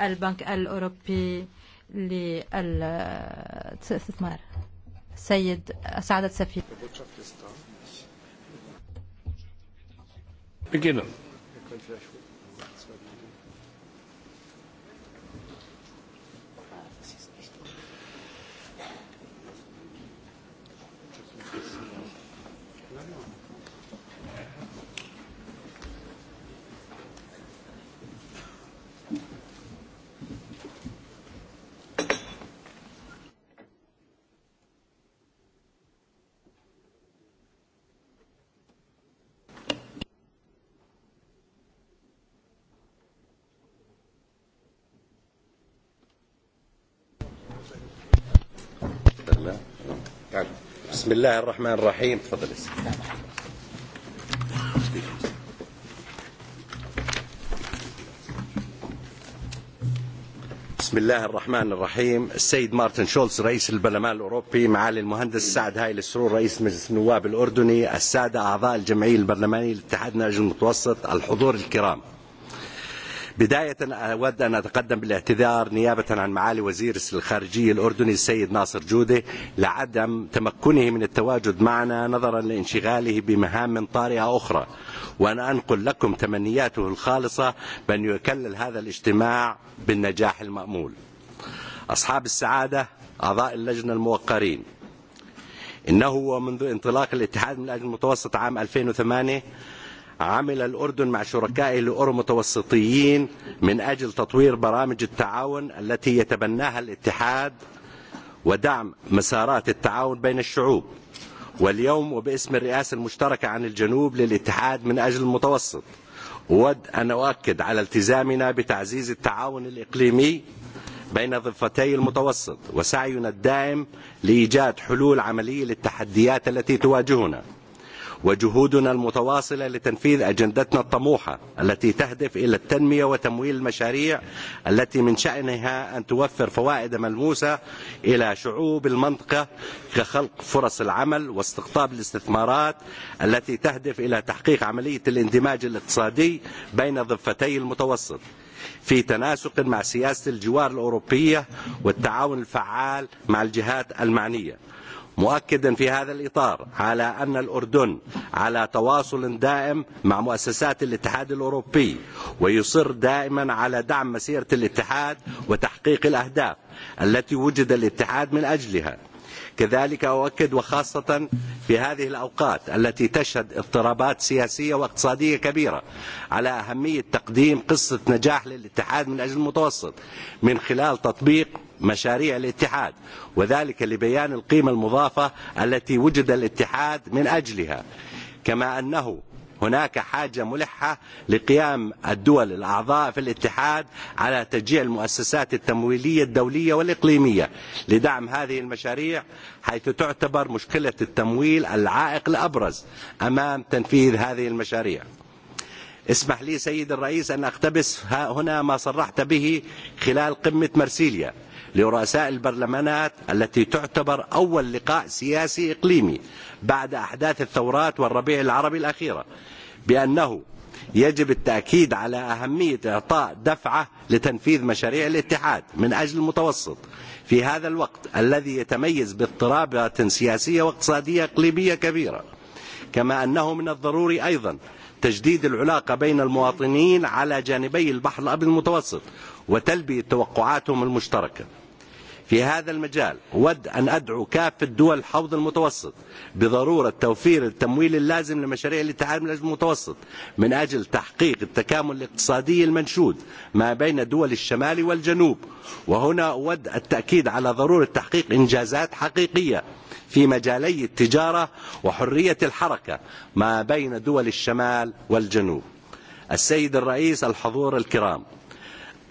البنك الأوروبي للاستثمار سيد سعادة سفير بسم الله الرحمن الرحيم تفضل بسم الله الرحمن الرحيم السيد مارتن شولز رئيس البرلمان الأوروبي معالي المهندس سعد هايل السرور رئيس مجلس النواب الأردني السادة أعضاء الجمعية البرلمانية لاتحادنا الأجنبي المتوسط الحضور الكرام بداية أود أن أتقدم بالاعتذار نيابة عن معالي وزير الخارجية الأردني السيد ناصر جودة لعدم تمكنه من التواجد معنا نظرا لانشغاله بمهام طارئة أخرى وأنا أنقل لكم تمنياته الخالصة بأن يكلل هذا الاجتماع بالنجاح المأمول أصحاب السعادة أعضاء اللجنة الموقرين إنه منذ انطلاق الاتحاد من أجل المتوسط عام 2008 عمل الأردن مع شركائه الأورو متوسطيين من أجل تطوير برامج التعاون التي يتبناها الاتحاد ودعم مسارات التعاون بين الشعوب واليوم وباسم الرئاسة المشتركة عن الجنوب للاتحاد من أجل المتوسط أود أن أؤكد على التزامنا بتعزيز التعاون الإقليمي بين ضفتي المتوسط وسعينا الدائم لإيجاد حلول عملية للتحديات التي تواجهنا وجهودنا المتواصلة لتنفيذ أجندتنا الطموحة التي تهدف إلى التنمية وتمويل المشاريع التي من شأنها أن توفر فوائد ملموسة إلى شعوب المنطقة كخلق فرص العمل واستقطاب الاستثمارات التي تهدف إلى تحقيق عملية الاندماج الاقتصادي بين ضفتي المتوسط في تناسق مع سياسة الجوار الأوروبية والتعاون الفعال مع الجهات المعنية مؤكدا في هذا الإطار على أن الأردن على تواصل دائم مع مؤسسات الاتحاد الأوروبي ويصر دائما على دعم مسيرة الاتحاد وتحقيق الأهداف التي وجد الاتحاد من أجلها كذلك أؤكد وخاصة في هذه الأوقات التي تشهد اضطرابات سياسية واقتصادية كبيرة على أهمية تقديم قصة نجاح للاتحاد من أجل المتوسط من خلال تطبيق مشاريع الاتحاد وذلك لبيان القيمة المضافة التي وجد الاتحاد من أجلها كما أنه هناك حاجة ملحة لقيام الدول الأعضاء في الاتحاد على تجيع المؤسسات التمويلية الدولية والإقليمية لدعم هذه المشاريع حيث تعتبر مشكلة التمويل العائق الأبرز أمام تنفيذ هذه المشاريع اسمح لي سيد الرئيس أن أقتبس هنا ما صرحت به خلال قمة مرسيليا لرؤساء البرلمانات التي تعتبر أول لقاء سياسي إقليمي بعد أحداث الثورات والربيع العربي الأخيرة بأنه يجب التأكيد على أهمية إعطاء دفعة لتنفيذ مشاريع الاتحاد من أجل المتوسط في هذا الوقت الذي يتميز باضطرابات سياسية واقتصادية إقليمية كبيرة كما أنه من الضروري أيضا تجديد العلاقة بين المواطنين على جانبي البحر الأبيض المتوسط وتلبية توقعاتهم المشتركة في هذا المجال أود أن أدعو كافة دول حوض المتوسط بضرورة توفير التمويل اللازم لمشاريع الاتحاد من المتوسط من أجل تحقيق التكامل الاقتصادي المنشود ما بين دول الشمال والجنوب وهنا أود التأكيد على ضرورة تحقيق إنجازات حقيقية في مجالي التجارة وحرية الحركة ما بين دول الشمال والجنوب السيد الرئيس الحضور الكرام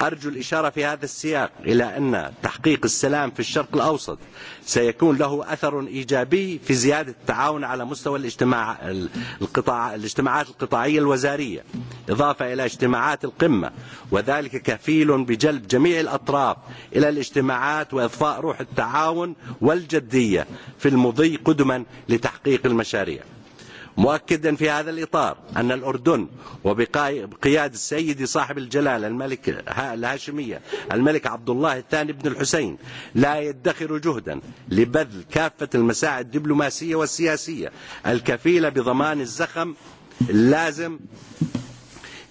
أرجو الإشارة في هذا السياق إلى أن تحقيق السلام في الشرق الأوسط سيكون له أثر إيجابي في زيادة التعاون على مستوى الاجتماع القطاع الاجتماعات القطاعية الوزارية إضافة إلى اجتماعات القمة وذلك كفيل بجلب جميع الأطراف إلى الاجتماعات وإضفاء روح التعاون والجدية في المضي قدما لتحقيق المشاريع مؤكدا في هذا الإطار أن الأردن وبقيادة سيدي صاحب الجلالة الملك الهاشمية الملك عبد الله الثاني بن الحسين لا يدخر جهدا لبذل كافة المساعي الدبلوماسية والسياسية الكفيلة بضمان الزخم اللازم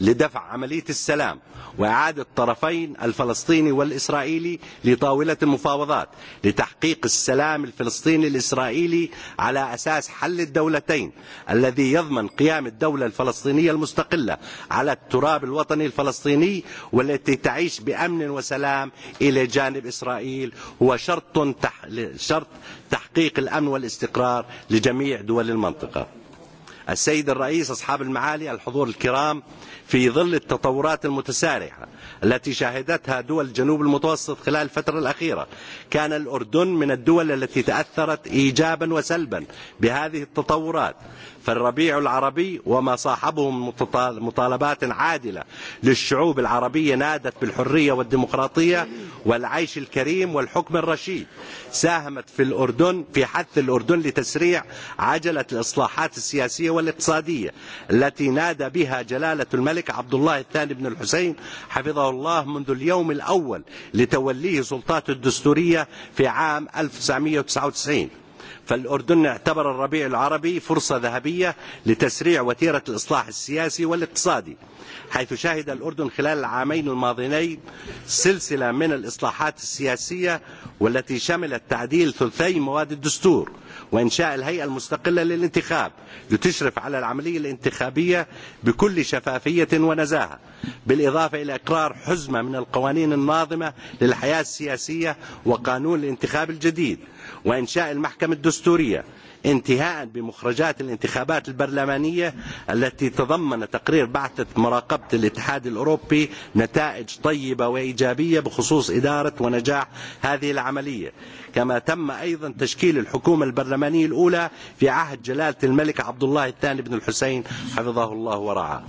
لدفع عملية السلام وإعادة الطرفين الفلسطيني والإسرائيلي لطاولة المفاوضات لتحقيق السلام الفلسطيني الإسرائيلي على أساس حل الدولتين الذي يضمن قيام الدولة الفلسطينية المستقلة على التراب الوطني الفلسطيني والتي تعيش بأمن وسلام إلى جانب إسرائيل هو شرط تحقيق الأمن والاستقرار لجميع دول المنطقة السيد الرئيس أصحاب المعالي الحضور الكرام في ظل التطورات المتسارعة التي شهدتها دول جنوب المتوسط خلال الفترة الأخيرة كان الأردن من الدول التي تأثرت إيجابا وسلبا بهذه التطورات فالربيع العربي وما صاحبه من مطالبات عادلة للشعوب العربية نادت بالحرية والديمقراطية والعيش الكريم والحكم الرشيد ساهمت في الأردن في حث الأردن لتسريع عجلة الإصلاحات السياسية والاقتصادية التي نادى بها جلالة الملك عبد الله الثاني بن الحسين حفظه الله منذ اليوم الأول لتوليه سلطاته الدستورية في عام 1999 فالأردن اعتبر الربيع العربي فرصة ذهبية لتسريع وتيرة الإصلاح السياسي والاقتصادي حيث شهد الأردن خلال العامين الماضيين سلسلة من الإصلاحات السياسية والتي شملت تعديل ثلثي مواد الدستور وإنشاء الهيئه المستقله للانتخاب لتشرف على العمليه الانتخابيه بكل شفافيه ونزاهه بالاضافه إلى إقرار حزمه من القوانين الناظمه للحياه السياسيه وقانون الانتخاب الجديد وإنشاء المحكمه الدستوريه انتهاء بمخرجات الانتخابات البرلمانية التي تضمن تقرير بعثة مراقبة الاتحاد الأوروبي نتائج طيبة وإيجابية بخصوص إدارة ونجاح هذه العملية كما تم أيضا تشكيل الحكومة البرلمانية الأولى في عهد جلالة الملك عبد الله الثاني بن الحسين حفظه الله ورعاه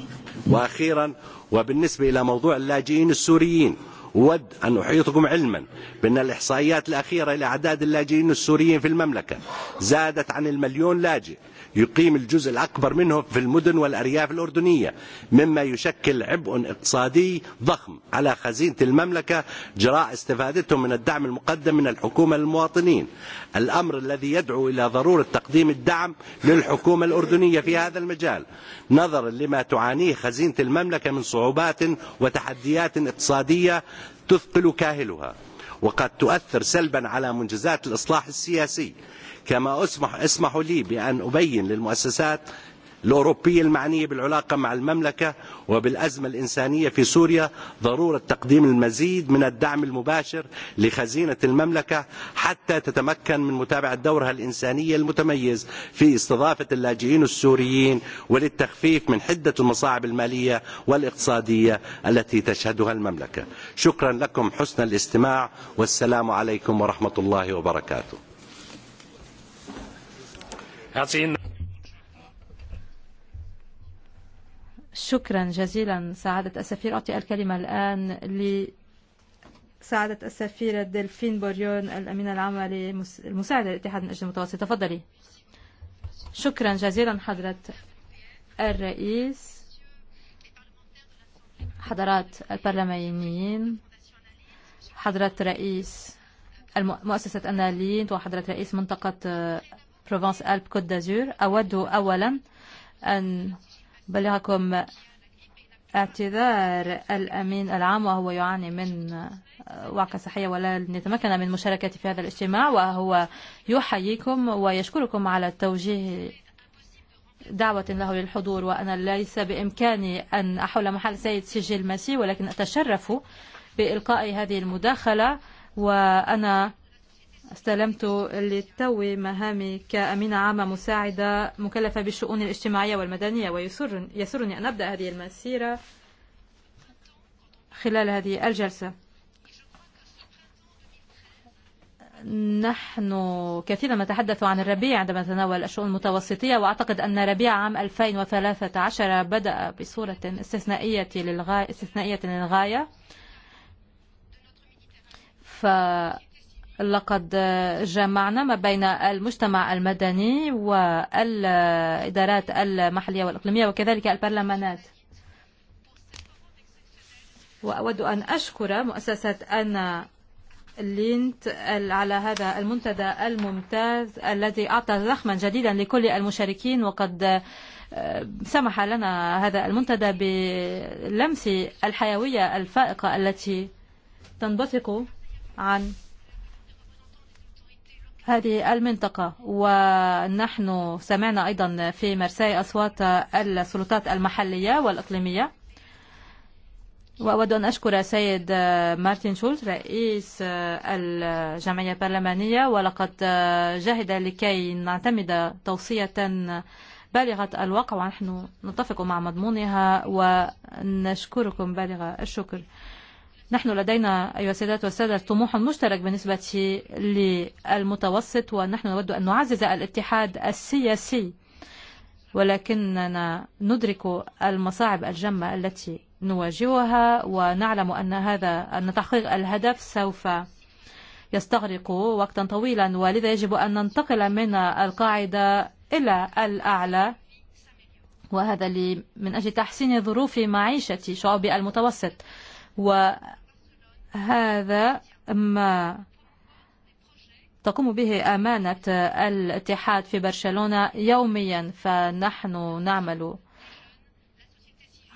وأخيرا وبالنسبة إلى موضوع اللاجئين السوريين أود أن أحيطكم علما بأن الإحصائيات الأخيرة لأعداد اللاجئين السوريين في المملكة زادت عن المليون لاجئ يقيم الجزء الأكبر منه في المدن والأرياف الأردنية مما يشكل عبء اقتصادي ضخم على خزينة المملكة جراء استفادتهم من الدعم المقدم من الحكومة للمواطنين الأمر الذي يدعو إلى ضرورة تقديم الدعم للحكومة الأردنية في هذا المجال نظرا لما تعانيه خزينة المملكة من صعوبات وتحديات اقتصادية تثقل كاهلها وقد تؤثر سلبا على منجزات الإصلاح السياسي كما اسمح لي بأن أبين للمؤسسات الأوروبية المعنية بالعلاقة مع المملكة وبالأزمة الإنسانية في سوريا ضرورة تقديم المزيد من الدعم المباشر لخزينة المملكة حتى تتمكن من متابعة دورها الإنسانية المتميز في استضافة اللاجئين السوريين وللتخفيف من حدة المصاعب المالية والاقتصادية التي تشهدها المملكة شكرا لكم حسن الاستماع والسلام عليكم ورحمة الله وبركاته شكرا جزيلا سعادة السفير أعطي الكلمة الآن لسعادة السفيرة دلفين بوريون الأمين العامة للمساعدة الاتحاد من أجل المتوسط تفضلي شكرا جزيلا حضرة الرئيس حضرات البرلمانيين حضرة رئيس مؤسسة أنالين وحضرة رئيس منطقة Provence Alpes Côte d'Azur أود أولا أن بلغكم اعتذار الأمين العام وهو يعاني من وعكة صحية ولا نتمكن من مشاركته في هذا الاجتماع وهو يحييكم ويشكركم على التوجيه دعوة له للحضور وأنا ليس بإمكاني أن أحول محل سيد سجل المسي ولكن أتشرف بإلقاء هذه المداخلة وأنا استلمت للتو مهامي كأمينة عامة مساعدة مكلفة بالشؤون الاجتماعية والمدنية ويسرني أن أبدأ هذه المسيرة خلال هذه الجلسة نحن كثيرا ما نتحدث عن الربيع عندما تناول الشؤون المتوسطية وأعتقد أن ربيع عام 2013 بدأ بصورة استثنائية للغاية, استثنائية للغاية ف لقد جمعنا ما بين المجتمع المدني والإدارات المحلية والإقليمية وكذلك البرلمانات وأود أن أشكر مؤسسة أنا لينت على هذا المنتدى الممتاز الذي أعطى زخما جديدا لكل المشاركين وقد سمح لنا هذا المنتدى بلمس الحيوية الفائقة التي تنبثق عن هذه المنطقة ونحن سمعنا أيضا في مرساي أصوات السلطات المحلية والإقليمية وأود أن أشكر سيد مارتن شولت رئيس الجمعية البرلمانية ولقد جاهد لكي نعتمد توصية بالغة الواقع ونحن نتفق مع مضمونها ونشكركم بالغ الشكر نحن لدينا أيها السيدات والسادة طموح مشترك بالنسبة للمتوسط ونحن نود أن نعزز الاتحاد السياسي ولكننا ندرك المصاعب الجمة التي نواجهها ونعلم أن هذا أن تحقيق الهدف سوف يستغرق وقتا طويلا ولذا يجب أن ننتقل من القاعدة إلى الأعلى وهذا من أجل تحسين ظروف معيشة شعوب المتوسط هذا ما تقوم به أمانة الاتحاد في برشلونة يوميا فنحن نعمل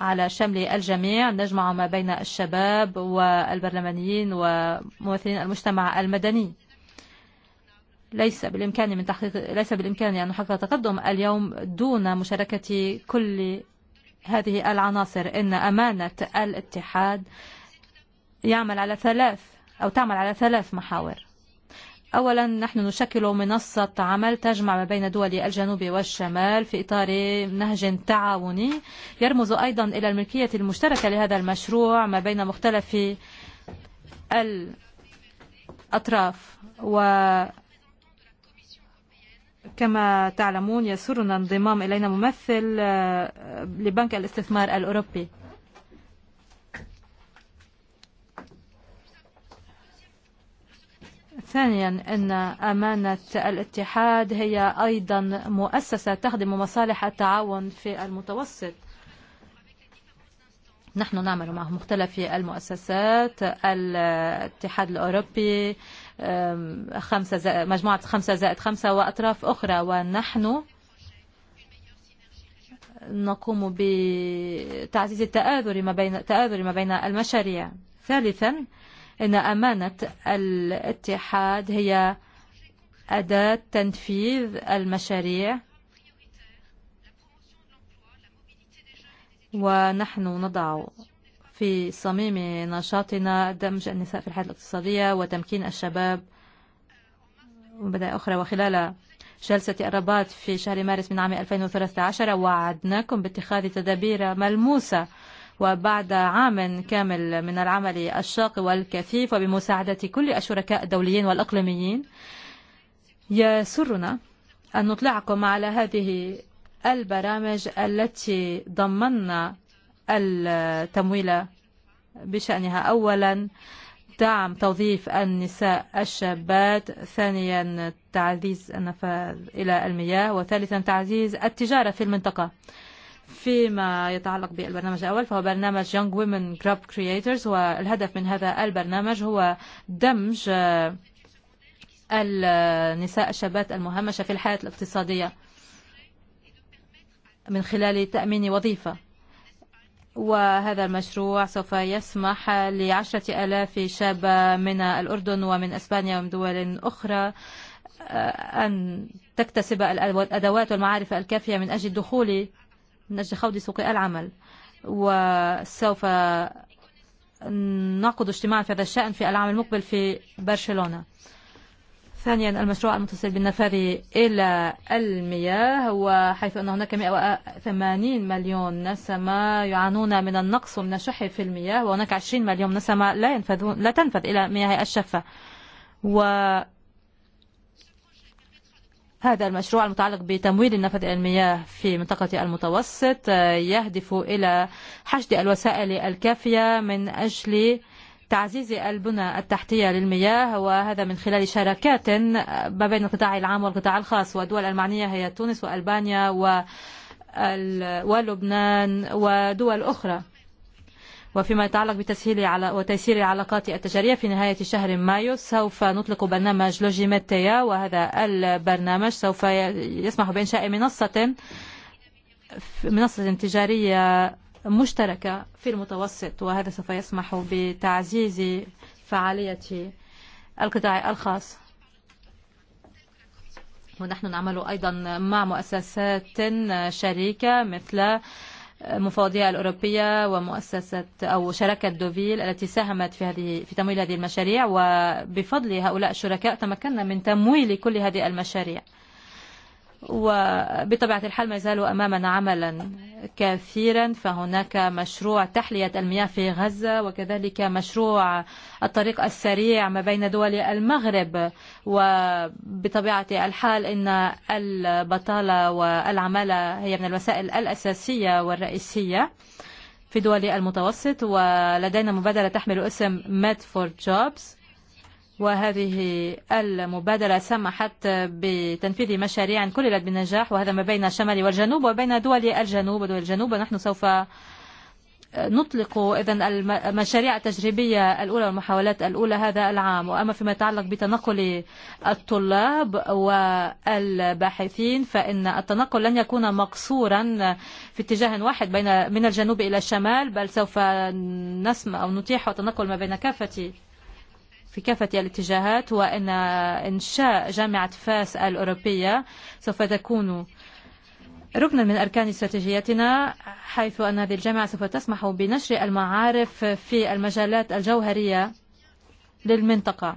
على شمل الجميع نجمع ما بين الشباب والبرلمانيين وممثلين المجتمع المدني ليس بالإمكان من تحقيق ليس بالإمكان أن نحقق تقدم اليوم دون مشاركة كل هذه العناصر إن أمانة الاتحاد يعمل على ثلاث أو تعمل على ثلاث محاور أولا نحن نشكل منصة عمل تجمع ما بين دول الجنوب والشمال في إطار نهج تعاوني يرمز أيضا إلى الملكية المشتركة لهذا المشروع ما بين مختلف الأطراف و كما تعلمون يسرنا انضمام إلينا ممثل لبنك الاستثمار الأوروبي ثانيا أن أمانة الاتحاد هي أيضا مؤسسة تخدم مصالح التعاون في المتوسط نحن نعمل مع مختلف المؤسسات الاتحاد الأوروبي خمسة زائد مجموعة خمسة زائد خمسة وأطراف أخرى ونحن نقوم بتعزيز التآذر ما بين التآذر ما بين المشاريع ثالثا أن امانه الاتحاد هي اداه تنفيذ المشاريع ونحن نضع في صميم نشاطنا دمج النساء في الحياه الاقتصاديه وتمكين الشباب وبدأ أخرى وخلال جلسة الرباط في شهر مارس من عام 2013 وعدناكم باتخاذ تدابير ملموسة وبعد عام كامل من العمل الشاق والكثيف وبمساعدة كل الشركاء الدوليين والأقليميين يسرنا أن نطلعكم على هذه البرامج التي ضمننا التمويل بشأنها أولا دعم توظيف النساء الشابات ثانيا تعزيز النفاذ إلى المياه وثالثا تعزيز التجارة في المنطقة فيما يتعلق بالبرنامج الأول فهو برنامج Young Women Club Creators والهدف من هذا البرنامج هو دمج النساء الشابات المهمشة في الحياة الاقتصادية من خلال تأمين وظيفة وهذا المشروع سوف يسمح لعشرة ألاف شابة من الأردن ومن أسبانيا ومن دول أخرى أن تكتسب الأدوات والمعارف الكافية من أجل الدخول خوضي سوق العمل وسوف نعقد اجتماعا في هذا الشأن في العام المقبل في برشلونة ثانيا المشروع المتصل بالنفاذ إلى المياه وحيث أن هناك 180 مليون نسمة يعانون من النقص ومن الشح في المياه وهناك 20 مليون نسمة لا, ينفذون لا تنفذ إلى مياه الشفة و هذا المشروع المتعلق بتمويل النفط المياه في منطقة المتوسط يهدف إلى حشد الوسائل الكافية من أجل تعزيز البنى التحتية للمياه وهذا من خلال شراكات ما بين القطاع العام والقطاع الخاص والدول المعنية هي تونس وألبانيا ولبنان ودول أخرى وفيما يتعلق بتسهيل على وتيسير العلاقات التجاريه في نهايه شهر مايو سوف نطلق برنامج لوجيماتيا وهذا البرنامج سوف يسمح بإنشاء منصه منصه تجاريه مشتركه في المتوسط وهذا سوف يسمح بتعزيز فعاليه القطاع الخاص ونحن نعمل أيضا مع مؤسسات شريكه مثل المفوضيه الاوروبيه ومؤسسة أو شركة دوفيل التي ساهمت في هذه في تمويل هذه المشاريع وبفضل هؤلاء الشركاء تمكنا من تمويل كل هذه المشاريع وبطبيعة الحال ما زالوا أمامنا عملا كثيرا فهناك مشروع تحلية المياه في غزة وكذلك مشروع الطريق السريع ما بين دول المغرب وبطبيعة الحال إن البطالة والعمالة هي من الوسائل الأساسية والرئيسية في دول المتوسط ولدينا مبادرة تحمل اسم Med for Jobs وهذه المبادرة سمحت بتنفيذ مشاريع كللت بالنجاح وهذا ما بين الشمال والجنوب وبين دول الجنوب ودول الجنوب ونحن سوف نطلق اذا المشاريع التجريبيه الاولى والمحاولات الاولى هذا العام واما فيما يتعلق بتنقل الطلاب والباحثين فان التنقل لن يكون مقصورا في اتجاه واحد بين من الجنوب الى الشمال بل سوف نسمع او نتيح التنقل ما بين كافه في كافة الاتجاهات هو أن إنشاء جامعة فاس الأوروبية سوف تكون ركنا من أركان استراتيجيتنا حيث أن هذه الجامعة سوف تسمح بنشر المعارف في المجالات الجوهرية للمنطقة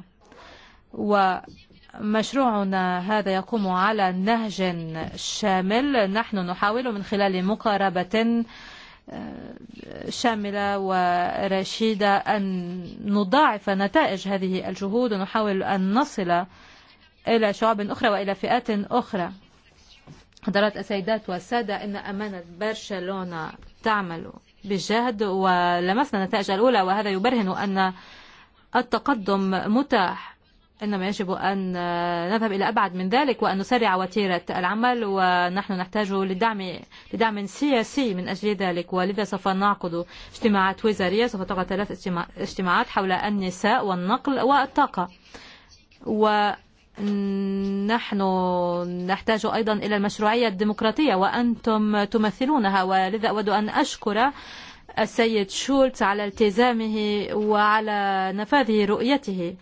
ومشروعنا هذا يقوم على نهج شامل نحن نحاول من خلال مقاربه شاملة ورشيدة أن نضاعف نتائج هذه الجهود ونحاول أن نصل إلى شعوب أخرى وإلى فئات أخرى حضرات السيدات والسادة إن أمانة برشلونة تعمل بجهد ولمسنا النتائج الأولى وهذا يبرهن أن التقدم متاح إنما يجب أن نذهب إلى أبعد من ذلك وأن نسرع وتيرة العمل ونحن نحتاج لدعم لدعم سياسي من أجل ذلك ولذا سوف نعقد اجتماعات وزارية سوف تقع ثلاث اجتماعات حول النساء والنقل والطاقة و نحن نحتاج أيضا إلى المشروعية الديمقراطية وأنتم تمثلونها ولذا أود أن أشكر السيد شولت على التزامه وعلى نفاذ رؤيته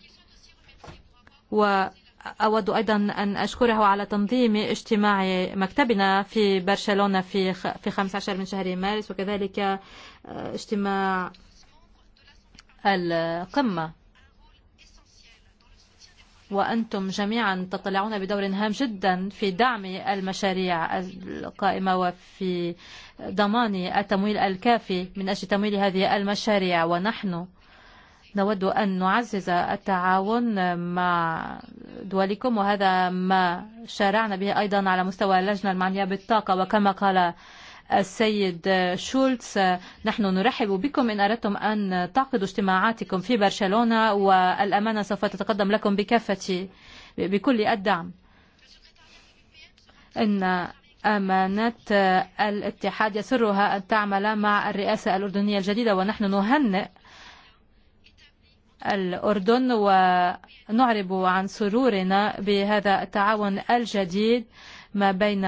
أود أيضا أن أشكره على تنظيم اجتماع مكتبنا في برشلونة في في 15 من شهر مارس وكذلك اجتماع القمة وأنتم جميعا تطلعون بدور هام جدا في دعم المشاريع القائمة وفي ضمان التمويل الكافي من أجل تمويل هذه المشاريع ونحن نود أن نعزز التعاون مع دولكم وهذا ما شارعنا به أيضا على مستوى اللجنة المعنية بالطاقة وكما قال السيد شولتس نحن نرحب بكم إن أردتم أن تعقدوا اجتماعاتكم في برشلونة والأمانة سوف تتقدم لكم بكافة بكل الدعم إن أمانة الاتحاد يسرها أن تعمل مع الرئاسة الأردنية الجديدة ونحن نهنئ الأردن ونعرب عن سرورنا بهذا التعاون الجديد ما بين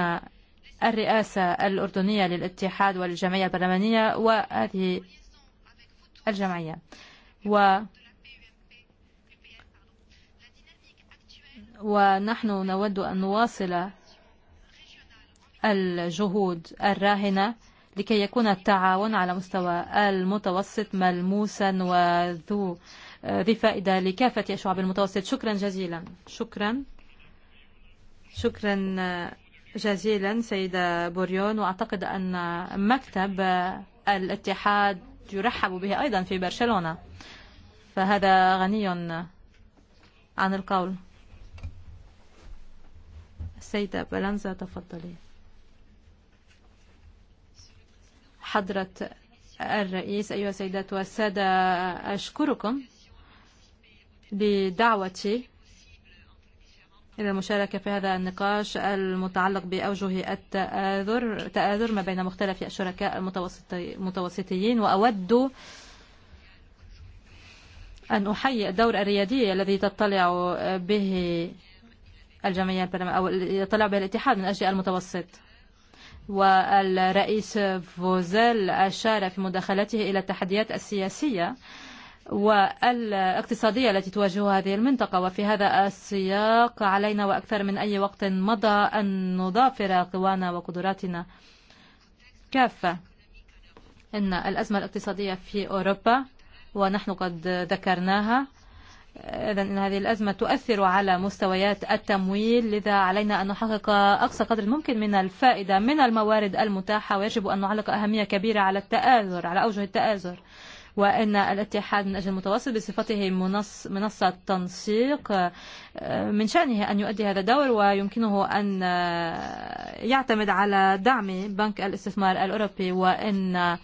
الرئاسة الأردنية للاتحاد والجمعية البرلمانية وهذه الجمعية و ونحن نود أن نواصل الجهود الراهنة لكي يكون التعاون على مستوى المتوسط ملموسا وذو ذي فائدة لكافة الشعب المتوسط شكرا جزيلا شكرا شكرا جزيلا سيدة بوريون وأعتقد أن مكتب الاتحاد يرحب به أيضا في برشلونة فهذا غني عن القول السيدة بلانزا تفضلي حضرة الرئيس أيها السيدات والسادة أشكركم بدعوتي إلى المشاركة في هذا النقاش المتعلق بأوجه التآذر تآذر ما بين مختلف الشركاء المتوسطيين وأود أن أحيي الدور الريادي الذي تطلع به الجمعية أو يطلع به الاتحاد من أجل المتوسط والرئيس فوزيل أشار في مداخلته إلى التحديات السياسية والاقتصادية التي تواجهها هذه المنطقة وفي هذا السياق علينا وأكثر من أي وقت مضى أن نضافر قوانا وقدراتنا كافة إن الأزمة الاقتصادية في أوروبا ونحن قد ذكرناها إذا إن هذه الأزمة تؤثر على مستويات التمويل لذا علينا أن نحقق أقصى قدر ممكن من الفائدة من الموارد المتاحة ويجب أن نعلق أهمية كبيرة على التآزر على أوجه التآزر وأن الاتحاد من أجل المتوسط بصفته منصة تنسيق من شأنه أن يؤدي هذا الدور ويمكنه أن يعتمد على دعم بنك الاستثمار الأوروبي وأن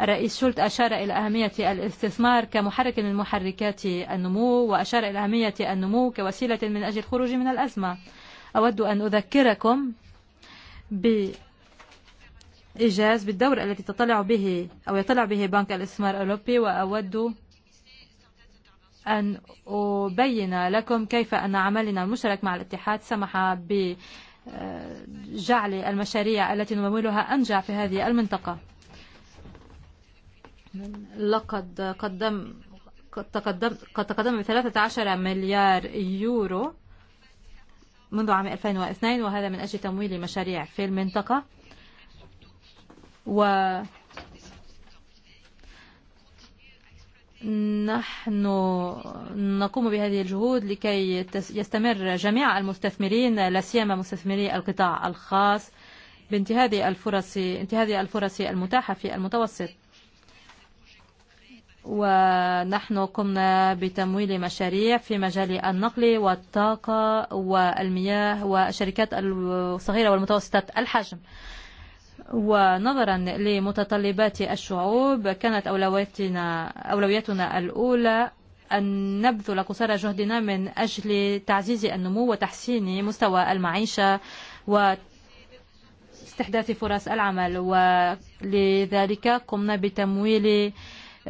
الرئيس شولت أشار إلى أهمية الاستثمار كمحرك من محركات النمو وأشار إلى أهمية النمو كوسيلة من أجل الخروج من الأزمة أود أن أذكركم إيجاز بالدور التي تطلع به أو يطلع به بنك الاستثمار الأوروبي وأود أن أبين لكم كيف أن عملنا المشترك مع الاتحاد سمح بجعل المشاريع التي نمولها أنجع في هذه المنطقة لقد قدم قد تقدم ب 13 مليار يورو منذ عام 2002 وهذا من أجل تمويل مشاريع في المنطقة ونحن نقوم بهذه الجهود لكي يستمر جميع المستثمرين لا سيما مستثمري القطاع الخاص بانتهاء الفرص انتهاز الفرص المتاحة في المتوسط ونحن قمنا بتمويل مشاريع في مجال النقل والطاقه والمياه والشركات الصغيرة والمتوسطة الحجم ونظرا لمتطلبات الشعوب كانت أولوياتنا أولويتنا الأولى أن نبذل قصارى جهدنا من أجل تعزيز النمو وتحسين مستوى المعيشة و فرص العمل ولذلك قمنا بتمويل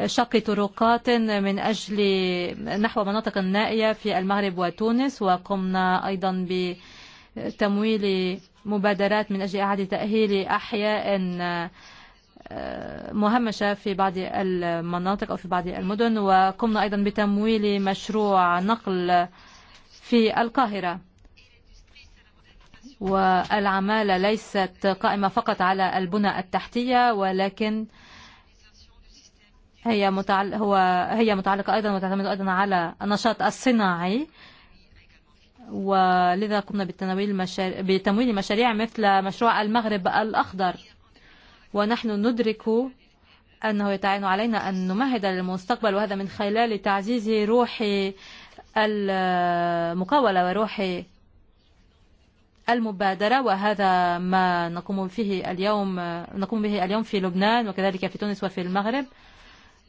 شق طرقات من أجل نحو مناطق نائيه في المغرب وتونس وقمنا أيضا بتمويل مبادرات من أجل إعادة تأهيل أحياء مهمشة في بعض المناطق أو في بعض المدن وقمنا أيضا بتمويل مشروع نقل في القاهرة والعمالة ليست قائمة فقط على البنى التحتية ولكن هي هي متعلقة أيضا وتعتمد أيضا على النشاط الصناعي ولذا قمنا بتمويل بتمويل مشاريع مثل مشروع المغرب الأخضر ونحن ندرك أنه يتعين علينا أن نمهد للمستقبل وهذا من خلال تعزيز روح المقاوله وروح المبادره وهذا ما نقوم فيه اليوم نقوم به اليوم في لبنان وكذلك في تونس وفي المغرب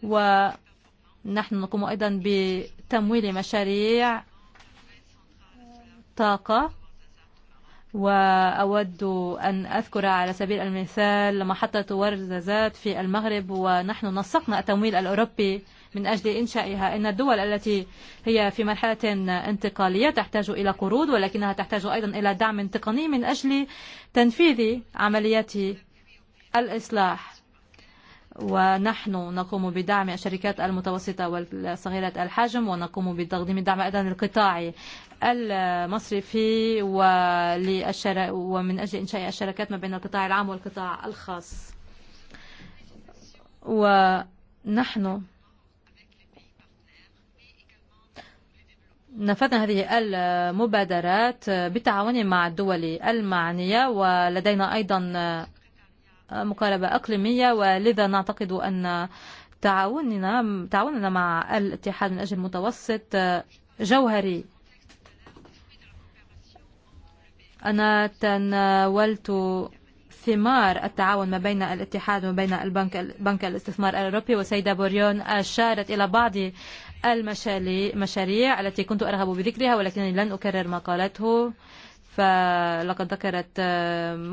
ونحن نقوم أيضا بتمويل مشاريع الطاقة وأود أن أذكر على سبيل المثال محطة ورزازات في المغرب ونحن نسقنا التمويل الأوروبي من أجل إنشائها إن الدول التي هي في مرحلة انتقالية تحتاج إلى قروض ولكنها تحتاج أيضا إلى دعم تقني من أجل تنفيذ عمليات الإصلاح ونحن نقوم بدعم الشركات المتوسطة والصغيرة الحجم ونقوم بتقديم الدعم أيضا القطاعي المصرفي ومن أجل إنشاء الشركات ما بين القطاع العام والقطاع الخاص ونحن نفذنا هذه المبادرات بالتعاون مع الدول المعنية ولدينا أيضا مقاربة أقليمية ولذا نعتقد أن تعاوننا تعاوننا مع الاتحاد من أجل المتوسط جوهري أنا تناولت ثمار التعاون ما بين الاتحاد وما بين البنك بنك الاستثمار الأوروبي وسيدة بوريون أشارت إلى بعض المشاريع التي كنت أرغب بذكرها ولكنني لن أكرر ما قالته فلقد ذكرت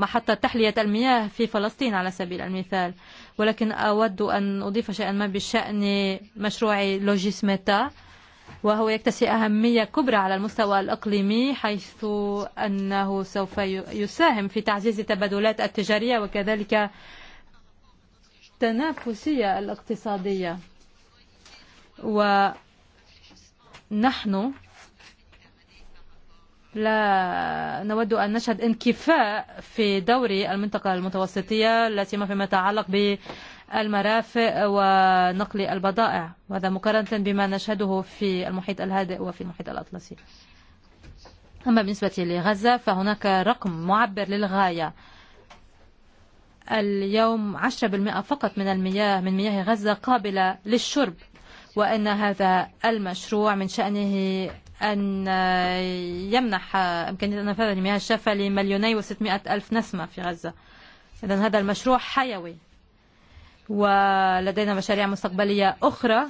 محطة تحلية المياه في فلسطين على سبيل المثال ولكن أود أن أضيف شيئا ما بشأن مشروع لوجيسميتا وهو يكتسي أهمية كبرى على المستوى الإقليمي حيث أنه سوف يساهم في تعزيز التبادلات التجارية وكذلك التنافسية الاقتصادية ونحن لا نود أن نشهد انكفاء في دوري المنطقة المتوسطية التي ما فيما يتعلق بالمرافق ونقل البضائع وهذا مقارنة بما نشهده في المحيط الهادئ وفي المحيط الأطلسي أما بالنسبة لغزة فهناك رقم معبر للغاية اليوم 10% فقط من المياه من مياه غزة قابلة للشرب وأن هذا المشروع من شأنه أن يمنح إمكانية النفاذ لمياه الشافة لمليوني وستمائة ألف نسمة في غزة إذا هذا المشروع حيوي ولدينا مشاريع مستقبلية أخرى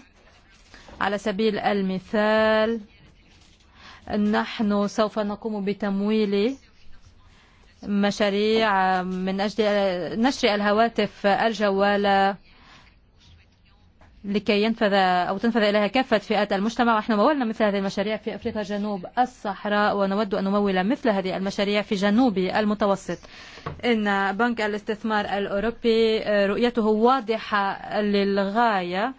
على سبيل المثال نحن سوف نقوم بتمويل مشاريع من أجل نشر الهواتف الجوالة لكي ينفذ أو تنفذ إليها كافة فئات المجتمع ونحن مولنا مثل هذه المشاريع في أفريقيا جنوب الصحراء ونود أن نمول مثل هذه المشاريع في جنوب المتوسط إن بنك الاستثمار الأوروبي رؤيته واضحة للغاية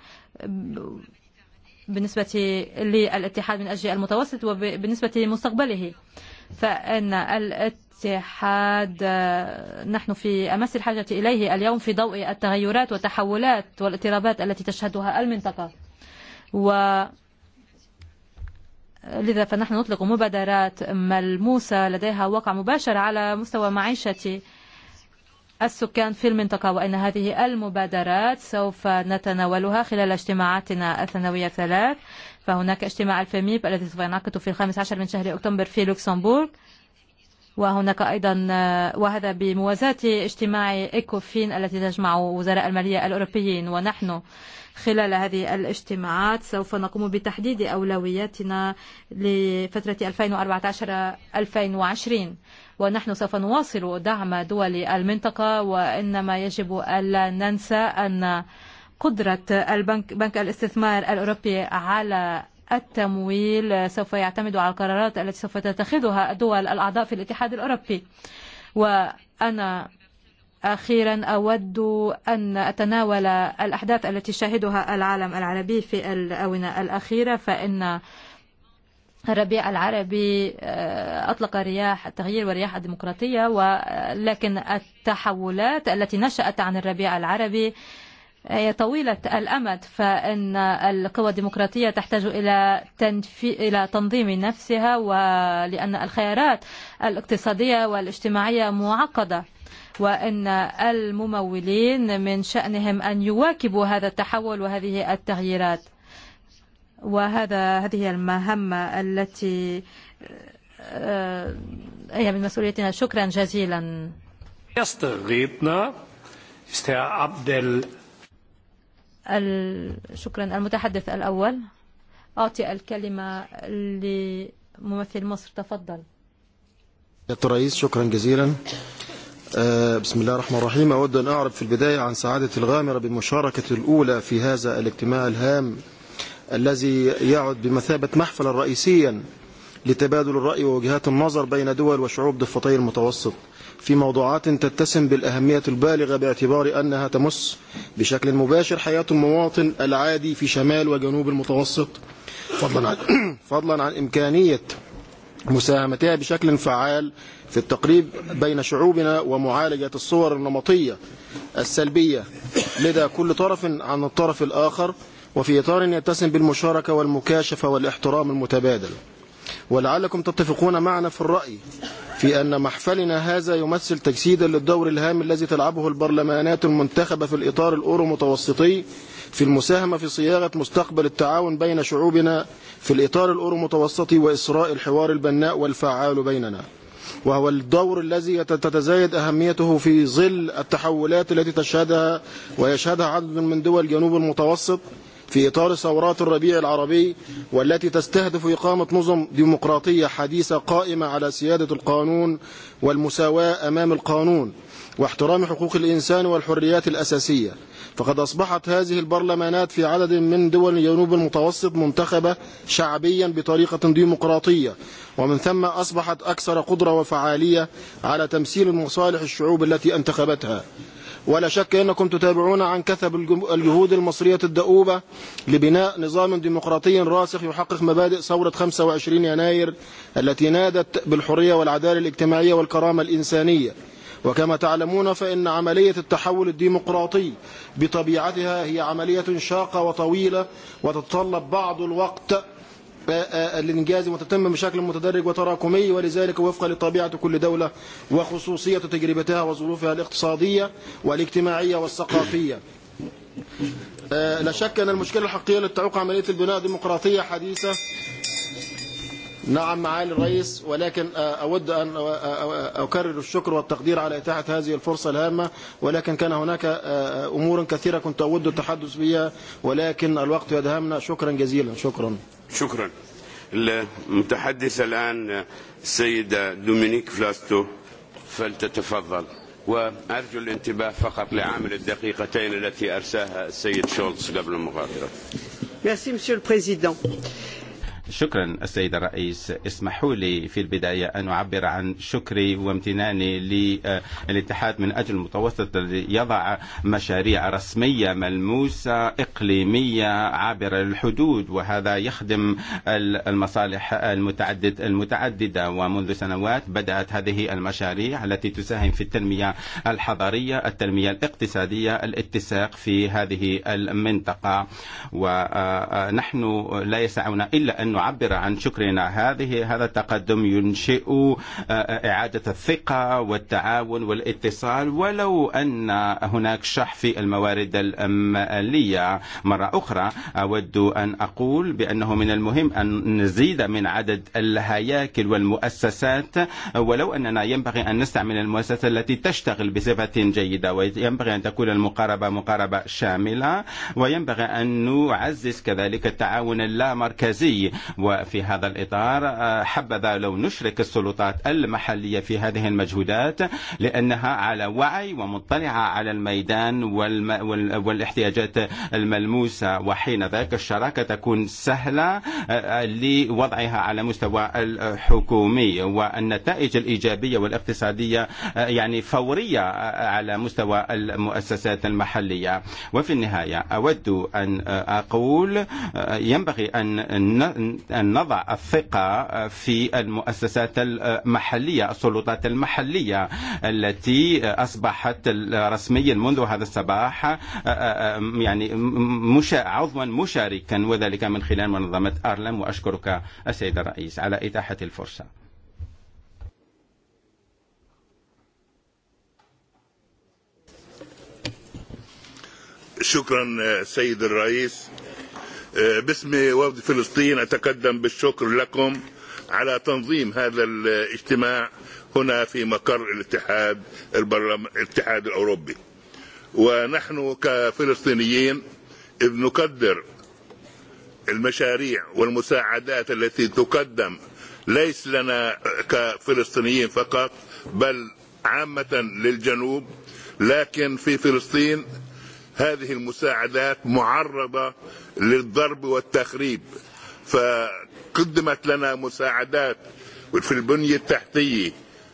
بالنسبة للاتحاد من أجل المتوسط وبالنسبة لمستقبله فإن الاتحاد نحن في أمس الحاجة إليه اليوم في ضوء التغيرات والتحولات والاضطرابات التي تشهدها المنطقة و لذا فنحن نطلق مبادرات ملموسة لديها وقع مباشر على مستوى معيشة السكان في المنطقة وأن هذه المبادرات سوف نتناولها خلال اجتماعاتنا الثانوية الثلاث فهناك اجتماع الفاميب الذي سوف ينعقد في الخامس عشر من شهر أكتوبر في لوكسمبورغ وهناك أيضا وهذا بموازاه اجتماع إيكوفين التي تجمع وزراء الماليه الأوروبيين ونحن خلال هذه الاجتماعات سوف نقوم بتحديد أولوياتنا لفتره 2014-2020 ونحن سوف نواصل دعم دول المنطقه وإنما يجب ألا ننسى أن قدره البنك بنك الاستثمار الأوروبي على التمويل سوف يعتمد على القرارات التي سوف تتخذها الدول الأعضاء في الاتحاد الأوروبي وأنا أخيرا أود أن أتناول الأحداث التي شهدها العالم العربي في الآونة الأخيرة فإن الربيع العربي أطلق رياح التغيير ورياح الديمقراطية ولكن التحولات التي نشأت عن الربيع العربي طويلة الأمد فإن القوى الديمقراطية تحتاج إلى, إلى تنظيم نفسها ولأن الخيارات الاقتصادية والاجتماعية معقدة وأن الممولين من شأنهم أن يواكبوا هذا التحول وهذه التغييرات وهذا هذه المهمة التي هي من مسؤوليتنا شكرا جزيلا شكرا المتحدث الأول أعطي الكلمة لممثل مصر تفضل يا رئيس شكرا جزيلا بسم الله الرحمن الرحيم أود أن أعرف في البداية عن سعادة الغامرة بالمشاركة الأولى في هذا الاجتماع الهام الذي يعد بمثابة محفلا رئيسيا لتبادل الرأي ووجهات النظر بين دول وشعوب ضفتي المتوسط في موضوعات تتسم بالأهمية البالغة باعتبار أنها تمس بشكل مباشر حياة المواطن العادي في شمال وجنوب المتوسط فضلا عن, فضلا إمكانية مساهمتها بشكل فعال في التقريب بين شعوبنا ومعالجة الصور النمطية السلبية لدى كل طرف عن الطرف الآخر وفي إطار يتسم بالمشاركة والمكاشفة والاحترام المتبادل ولعلكم تتفقون معنا في الرأي في أن محفلنا هذا يمثل تجسيدا للدور الهام الذي تلعبه البرلمانات المنتخبة في الإطار الأورو متوسطي في المساهمة في صياغة مستقبل التعاون بين شعوبنا في الإطار الأورو متوسطي وإسراء الحوار البناء والفعال بيننا وهو الدور الذي تتزايد أهميته في ظل التحولات التي تشهدها ويشهدها عدد من دول جنوب المتوسط في إطار ثورات الربيع العربي والتي تستهدف إقامة نظم ديمقراطية حديثة قائمة على سيادة القانون والمساواة أمام القانون واحترام حقوق الإنسان والحريات الأساسية فقد أصبحت هذه البرلمانات في عدد من دول جنوب المتوسط منتخبة شعبيا بطريقة ديمقراطية ومن ثم أصبحت أكثر قدرة وفعالية على تمثيل مصالح الشعوب التي انتخبتها ولا شك أنكم تتابعون عن كثب الجهود المصرية الدؤوبة لبناء نظام ديمقراطي راسخ يحقق مبادئ ثورة 25 يناير التي نادت بالحرية والعدالة الاجتماعية والكرامة الإنسانية وكما تعلمون فإن عملية التحول الديمقراطي بطبيعتها هي عملية شاقة وطويلة وتتطلب بعض الوقت الإنجاز وتتم بشكل متدرج وتراكمي ولذلك وفقا لطبيعة كل دولة وخصوصية تجربتها وظروفها الاقتصادية والاجتماعية والثقافية لا شك أن المشكلة الحقيقية للتعوق عملية البناء الديمقراطية حديثة نعم معالي الرئيس ولكن أود أن أكرر الشكر والتقدير على إتاحة هذه الفرصة الهامة ولكن كان هناك أمور كثيرة كنت أود التحدث بها ولكن الوقت يدهمنا شكرا جزيلا شكرا شكرا المتحدث الآن السيدة دومينيك فلاستو فلتتفضل وأرجو الانتباه فقط لعامل الدقيقتين التي أرساها السيد شولتز قبل المغادرة. Merci, Monsieur le Président شكرا السيد الرئيس اسمحوا لي في البداية أن أعبر عن شكري وامتناني للاتحاد من أجل المتوسط الذي يضع مشاريع رسمية ملموسة إقليمية عابرة للحدود وهذا يخدم المصالح المتعدد المتعددة ومنذ سنوات بدأت هذه المشاريع التي تساهم في التنمية الحضرية التنمية الاقتصادية الاتساق في هذه المنطقة ونحن لا يسعنا إلا أن نعبر عن شكرنا هذه هذا التقدم ينشئ إعادة الثقة والتعاون والاتصال ولو أن هناك شح في الموارد المالية مرة أخرى أود أن أقول بأنه من المهم أن نزيد من عدد الهياكل والمؤسسات ولو أننا ينبغي أن نستعمل المؤسسة التي تشتغل بصفة جيدة وينبغي أن تكون المقاربة مقاربة شاملة وينبغي أن نعزز كذلك التعاون اللامركزي وفي هذا الإطار حبذا لو نشرك السلطات المحلية في هذه المجهودات لأنها على وعي ومطلعة على الميدان والاحتياجات الملموسة وحين ذاك الشراكة تكون سهلة لوضعها على مستوى الحكومي والنتائج الإيجابية والاقتصادية يعني فورية على مستوى المؤسسات المحلية وفي النهاية أود أن أقول ينبغي أن نضع الثقة في المؤسسات المحلية السلطات المحلية التي أصبحت رسميا منذ هذا الصباح يعني مشا... عضوا مشاركا وذلك من خلال منظمة أرلم وأشكرك السيد الرئيس على إتاحة الفرصة شكرا سيد الرئيس باسم وفد فلسطين أتقدم بالشكر لكم على تنظيم هذا الاجتماع هنا في مقر الاتحاد الاتحاد الأوروبي ونحن كفلسطينيين نقدر المشاريع والمساعدات التي تقدم ليس لنا كفلسطينيين فقط بل عامة للجنوب لكن في فلسطين هذه المساعدات معرضة للضرب والتخريب فقدمت لنا مساعدات في البنية التحتية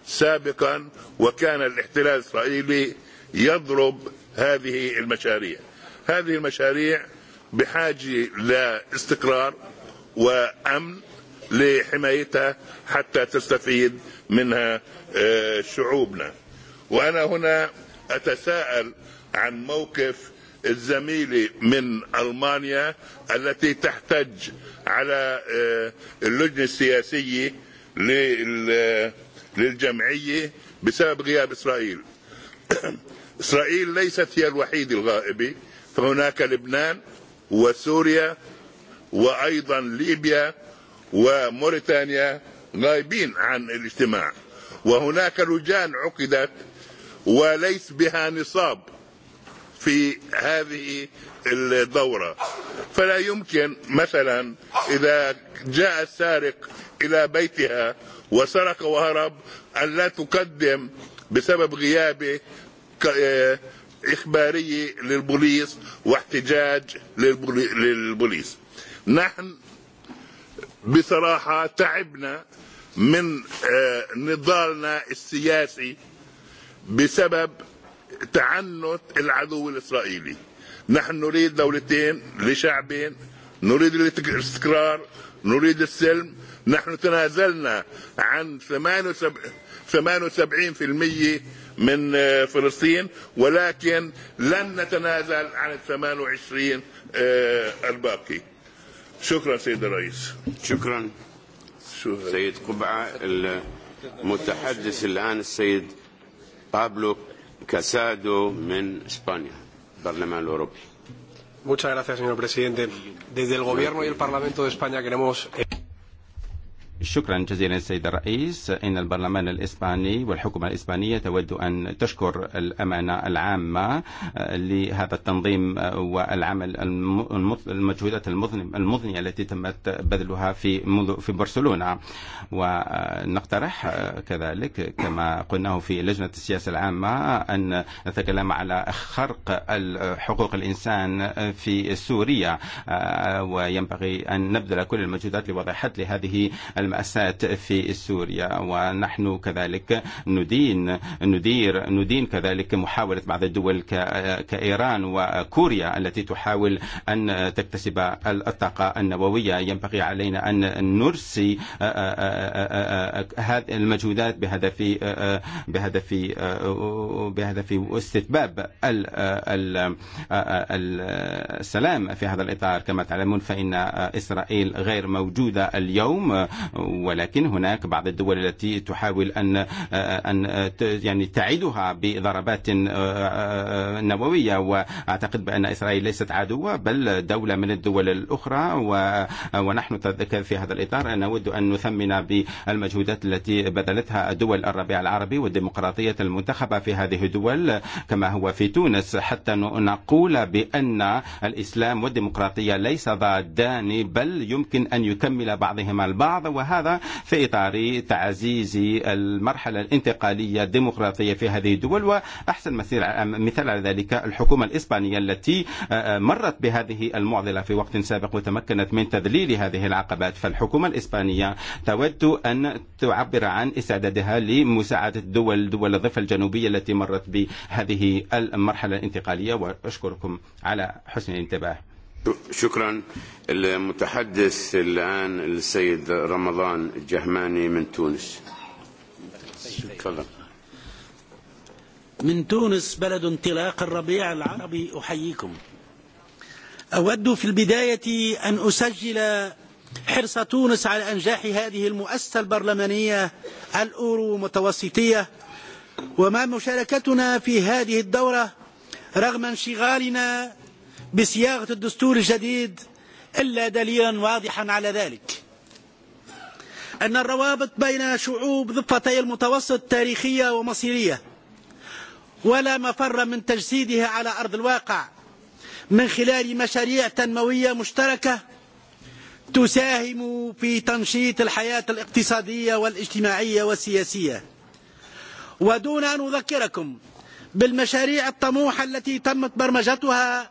سابقا وكان الاحتلال الإسرائيلي يضرب هذه المشاريع هذه المشاريع بحاجة لاستقرار وأمن لحمايتها حتى تستفيد منها شعوبنا وأنا هنا أتساءل عن موقف الزميله من ألمانيا التي تحتج على اللجنة السياسية للجمعيه بسبب غياب إسرائيل إسرائيل ليست هي الوحيده الغائبة فهناك لبنان وسوريا وأيضا ليبيا وموريتانيا غايبين عن الاجتماع وهناك لجان عقدت وليس بها نصاب في هذه الدورة فلا يمكن مثلا إذا جاء السارق إلى بيتها وسرق وهرب أن لا تقدم بسبب غيابه إخبارية للبوليس واحتجاج للبوليس نحن بصراحة تعبنا من نضالنا السياسي بسبب تعنت العدو الإسرائيلي نحن نريد دولتين لشعبين نريد الاستقرار نريد السلم نحن تنازلنا عن 78% من فلسطين ولكن لن نتنازل عن ال 28 الباقي شكرا سيد الرئيس شكرا سيد قبعة المتحدث الآن السيد بابلو Casado en España, Parlamento Europeo. Muchas gracias, señor presidente. Desde el Gobierno y el Parlamento de España queremos شكرا جزيلا السيد الرئيس إن البرلمان الإسباني والحكومة الإسبانية تود أن تشكر الأمانة العامة لهذا التنظيم والعمل المجهودات المضنية التي تمت بذلها في في برشلونة ونقترح كذلك كما قلناه في لجنة السياسة العامة أن نتكلم على خرق حقوق الإنسان في سوريا وينبغي أن نبذل كل المجهودات لوضع حد لهذه المأساة في سوريا ونحن كذلك ندين ندير ندين كذلك محاولة بعض الدول كإيران وكوريا التي تحاول أن تكتسب الطاقة النووية ينبغي علينا أن نرسي هذه المجهودات بهدف بهدف بهدف استتباب السلام في هذا الإطار كما تعلمون فإن إسرائيل غير موجودة اليوم ولكن هناك بعض الدول التي تحاول أن أن يعني تعدها بضربات نوويه وأعتقد بأن إسرائيل ليست عدوه بل دوله من الدول الأخرى ونحن في هذا الإطار ان نود أن نثمن بالمجهودات التي بذلتها دول الربيع العربي والديمقراطيه المنتخبه في هذه الدول كما هو في تونس حتى نقول بأن الإسلام والديمقراطيه ليس ضادان بل يمكن أن يكمل بعضهما البعض وهذا في إطار تعزيز المرحلة الانتقالية الديمقراطية في هذه الدول وأحسن مثال على ذلك الحكومة الإسبانية التي مرت بهذه المعضلة في وقت سابق وتمكنت من تذليل هذه العقبات فالحكومة الإسبانية تود أن تعبر عن استعدادها لمساعدة الدول دول الضفة الجنوبية التي مرت بهذه المرحلة الانتقالية وأشكركم على حسن الانتباه شكرا المتحدث الآن السيد رمضان الجهماني من تونس من تونس بلد انطلاق الربيع العربي أحييكم أود في البداية أن أسجل حرص تونس على أنجاح هذه المؤسسة البرلمانية الأورو متوسطية وما مشاركتنا في هذه الدورة رغم انشغالنا بصياغة الدستور الجديد إلا دليلا واضحا على ذلك أن الروابط بين شعوب ضفتي المتوسط تاريخية ومصيرية ولا مفر من تجسيدها على أرض الواقع من خلال مشاريع تنموية مشتركة تساهم في تنشيط الحياة الاقتصادية والاجتماعية والسياسية ودون أن أذكركم بالمشاريع الطموحة التي تمت برمجتها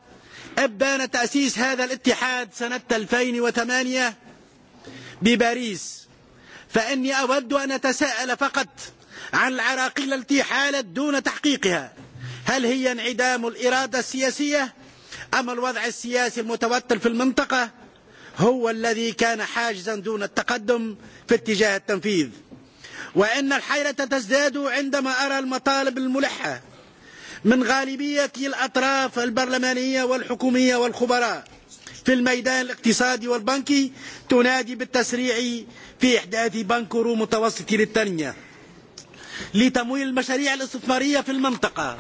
أبان تأسيس هذا الاتحاد سنة 2008 بباريس فإني أود أن أتساءل فقط عن العراقيل التي حالت دون تحقيقها هل هي انعدام الإرادة السياسية أم الوضع السياسي المتوتر في المنطقة هو الذي كان حاجزا دون التقدم في اتجاه التنفيذ وإن الحيرة تزداد عندما أرى المطالب الملحة من غالبية الأطراف البرلمانية والحكومية والخبراء في الميدان الاقتصادي والبنكي تنادي بالتسريع في إحداث رو متوسط للتنمية لتمويل المشاريع الاستثمارية في المنطقة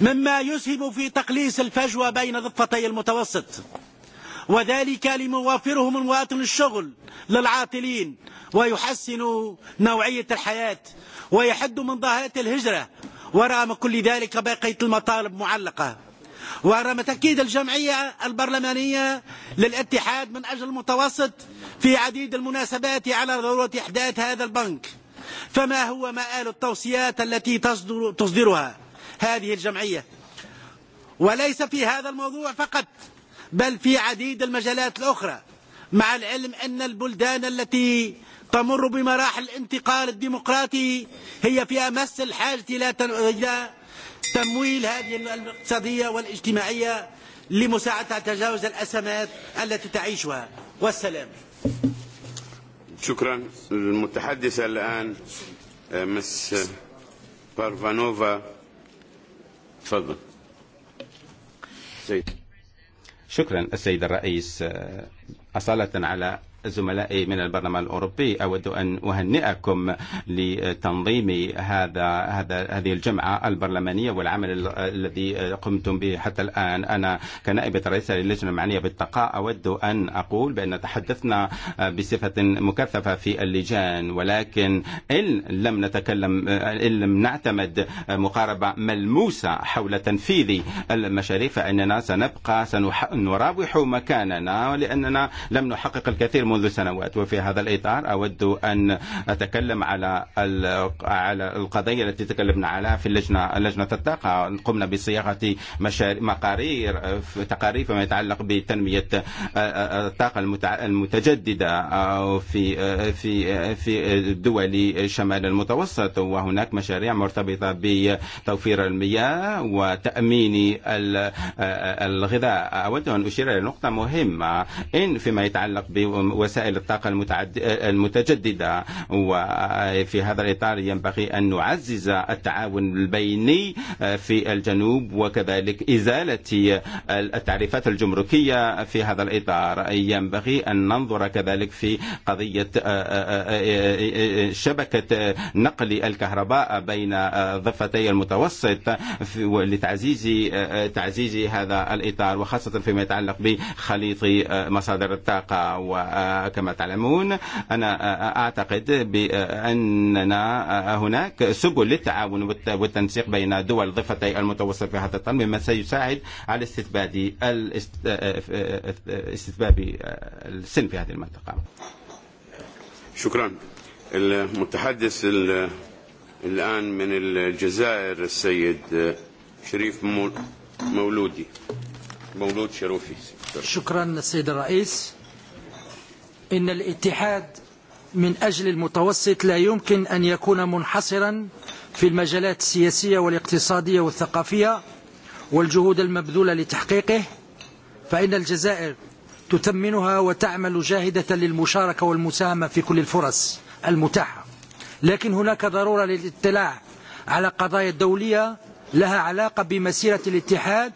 مما يسهم في تقليص الفجوة بين ضفتي المتوسط وذلك لموافرهم مواطن الشغل للعاطلين ويحسن نوعية الحياة ويحد من ظاهرة الهجرة ورغم كل ذلك بقيت المطالب معلقة ورغم تأكيد الجمعية البرلمانية للاتحاد من أجل المتوسط في عديد المناسبات على ضرورة إحداث هذا البنك فما هو مآل التوصيات التي تصدر تصدرها هذه الجمعية وليس في هذا الموضوع فقط بل في عديد المجالات الأخرى مع العلم أن البلدان التي تمر بمراحل الانتقال الديمقراطي هي في أمس الحاجة إلى تمويل هذه الاقتصادية والاجتماعية لمساعدتها تجاوز الأسمات التي تعيشها والسلام شكرا المتحدثه الآن مس بارفانوفا تفضل شكرا السيد الرئيس أصالة على زملائي من البرلمان الأوروبي أود أن أهنئكم لتنظيم هذا هذا هذه الجمعة البرلمانية والعمل الذي قمتم به حتى الآن أنا كنائبة رئيسة للجنة المعنية بالطاقة أود أن أقول بأن تحدثنا بصفة مكثفة في اللجان ولكن إن لم نتكلم إن لم نعتمد مقاربة ملموسة حول تنفيذ المشاريع فإننا سنبقى سنراوح مكاننا لأننا لم نحقق الكثير منذ سنوات وفي هذا الإطار أود أن أتكلم على على القضية التي تكلمنا عليها في اللجنة لجنة الطاقة قمنا بصياغة مقارير تقارير فيما يتعلق بتنميه الطاقه المتجددة في في في دول شمال المتوسط وهناك مشاريع مرتبطه بتوفير المياه وتأمين الغذاء أود أن أشير إلى نقطة مهمة إن فيما يتعلق وسائل الطاقة المتجددة وفي هذا الإطار ينبغي أن نعزز التعاون البيني في الجنوب وكذلك إزالة التعريفات الجمركية في هذا الإطار ينبغي أن ننظر كذلك في قضية شبكة نقل الكهرباء بين ضفتي المتوسط لتعزيز تعزيز هذا الإطار وخاصة فيما يتعلق بخليط مصادر الطاقة و كما تعلمون أنا أعتقد بأننا هناك سبل للتعاون والتنسيق بين دول ضفتي المتوسط في هذا التنمية مما سيساعد على استتباب استتباب السن في هذه المنطقة شكرا المتحدث الآن من الجزائر السيد شريف مولودي مولود شروفي شكرا السيد الرئيس إن الاتحاد من أجل المتوسط لا يمكن أن يكون منحصرا في المجالات السياسية والاقتصادية والثقافية والجهود المبذولة لتحقيقه فإن الجزائر تثمنها وتعمل جاهدة للمشاركة والمساهمة في كل الفرص المتاحة لكن هناك ضرورة للاطلاع على قضايا الدولية لها علاقة بمسيرة الاتحاد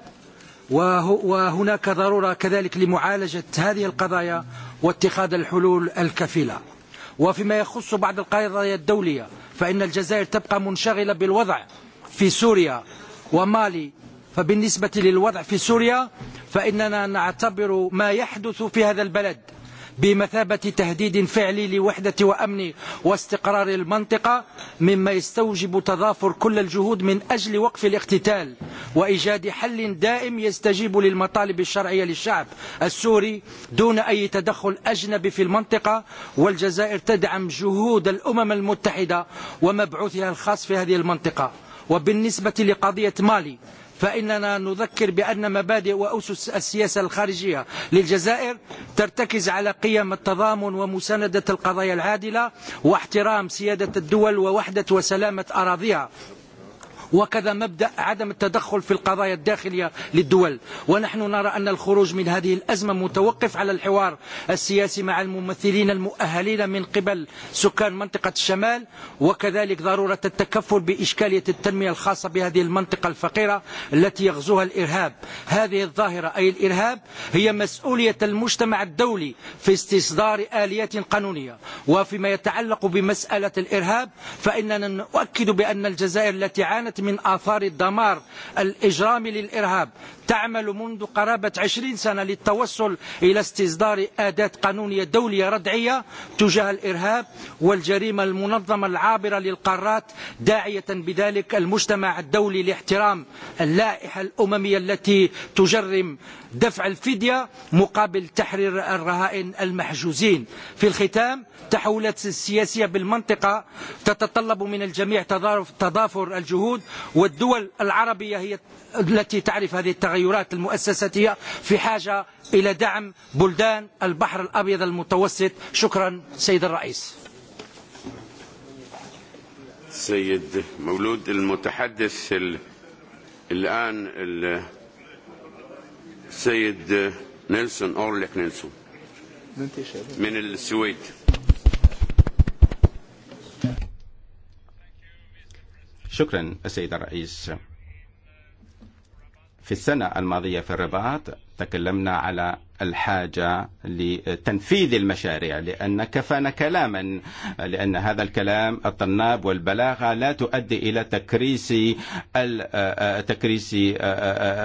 وهناك ضرورة كذلك لمعالجة هذه القضايا واتخاذ الحلول الكفيلة وفيما يخص بعض القضايا الدولية فإن الجزائر تبقى منشغلة بالوضع في سوريا ومالي فبالنسبة للوضع في سوريا فإننا نعتبر ما يحدث في هذا البلد بمثابة تهديد فعلي لوحدة وأمن واستقرار المنطقة مما يستوجب تضافر كل الجهود من أجل وقف الاقتتال وإيجاد حل دائم يستجيب للمطالب الشرعية للشعب السوري دون أي تدخل أجنبي في المنطقة والجزائر تدعم جهود الأمم المتحدة ومبعوثها الخاص في هذه المنطقة وبالنسبة لقضية مالي فإننا نذكر بأن مبادئ وأسس السياسة الخارجية للجزائر ترتكز على قيم التضامن ومساندة القضايا العادلة واحترام سيادة الدول ووحدة وسلامة أراضيها وكذا مبدأ عدم التدخل في القضايا الداخلية للدول ونحن نرى أن الخروج من هذه الأزمة متوقف على الحوار السياسي مع الممثلين المؤهلين من قبل سكان منطقة الشمال وكذلك ضرورة التكفل بإشكالية التنمية الخاصة بهذه المنطقة الفقيرة التي يغزوها الإرهاب هذه الظاهرة أي الإرهاب هي مسؤولية المجتمع الدولي في استصدار آليات قانونية وفيما يتعلق بمسألة الإرهاب فإننا نؤكد بأن الجزائر التي عانت من آثار الدمار الإجرام للإرهاب تعمل منذ قرابة عشرين سنة للتوصل إلى استصدار أداة قانونية دولية ردعية تجاه الإرهاب والجريمة المنظمة العابرة للقارات داعية بذلك المجتمع الدولي لاحترام اللائحة الأممية التي تجرم دفع الفدية مقابل تحرير الرهائن المحجوزين في الختام التحولات السياسية بالمنطقة تتطلب من الجميع تضافر الجهود والدول العربية هي التي تعرف هذه التغيرات المؤسساتية في حاجة إلى دعم بلدان البحر الأبيض المتوسط شكرا سيد الرئيس سيد مولود المتحدث الآن السيد نيلسون أورليك نيلسون من السويد شكرا السيد الرئيس في السنة الماضية في الرباط تكلمنا على الحاجة لتنفيذ المشاريع لأن كفانا كلاما لأن هذا الكلام الطناب والبلاغة لا تؤدي إلى تكريس التكريس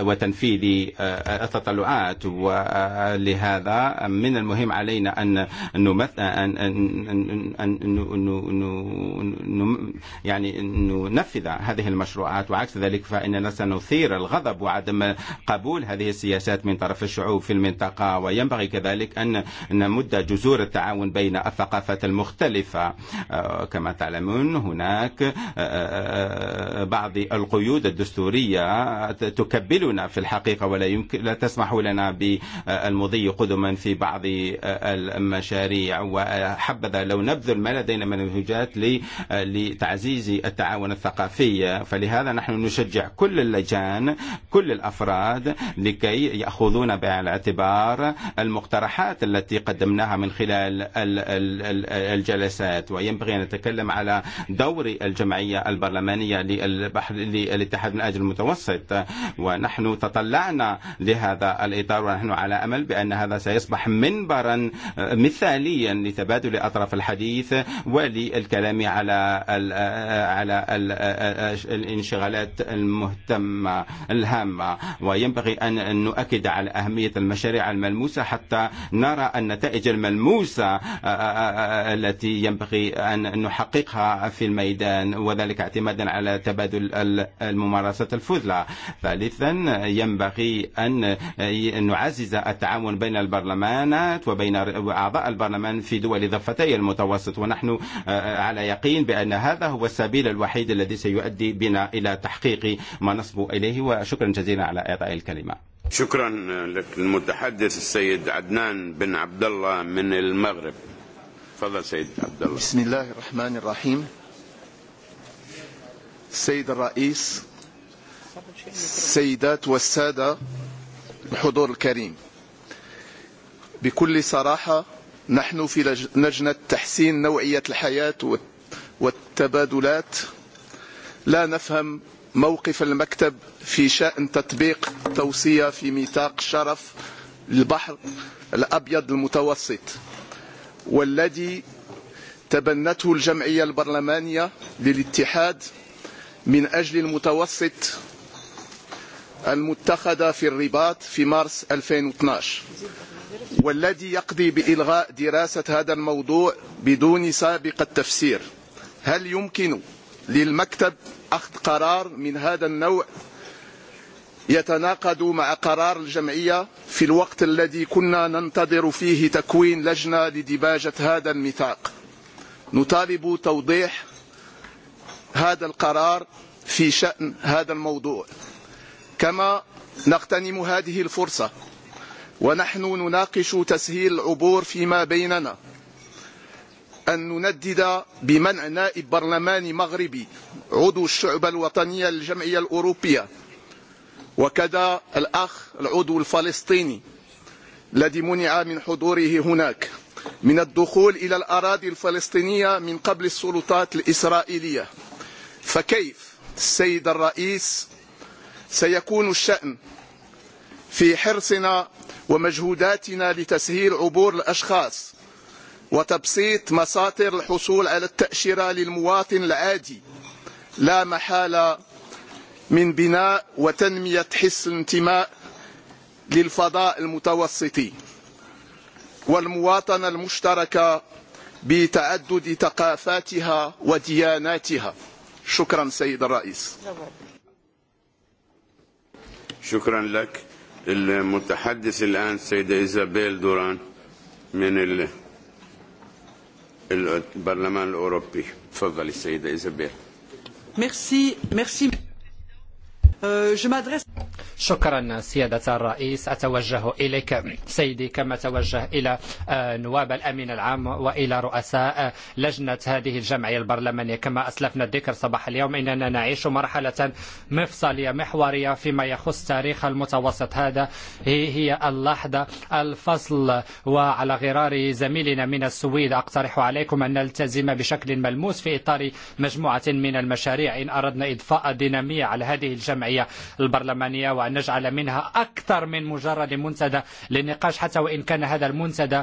وتنفيذ التطلعات ولهذا من المهم علينا أن أن ننفذ هذه المشروعات وعكس ذلك فإننا سنثير الغضب وعدم قبول هذه السياسات من طرف الشعوب في المنطقة وينبغي كذلك أن نمد جذور التعاون بين الثقافات المختلفة كما تعلمون هناك بعض القيود الدستورية تكبلنا في الحقيقة ولا يمكن لا تسمح لنا بالمضي قدما في بعض المشاريع وحبذا لو نبذل ما لدينا من منهجات لتعزيز التعاون الثقافي فلهذا نحن نشجع كل اللجان كل الأفراد لكي يأخذ يأخذون الاعتبار المقترحات التي قدمناها من خلال الجلسات وينبغي أن نتكلم على دور الجمعية البرلمانية للبحر للاتحاد من أجل المتوسط ونحن تطلعنا لهذا الإطار ونحن على أمل بأن هذا سيصبح منبرا مثاليا لتبادل أطراف الحديث وللكلام على على الانشغالات المهتمة الهامة وينبغي أن نؤكد على أهمية المشاريع الملموسة حتى نرى النتائج الملموسة التي ينبغي أن نحققها في الميدان وذلك اعتمادا على تبادل الممارسات الفضلة ثالثا ينبغي أن نعزز التعاون بين البرلمانات وبين أعضاء البرلمان في دول ضفتي المتوسط ونحن على يقين بأن هذا هو السبيل الوحيد الذي سيؤدي بنا إلى تحقيق ما نصبو إليه وشكرا جزيلا على إعطاء الكلمة شكرا للمتحدث السيد عدنان بن عبد الله من المغرب تفضل سيد عبد الله بسم الله الرحمن الرحيم السيد الرئيس السيدات والسادة الحضور الكريم بكل صراحة نحن في نجنة تحسين نوعية الحياة والتبادلات لا نفهم موقف المكتب في شأن تطبيق توصية في ميثاق شرف البحر الأبيض المتوسط والذي تبنته الجمعية البرلمانية للاتحاد من أجل المتوسط المتخذة في الرباط في مارس 2012 والذي يقضي بإلغاء دراسة هذا الموضوع بدون سابق التفسير هل يمكن للمكتب أخذ قرار من هذا النوع يتناقض مع قرار الجمعية في الوقت الذي كنا ننتظر فيه تكوين لجنة لدباجة هذا الميثاق نطالب توضيح هذا القرار في شأن هذا الموضوع كما نغتنم هذه الفرصة ونحن نناقش تسهيل العبور فيما بيننا أن نندد بمنع نائب برلماني مغربي عضو الشعب الوطنية للجمعية الأوروبية وكذا الأخ العضو الفلسطيني الذي منع من حضوره هناك من الدخول إلى الأراضي الفلسطينية من قبل السلطات الإسرائيلية فكيف السيد الرئيس سيكون الشأن في حرصنا ومجهوداتنا لتسهيل عبور الأشخاص وتبسيط مساطر الحصول على التأشيرة للمواطن العادي لا محالة من بناء وتنمية حس الانتماء للفضاء المتوسطي والمواطنة المشتركة بتعدد ثقافاتها ودياناتها شكرا سيد الرئيس شكرا لك المتحدث الآن سيدة إيزابيل دوران من ال το Βαρέλμαν της Ευρώπης. Φοβάταις η Σειρά Εισαγγελία. Ευχαριστώ. Ευχαριστώ. Ευχαριστώ. Ευχαριστώ. شكرا سيادة الرئيس أتوجه إليك سيدي كما توجه إلى نواب الأمين العام وإلى رؤساء لجنة هذه الجمعية البرلمانية كما أسلفنا الذكر صباح اليوم إننا نعيش مرحلة مفصلية محورية فيما يخص تاريخ المتوسط هذا هي اللحظة الفصل وعلى غرار زميلنا من السويد أقترح عليكم أن نلتزم بشكل ملموس في إطار مجموعة من المشاريع إن أردنا إضفاء دينامية على هذه الجمعية البرلمانية أن نجعل منها أكثر من مجرد منتدى للنقاش حتى وإن كان هذا المنتدى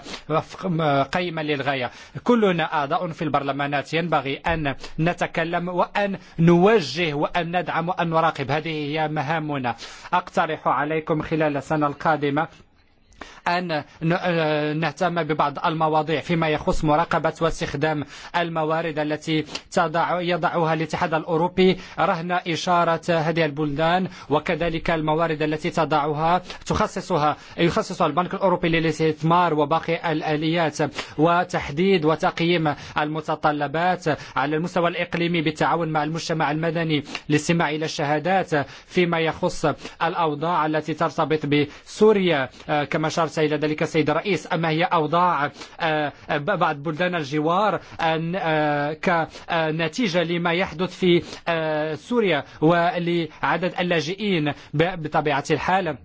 قيما للغاية كلنا أعضاء في البرلمانات ينبغي أن نتكلم وأن نوجه وأن ندعم وأن نراقب هذه هي مهامنا أقترح عليكم خلال السنة القادمة أن نهتم ببعض المواضيع فيما يخص مراقبة واستخدام الموارد التي تضع يضعها الاتحاد الأوروبي رهن إشارة هذه البلدان وكذلك الموارد التي تضعها تخصصها يخصصها البنك الأوروبي للاستثمار وباقي الآليات وتحديد وتقييم المتطلبات على المستوى الإقليمي بالتعاون مع المجتمع المدني للاستماع إلى الشهادات فيما يخص الأوضاع التي ترتبط بسوريا كما شرط نفسها ذلك السيد الرئيس أما هي أوضاع بعض بلدان الجوار كنتيجة لما يحدث في سوريا ولعدد اللاجئين بطبيعة الحال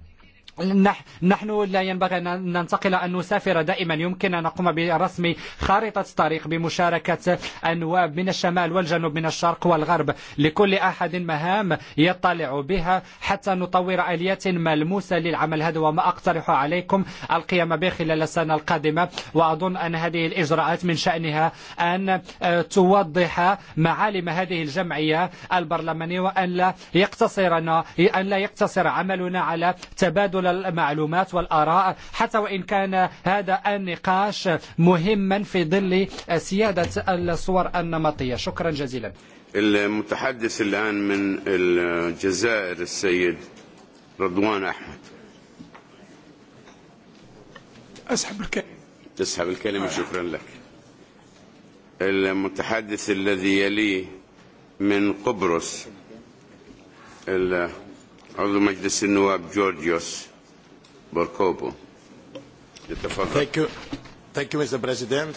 نحن لا ينبغي أن ننتقل أن نسافر دائما يمكن أن نقوم برسم خارطة طريق بمشاركة النواب من الشمال والجنوب من الشرق والغرب لكل أحد مهام يطلع بها حتى نطور آليات ملموسة للعمل هذا وما أقترح عليكم القيام به خلال السنة القادمة وأظن أن هذه الإجراءات من شأنها أن توضح معالم هذه الجمعية البرلمانية وأن لا يقتصرنا أن لا يقتصر عملنا على تبادل المعلومات والآراء حتى وإن كان هذا النقاش مهما في ظل سياده الصور النمطيه شكرا جزيلا المتحدث الآن من الجزائر السيد رضوان أحمد أسحب الكلمه تسحب آه. شكرا لك المتحدث الذي يلي من قبرص عضو مجلس النواب جورجيوس Σοορκόπου ευχαριστώ, κύριε Πρόεδρε.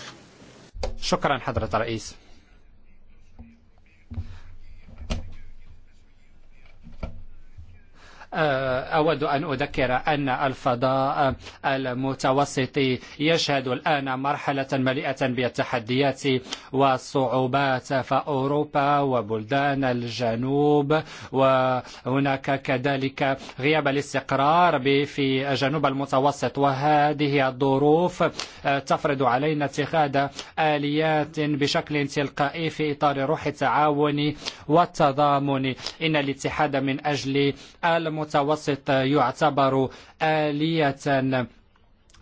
أود أن أذكر أن الفضاء المتوسطي يشهد الآن مرحلة مليئة بالتحديات والصعوبات فأوروبا وبلدان الجنوب وهناك كذلك غياب الاستقرار في جنوب المتوسط وهذه الظروف تفرض علينا اتخاذ آليات بشكل تلقائي في إطار روح التعاون والتضامن إن الاتحاد من أجل المتوسط يعتبر آلية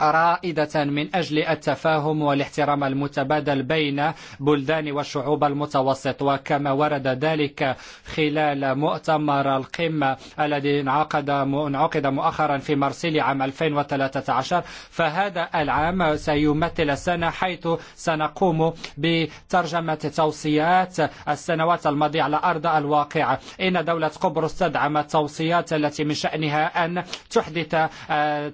رائدة من أجل التفاهم والاحترام المتبادل بين بلدان والشعوب المتوسط وكما ورد ذلك خلال مؤتمر القمة الذي انعقد انعقد مؤخرا في مارسيليا عام 2013 فهذا العام سيمثل السنة حيث سنقوم بترجمة توصيات السنوات الماضية على أرض الواقع إن دولة قبرص تدعم التوصيات التي من شأنها أن تحدث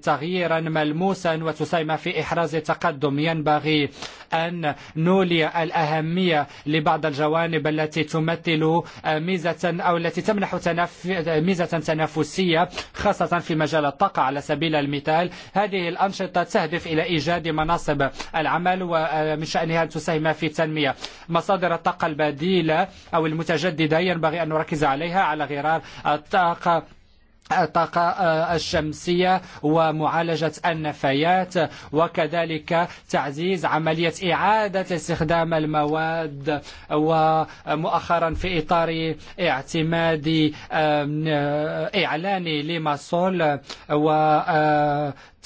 تغييرا ملموسا السودان وتساهم في إحراز تقدم ينبغي أن نولي الأهمية لبعض الجوانب التي تمثل ميزة أو التي تمنح تنف... ميزة تنافسية خاصة في مجال الطاقة على سبيل المثال هذه الأنشطة تهدف إلى إيجاد مناصب العمل ومن شأنها أن تساهم في تنمية مصادر الطاقة البديلة أو المتجددة ينبغي أن نركز عليها على غرار الطاقة الطاقة الشمسية ومعالجة النفايات وكذلك تعزيز عملية إعادة استخدام المواد ومؤخرا في إطار اعتماد اعلان لماسول و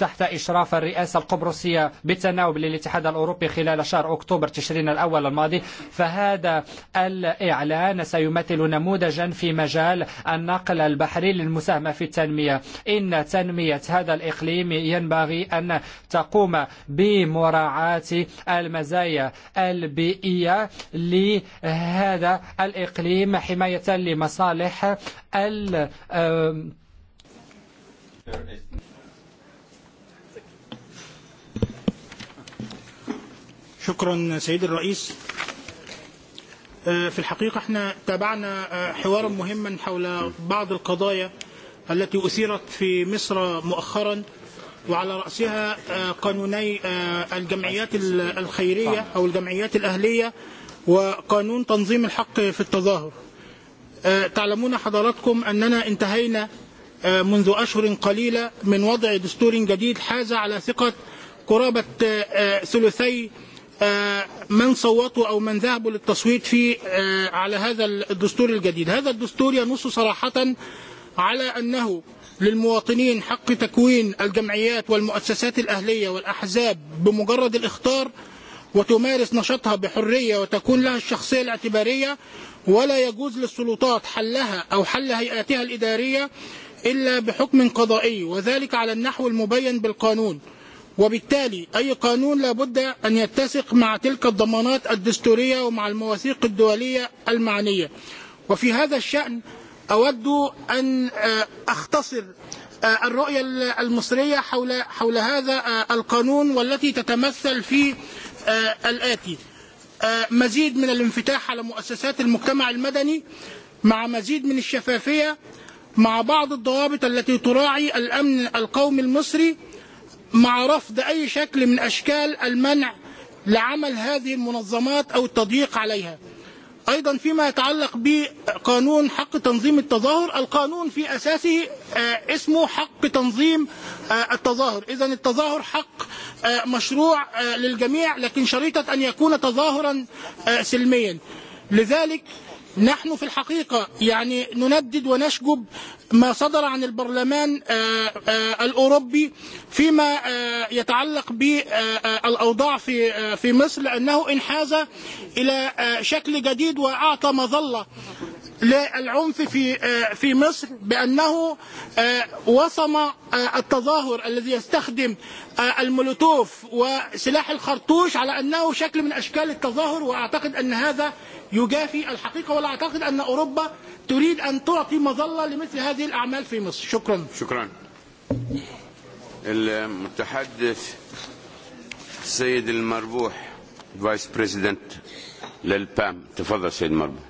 تحت إشراف الرئاسة القبرصية بالتناوب للاتحاد الأوروبي خلال شهر أكتوبر تشرين الأول الماضي فهذا الإعلان سيمثل نموذجا في مجال النقل البحري للمساهمة في التنمية إن تنمية هذا الإقليم ينبغي أن تقوم بمراعاة المزايا البيئية لهذا الإقليم حماية لمصالح شكرا سيد الرئيس في الحقيقة احنا تابعنا حوارا مهما حول بعض القضايا التي أثيرت في مصر مؤخرا وعلى رأسها قانوني الجمعيات الخيرية أو الجمعيات الأهلية وقانون تنظيم الحق في التظاهر تعلمون حضراتكم أننا انتهينا منذ أشهر قليلة من وضع دستور جديد حاز على ثقة قرابة ثلثي من صوتوا أو من ذهبوا للتصويت في على هذا الدستور الجديد هذا الدستور ينص صراحة على أنه للمواطنين حق تكوين الجمعيات والمؤسسات الأهلية والأحزاب بمجرد الاختار وتمارس نشاطها بحرية وتكون لها الشخصية الاعتبارية ولا يجوز للسلطات حلها أو حل هيئاتها الإدارية إلا بحكم قضائي وذلك على النحو المبين بالقانون وبالتالي أي قانون لابد أن يتسق مع تلك الضمانات الدستورية ومع المواثيق الدولية المعنية وفي هذا الشأن أود أن أختصر الرؤية المصرية حول حول هذا القانون والتي تتمثل في الآتي مزيد من الانفتاح على مؤسسات المجتمع المدني مع مزيد من الشفافية مع بعض الضوابط التي تراعي الأمن القومي المصري مع رفض أي شكل من أشكال المنع لعمل هذه المنظمات أو التضييق عليها أيضا فيما يتعلق بقانون حق تنظيم التظاهر القانون في أساسه اسمه حق تنظيم التظاهر إذا التظاهر حق مشروع للجميع لكن شريطة أن يكون تظاهرا سلميا لذلك نحن في الحقيقة يعني نندد ونشجب ما صدر عن البرلمان الأوروبي فيما يتعلق بالأوضاع في في مصر لأنه انحاز إلى شكل جديد وأعطى مظلة للعنف في في مصر بانه وصم التظاهر الذي يستخدم المولوتوف وسلاح الخرطوش على انه شكل من اشكال التظاهر واعتقد ان هذا يجافي الحقيقه ولا اعتقد ان اوروبا تريد ان تعطي مظله لمثل هذه الاعمال في مصر شكرا شكرا المتحدث السيد المربوح فايس بريزيدنت للبام تفضل سيد مربوح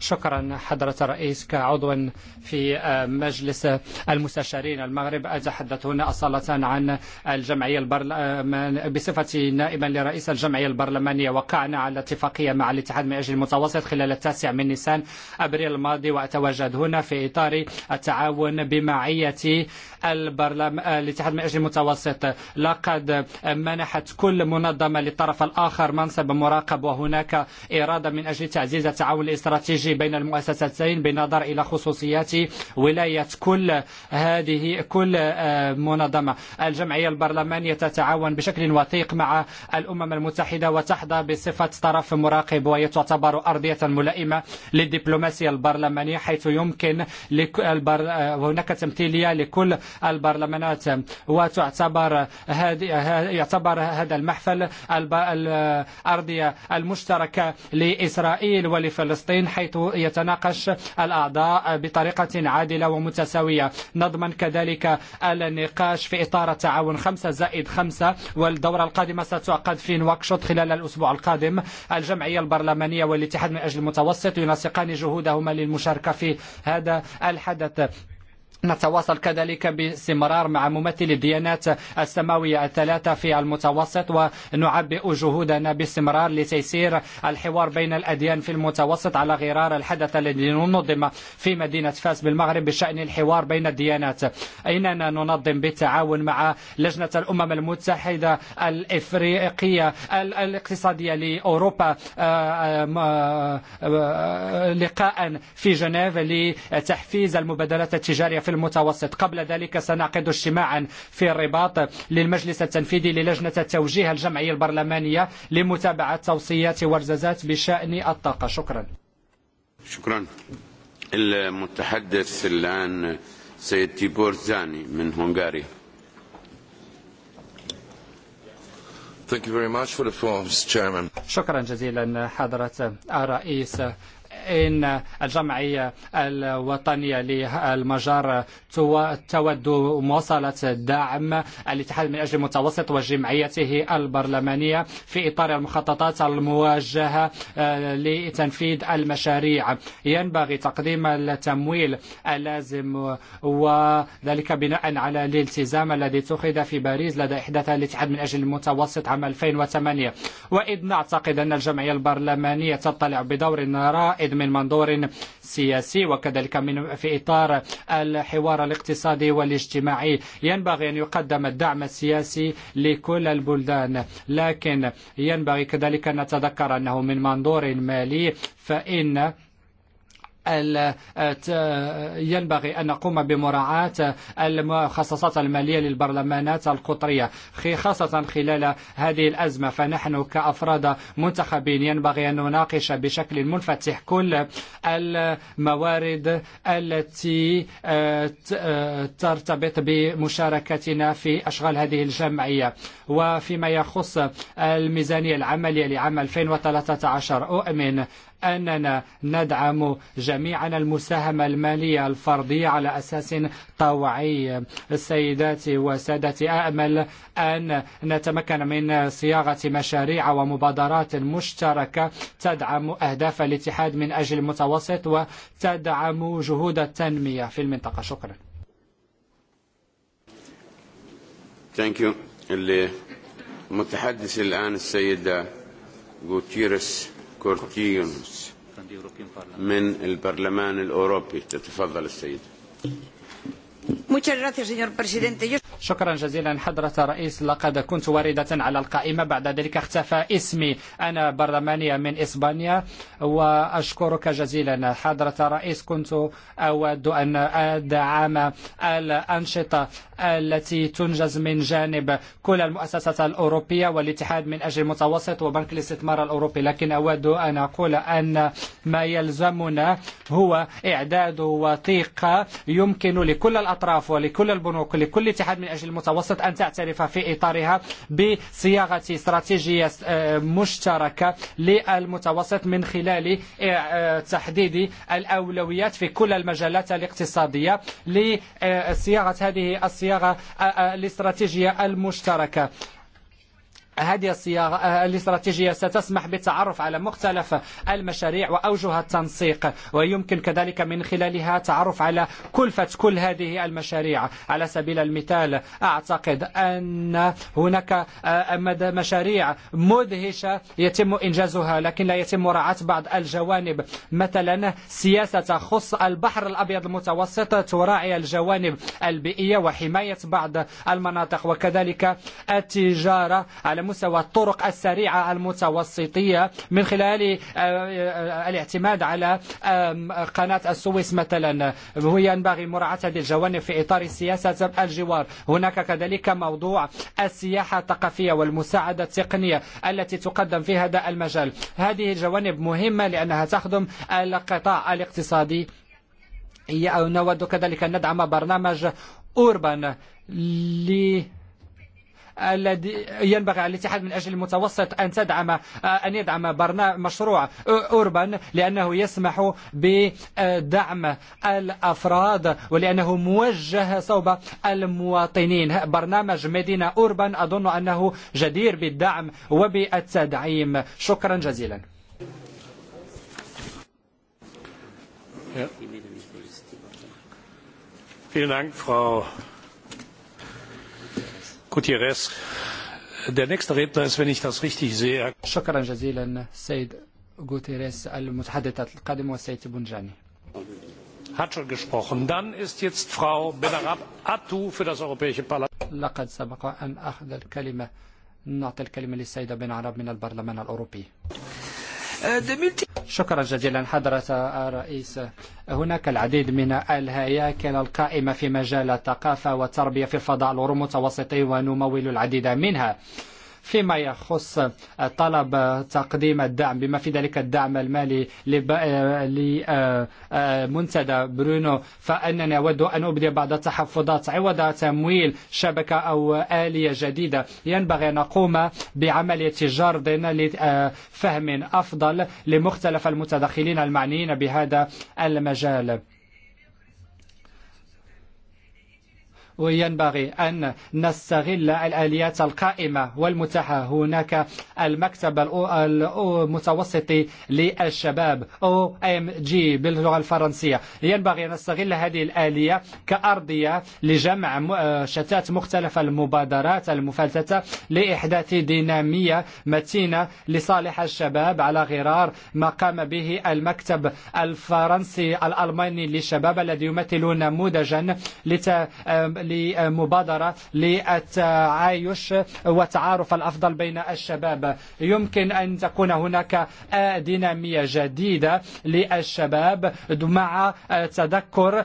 شكرا حضرة الرئيس كعضو في مجلس المستشارين المغرب أتحدث هنا أصالة عن الجمعية البرلمان بصفتي نائبا لرئيس الجمعية البرلمانية وقعنا على اتفاقية مع الاتحاد من أجل المتوسط خلال التاسع من نيسان أبريل الماضي وأتواجد هنا في إطار التعاون بمعية الاتحاد من أجل المتوسط لقد منحت كل منظمة للطرف الآخر منصب مراقب وهناك إرادة من أجل تعزيز التعاون الاستراتيجي بين المؤسستين بالنظر إلى خصوصيات ولاية كل هذه كل منظمة الجمعية البرلمانية تتعاون بشكل وثيق مع الأمم المتحدة وتحظى بصفة طرف مراقب وهي تعتبر أرضية ملائمة للدبلوماسية البرلمانية حيث يمكن هناك تمثيلية لكل البرلمانات وتعتبر يعتبر هذا المحفل الأرضية المشتركة المشترك لإسرائيل ولفلسطين حيث يتناقش الأعضاء بطريقة عادلة ومتساوية نضمن كذلك النقاش في إطار تعاون خمسة زائد خمسة والدورة القادمة ستعقد في نواكشوط خلال الأسبوع القادم الجمعية البرلمانية والاتحاد من أجل المتوسط ينسقان جهودهما للمشاركة في هذا الحدث نتواصل كذلك باستمرار مع ممثل الديانات السماوية الثلاثة في المتوسط ونعبئ جهودنا باستمرار لتيسير الحوار بين الأديان في المتوسط على غرار الحدث الذي ننظم في مدينة فاس بالمغرب بشأن الحوار بين الديانات أيننا ننظم بالتعاون مع لجنة الأمم المتحدة الإفريقية الاقتصادية لأوروبا لقاء في جنيف لتحفيز المبادرات التجارية في المتوسط قبل ذلك سنعقد اجتماعا في الرباط للمجلس التنفيذي للجنة توجيه الجمعية البرلمانية لمتابعة توصيات ورزازات بشأن الطاقة شكرا شكرا المتحدث الآن سيد تيبور زاني من هنغاريا Thank you very much for the floor, Chairman. شكرا جزيلا حضرة الرئيس إن الجمعية الوطنيه للمجار تود مواصله دعم الاتحاد من أجل المتوسط وجمعيته البرلمانيه في إطار المخططات الموجهه لتنفيذ المشاريع ينبغي تقديم التمويل اللازم وذلك بناء على الالتزام الذي اتخذ في باريس لدى إحداث الاتحاد من أجل المتوسط عام 2008 وإذ نعتقد أن الجمعية البرلمانية تطلع بدور رائد من منظور سياسي وكذلك من في إطار الحوار الاقتصادي والاجتماعي ينبغي أن يقدم الدعم السياسي لكل البلدان لكن ينبغي كذلك أن نتذكر أنه من منظور مالي فإن ينبغي أن نقوم بمراعاة المخصصات المالية للبرلمانات القطرية خاصة خلال هذه الأزمة فنحن كأفراد منتخبين ينبغي أن نناقش بشكل منفتح كل الموارد التي ترتبط بمشاركتنا في أشغال هذه الجمعية وفيما يخص الميزانية العملية لعام 2013 أؤمن أننا ندعم جميعا المساهمه المالية الفرديه على أساس طوعي السيدات وسادتي أأمل أن نتمكن من صياغه مشاريع ومبادرات مشتركه تدعم أهداف الاتحاد من أجل المتوسط وتدعم جهود التنميه في المنطقه شكرا Thank you. المتحدث الآن السيدة غوتيرس كورتي من البرلمان الأوروبي تتفضل السيده شكرا جزيلا حضرة رئيس لقد كنت واردة على القائمة بعد ذلك اختفى اسمي أنا برلمانية من إسبانيا وأشكرك جزيلا حضرة رئيس كنت أود أن أدعم الأنشطة التي تنجز من جانب كل المؤسسات الأوروبية والاتحاد من أجل المتوسط وبنك الاستثمار الأوروبي لكن أود أن أقول أن ما يلزمنا هو إعداد وثيقة يمكن لكل الأطراف الأطراف ولكل البنوك لكل اتحاد من أجل المتوسط أن تعترف في إطارها بصياغة استراتيجية مشتركة للمتوسط من خلال تحديد الأولويات في كل المجالات الاقتصادية لصياغة هذه الصياغة الاستراتيجية المشتركة هذه الصياغه الاستراتيجية ستسمح بالتعرف على مختلف المشاريع وأوجه التنسيق ويمكن كذلك من خلالها تعرف على كلفه كل هذه المشاريع على سبيل المثال أعتقد أن هناك مشاريع مدهشة يتم إنجازها لكن لا يتم مراعاة بعض الجوانب مثلا سياسة تخص البحر الأبيض المتوسط تراعي الجوانب البيئيه وحماية بعض المناطق وكذلك التجارة على المستوى الطرق السريعة المتوسطية من خلال الاعتماد على قناة السويس مثلا وهي ينبغي مراعاة هذه الجوانب في إطار سياسة الجوار هناك كذلك موضوع السياحة الثقافية والمساعدة التقنية التي تقدم في هذا المجال هذه الجوانب مهمة لأنها تخدم القطاع الاقتصادي نود كذلك أن ندعم برنامج أوربان لي الذي ينبغي على الاتحاد من أجل المتوسط أن تدعم أن يدعم برنامج مشروع أوربان لأنه يسمح بدعم الأفراد ولأنه موجه صوب المواطنين برنامج مدينه أوربان أظن أنه جدير بالدعم وبالتدعيم شكرا جزيلا Vielen Dank, Frau Guterres. Der nächste Redner ist, wenn ich das richtig sehe. شكرا جزيلا سيد غوتيريز المتحدثة القادمة والسيد بونجاني. Hat schon gesprochen. Dann ist jetzt Frau Benarab Attu für das Europäische Parlament. لقد سبق أن أخذ الكلمة نعطي الكلمة للسيدة بنعرب من البرلمان الأوروبي. شكرا جزيلا حضرة الرئيس هناك العديد من الهياكل القائمة في مجال الثقافة والتربية في الفضاء المتوسطي ونمول العديد منها فيما يخص طلب تقديم الدعم بما في ذلك الدعم المالي لمنتدى برونو فأنني أود أن أبدي بعض التحفظات عوض تمويل شبكه أو اليه جديدة ينبغي أن نقوم بعملية جرد لفهم أفضل لمختلف المتدخلين المعنيين بهذا المجال وينبغي أن نستغل الآليات القائمة والمتاحة هناك المكتب المتوسطي للشباب أو أم جي باللغة الفرنسية ينبغي أن نستغل هذه الآلية كأرضية لجمع شتات مختلف المبادرات المفلتة لإحداث دينامية متينة لصالح الشباب على غرار ما قام به المكتب الفرنسي الألماني للشباب الذي يمثل نموذجا لمبادرة للتعايش والتعارف الأفضل بين الشباب يمكن أن تكون هناك دينامية جديدة للشباب مع تذكر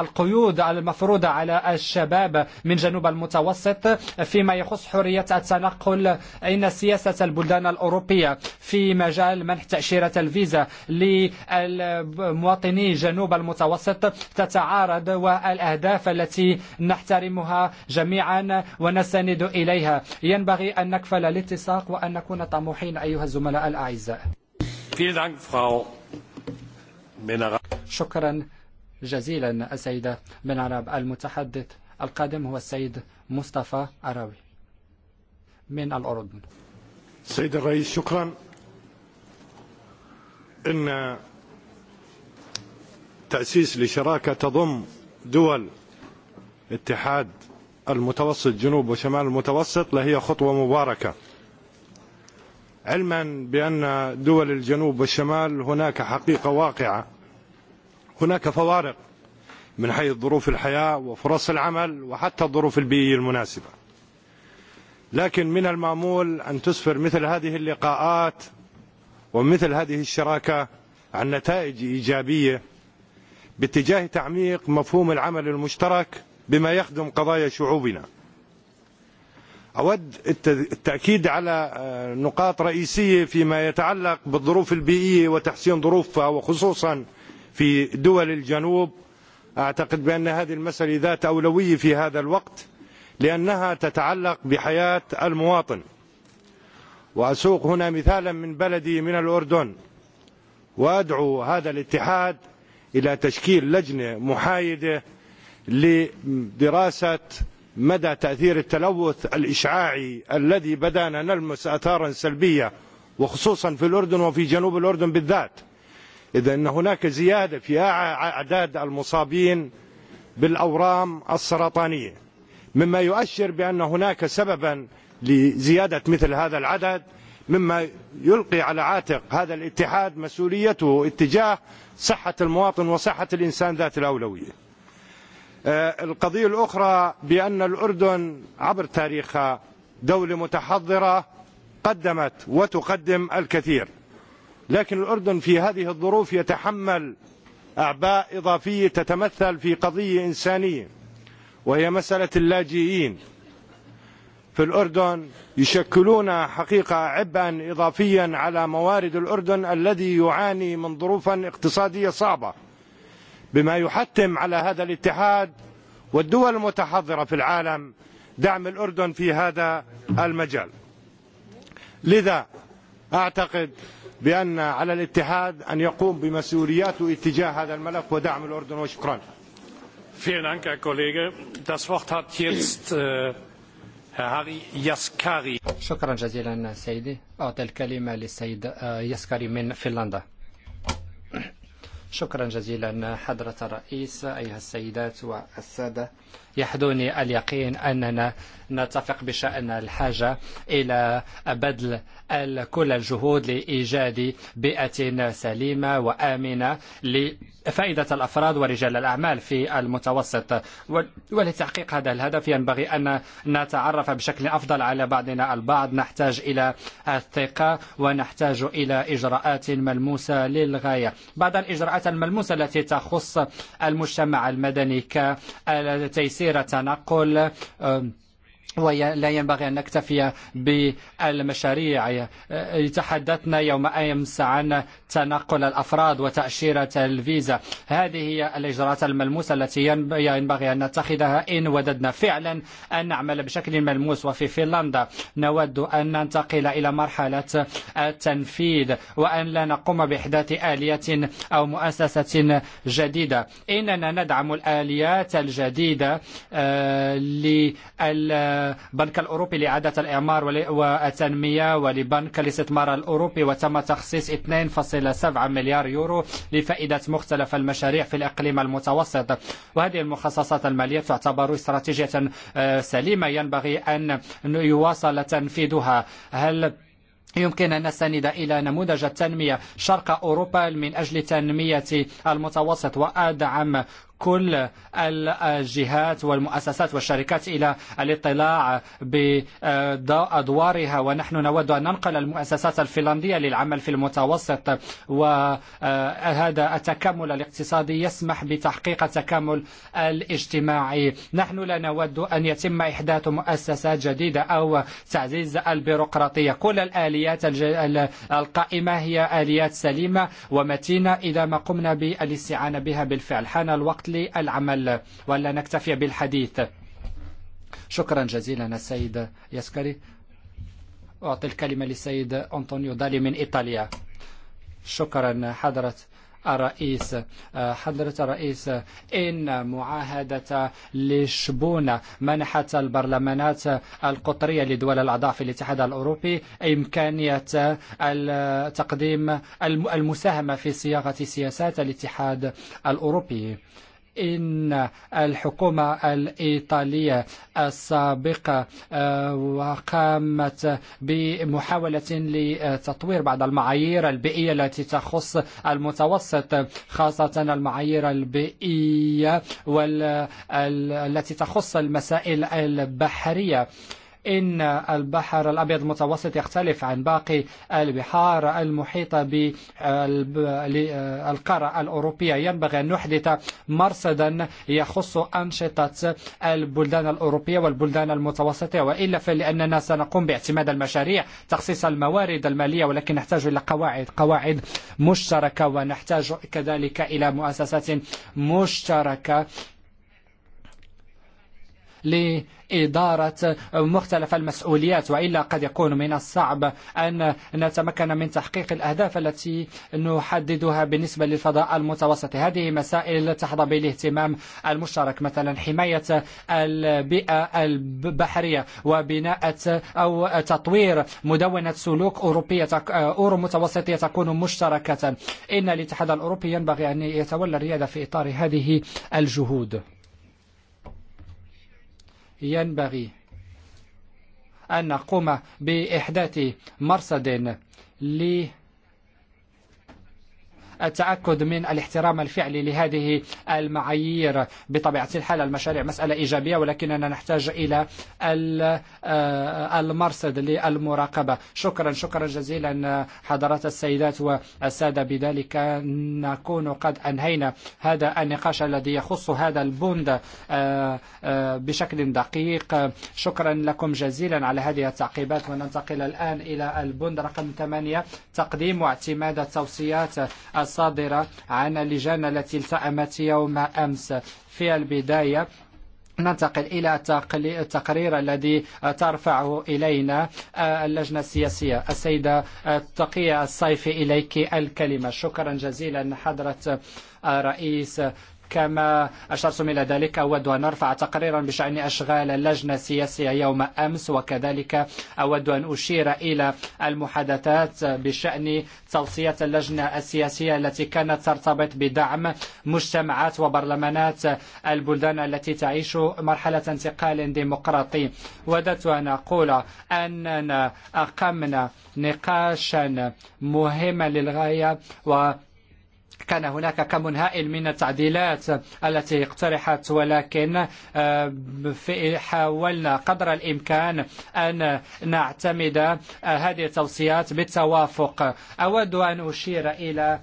القيود المفروضة على الشباب من جنوب المتوسط فيما يخص حرية التنقل إن سياسة البلدان الأوروبية في مجال منح تأشيرة الفيزا للمواطني جنوب المتوسط تتعارض والأهداف التي نحترمها جميعا ونسند إليها ينبغي أن نكفل الاتساق وأن نكون طموحين أيها الزملاء الأعزاء شكرا جزيلا السيدة بن عرب المتحدث القادم هو السيد مصطفى عراوي من الأردن سيد الرئيس شكرا إن تأسيس لشراكة تضم دول اتحاد المتوسط جنوب وشمال المتوسط لهي خطوة مباركة علما بأن دول الجنوب والشمال هناك حقيقة واقعة هناك فوارق من حيث ظروف الحياة وفرص العمل وحتى الظروف البيئية المناسبة لكن من المامول أن تسفر مثل هذه اللقاءات ومثل هذه الشراكة عن نتائج إيجابية باتجاه تعميق مفهوم العمل المشترك بما يخدم قضايا شعوبنا أود التأكيد على نقاط رئيسية فيما يتعلق بالظروف البيئية وتحسين ظروفها وخصوصا في دول الجنوب أعتقد بأن هذه المسألة ذات أولوية في هذا الوقت لأنها تتعلق بحياة المواطن وأسوق هنا مثالا من بلدي من الأردن وأدعو هذا الاتحاد إلى تشكيل لجنة محايدة لدراسة مدى تأثير التلوث الإشعاعي الذي بدأنا نلمس آثارا سلبية وخصوصا في الأردن وفي جنوب الأردن بالذات إذا أن هناك زيادة في أعداد المصابين بالأورام السرطانية مما يؤشر بأن هناك سببا لزيادة مثل هذا العدد مما يلقي على عاتق هذا الاتحاد مسؤوليته اتجاه صحة المواطن وصحة الإنسان ذات الأولوية القضية الأخرى بأن الأردن عبر تاريخها دولة متحضرة قدمت وتقدم الكثير لكن الأردن في هذه الظروف يتحمل أعباء إضافية تتمثل في قضية إنسانية وهي مسألة اللاجئين في الأردن يشكلون حقيقة عبئا إضافيا على موارد الأردن الذي يعاني من ظروفا اقتصادية صعبة بما يحتم على هذا الاتحاد والدول المتحضره في العالم دعم الأردن في هذا المجال لذا أعتقد بأن على الاتحاد أن يقوم بمسؤولياته اتجاه هذا الملف ودعم الأردن وشكرا Vielen Dank, Herr Kollege. Das Wort hat jetzt Herr Harry شكرا جزيلا سيدي أعطي الكلمه للسيد يسكري من فنلندا. شكرا جزيلا حضرة الرئيس أيها السيدات والسادة يحدوني اليقين أننا نتفق بشأن الحاجة إلى بدل كل الجهود لإيجاد بيئة سليمة وآمنة لفائدة الأفراد ورجال الأعمال في المتوسط ولتحقيق هذا الهدف ينبغي أن نتعرف بشكل أفضل على بعضنا البعض نحتاج إلى الثقة ونحتاج إلى إجراءات ملموسة للغاية بعض الإجراءات الملموسة التي تخص المجتمع المدني كتيسير التنقل ولا ينبغي أن نكتفي بالمشاريع تحدثنا يوم أمس عن تنقل الأفراد وتأشيرة الفيزا هذه هي الإجراءات الملموسة التي ينبغي أن نتخذها إن وددنا فعلا أن نعمل بشكل ملموس وفي فنلندا نود أن ننتقل إلى مرحلة التنفيذ وأن لا نقوم بإحداث آلية أو مؤسسة جديدة إننا ندعم الآليات الجديدة لل بنك الأوروبي لإعادة الإعمار والتنمية ولبنك الاستثمار الأوروبي وتم تخصيص 2.7 مليار يورو لفائدة مختلف المشاريع في الإقليم المتوسط وهذه المخصصات المالية تعتبر استراتيجية سليمة ينبغي أن يواصل تنفيذها هل يمكن أن نستند إلى نموذج التنمية شرق أوروبا من أجل تنمية المتوسط وأدعم كل الجهات والمؤسسات والشركات إلى الاطلاع بأدوارها ونحن نود أن ننقل المؤسسات الفنلندية للعمل في المتوسط وهذا التكامل الاقتصادي يسمح بتحقيق التكامل الاجتماعي نحن لا نود أن يتم إحداث مؤسسات جديدة أو تعزيز البيروقراطية كل الآليات القائمة هي آليات سليمة ومتينة إذا ما قمنا بالاستعانة بها بالفعل حان الوقت العمل ولا نكتفي بالحديث شكرا جزيلا السيد يسكري أعطي الكلمة للسيد أنطونيو دالي من إيطاليا شكرا حضرة الرئيس حضرة الرئيس إن معاهدة لشبونة منحت البرلمانات القطرية لدول الأعضاء في الاتحاد الأوروبي إمكانية تقديم المساهمة في صياغة سياسات الاتحاد الأوروبي إن الحكومة الإيطالية السابقه وقامت بمحاوله لتطوير بعض المعايير البيئيه التي تخص المتوسط خاصة المعايير البيئيه والتي تخص المسائل البحرية. إن البحر الأبيض المتوسط يختلف عن باقي البحار المحيطة بالقارة الأوروبية ينبغي أن نحدث مرصدا يخص أنشطة البلدان الأوروبية والبلدان المتوسطة وإلا فلأننا سنقوم باعتماد المشاريع تخصيص الموارد المالية ولكن نحتاج إلى قواعد قواعد مشتركة ونحتاج كذلك إلى مؤسسات مشتركة لإدارة مختلف المسؤوليات وإلا قد يكون من الصعب أن نتمكن من تحقيق الأهداف التي نحددها بالنسبة للفضاء المتوسط هذه مسائل تحظى بالاهتمام المشترك مثلا حماية البيئة البحرية وبناء أو تطوير مدونة سلوك أوروبية أورو متوسطية تكون مشتركة إن الاتحاد الأوروبي ينبغي أن يتولى الريادة في إطار هذه الجهود ينبغي أن نقوم بإحداث مرصد ل التأكد من الاحترام الفعلي لهذه المعايير بطبيعة الحال المشاريع مسألة إيجابية ولكننا نحتاج إلى المرصد للمراقبة شكرا شكرا جزيلا حضرات السيدات والسادة بذلك نكون قد أنهينا هذا النقاش الذي يخص هذا البند بشكل دقيق شكرا لكم جزيلا على هذه التعقيبات وننتقل الآن إلى البند رقم 8 تقديم واعتماد التوصيات الصادرة عن اللجان التي التأمت يوم أمس في البداية ننتقل إلى التقرير الذي ترفعه إلينا اللجنة السياسية السيدة تقية الصيفي إليك الكلمة شكرا جزيلا حضرة رئيس كما أشرتم إلى ذلك أود أن أرفع تقريرا بشأن أشغال اللجنة السياسية يوم أمس وكذلك أود أن أشير إلى المحادثات بشأن توصية اللجنة السياسية التي كانت ترتبط بدعم مجتمعات وبرلمانات البلدان التي تعيش مرحلة انتقال ديمقراطي وددت أن أقول أننا أقمنا نقاشا مهما للغاية و كان هناك كم هائل من التعديلات التي اقترحت ولكن حاولنا قدر الإمكان أن نعتمد هذه التوصيات بالتوافق أود أن أشير إلى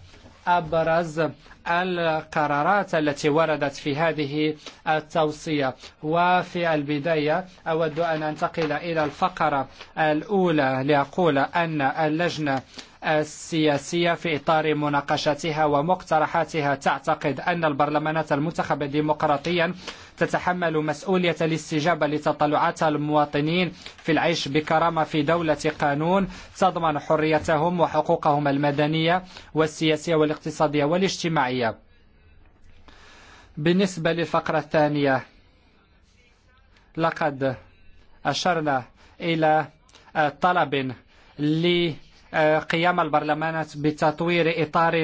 أبرز القرارات التي وردت في هذه التوصيه وفي البدايه أود أن أنتقل إلى الفقره الأولى لأقول أن اللجنه السياسية في إطار مناقشتها ومقترحاتها تعتقد أن البرلمانات المنتخبة ديمقراطيا تتحمل مسؤولية الاستجابة لتطلعات المواطنين في العيش بكرامة في دولة قانون تضمن حريتهم وحقوقهم المدنية والسياسية والاقتصادية والاجتماعية بالنسبة للفقرة الثانية لقد أشرنا إلى طلب لي قيام البرلمانات بتطوير إطار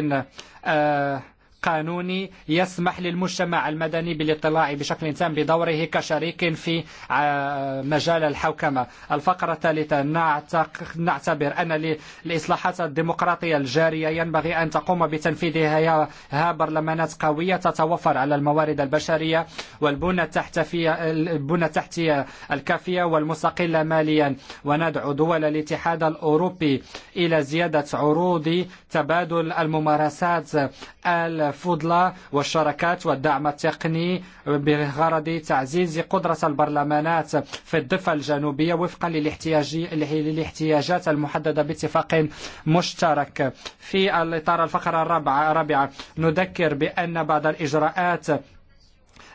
قانوني يسمح للمجتمع المدني بالاطلاع بشكل تام بدوره كشريك في مجال الحوكمة الفقرة الثالثة نعتبر أن الإصلاحات الديمقراطية الجارية ينبغي أن تقوم بتنفيذها برلمانات قوية تتوفر على الموارد البشرية والبنى البنى التحتية الكافية والمستقلة ماليا وندعو دول الاتحاد الأوروبي إلى زيادة عروض تبادل الممارسات الفضلة والشراكات والدعم التقني بغرض تعزيز قدرة البرلمانات في الضفة الجنوبية وفقا للاحتياجات المحددة باتفاق مشترك في الإطار الفقرة الرابعة نذكر بأن بعض الإجراءات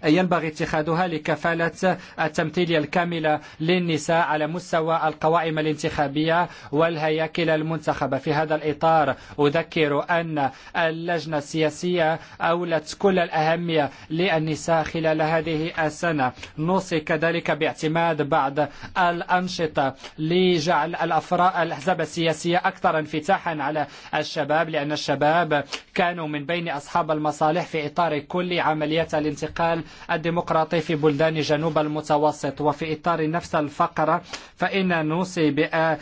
ينبغي اتخاذها لكفالة التمثيل الكاملة للنساء على مستوى القوائم الانتخابية والهياكل المنتخبة في هذا الإطار أذكر أن اللجنة السياسية أولت كل الأهمية للنساء خلال هذه السنة نوصي كذلك باعتماد بعض الأنشطة لجعل الأفراد الأحزاب السياسية أكثر انفتاحا على الشباب لأن الشباب كانوا من بين أصحاب المصالح في إطار كل عمليات الانتقال الديمقراطي في بلدان جنوب المتوسط وفي إطار نفس الفقرة فإن نوصي بأن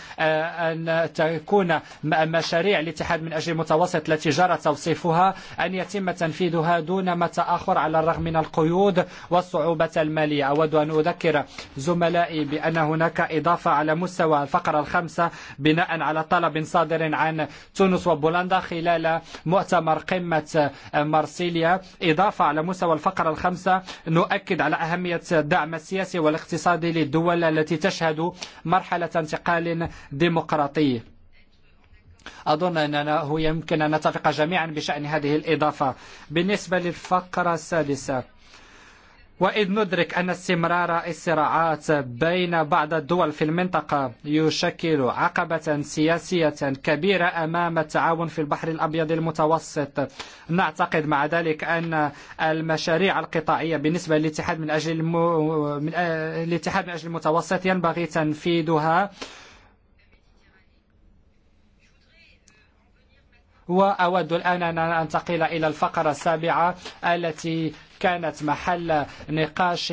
تكون مشاريع الاتحاد من أجل المتوسط التي جرى توصيفها أن يتم تنفيذها دون ما تأخر على الرغم من القيود والصعوبة المالية أود أن أذكر زملائي بأن هناك إضافة على مستوى الفقرة الخامسة بناء على طلب صادر عن تونس وبولندا خلال مؤتمر قمة مارسيليا إضافة على مستوى الفقرة الخامسة نؤكد على أهمية الدعم السياسي والاقتصادي للدول التي تشهد مرحلة انتقال ديمقراطي أظن أننا هو يمكن أن نتفق جميعا بشأن هذه الإضافة بالنسبة للفقرة السادسة وإذ ندرك أن استمرار الصراعات بين بعض الدول في المنطقة يشكل عقبة سياسية كبيرة أمام التعاون في البحر الأبيض المتوسط نعتقد مع ذلك أن المشاريع القطاعية بالنسبة للاتحاد من أجل المو... من... الاتحاد من أجل المتوسط ينبغي تنفيذها وأود الآن أن أنتقل إلى الفقرة السابعة التي كانت محل نقاش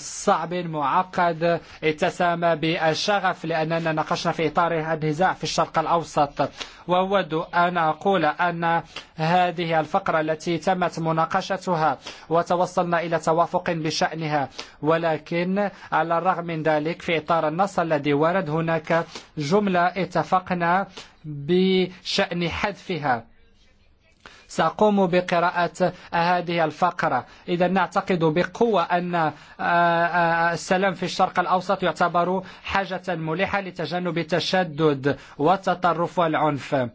صعب معقد اتسم بالشغف لأننا ناقشنا في إطار النزاع في الشرق الأوسط وأود أن أقول أن هذه الفقرة التي تمت مناقشتها وتوصلنا إلى توافق بشأنها ولكن على الرغم من ذلك في إطار النص الذي ورد هناك جملة اتفقنا بشأن حذفها سأقوم بقراءة هذه الفقرة إذا نعتقد بقوة أن السلام في الشرق الأوسط يعتبر حاجة ملحة لتجنب التشدد والتطرف والعنف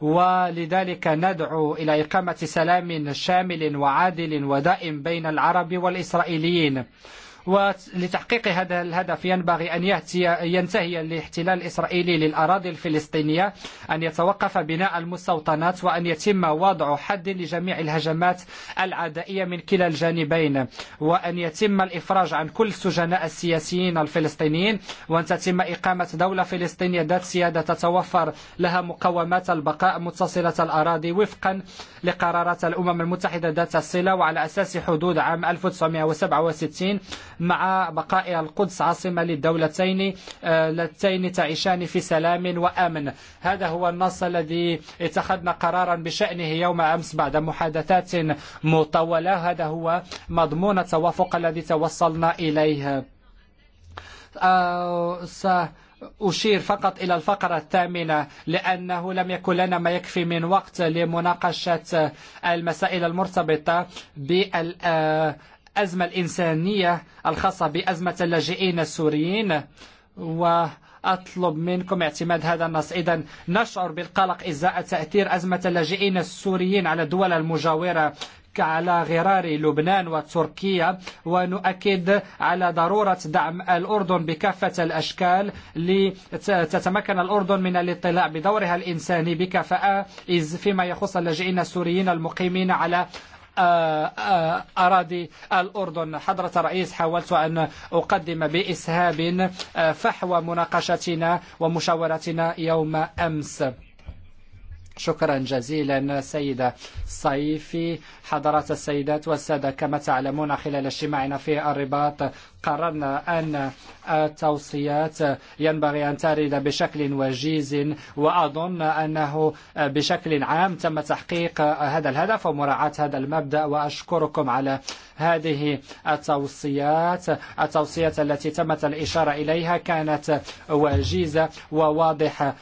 ولذلك ندعو إلى إقامة سلام شامل وعادل ودائم بين العرب والإسرائيليين ولتحقيق هذا الهدف ينبغي أن ينتهي الاحتلال الإسرائيلي للأراضي الفلسطينية أن يتوقف بناء المستوطنات وأن يتم وضع حد لجميع الهجمات العدائية من كلا الجانبين وأن يتم الإفراج عن كل سجناء السياسيين الفلسطينيين وأن تتم إقامة دولة فلسطينية ذات سيادة تتوفر لها مقومات البقاء متصلة الأراضي وفقا لقرارات الأمم المتحدة ذات الصلة وعلى أساس حدود عام 1967 مع بقاء القدس عاصمة للدولتين اللتين تعيشان في سلام وأمن هذا هو النص الذي اتخذنا قرارا بشأنه يوم أمس بعد محادثات مطولة هذا هو مضمون التوافق الذي توصلنا إليه أشير فقط إلى الفقرة الثامنة لأنه لم يكن لنا ما يكفي من وقت لمناقشة المسائل المرتبطة الأزمة الإنسانية الخاصة بأزمة اللاجئين السوريين وأطلب منكم اعتماد هذا النص إذا نشعر بالقلق إزاء تأثير أزمة اللاجئين السوريين على الدول المجاورة على غرار لبنان وتركيا ونؤكد على ضرورة دعم الأردن بكافة الأشكال لتتمكن الأردن من الاطلاع بدورها الإنساني بكفاءة فيما يخص اللاجئين السوريين المقيمين على أراضي الأردن حضرة الرئيس حاولت أن أقدم بإسهاب فحوى مناقشتنا ومشاورتنا يوم أمس شكرا جزيلا سيدة صيفي حضرات السيدات والسادة كما تعلمون خلال اجتماعنا في الرباط قررنا أن التوصيات ينبغي أن ترد بشكل وجيز وأظن أنه بشكل عام تم تحقيق هذا الهدف ومراعاة هذا المبدأ وأشكركم على هذه التوصيات التوصيات التي تمت الإشارة إليها كانت وجيزة وواضحة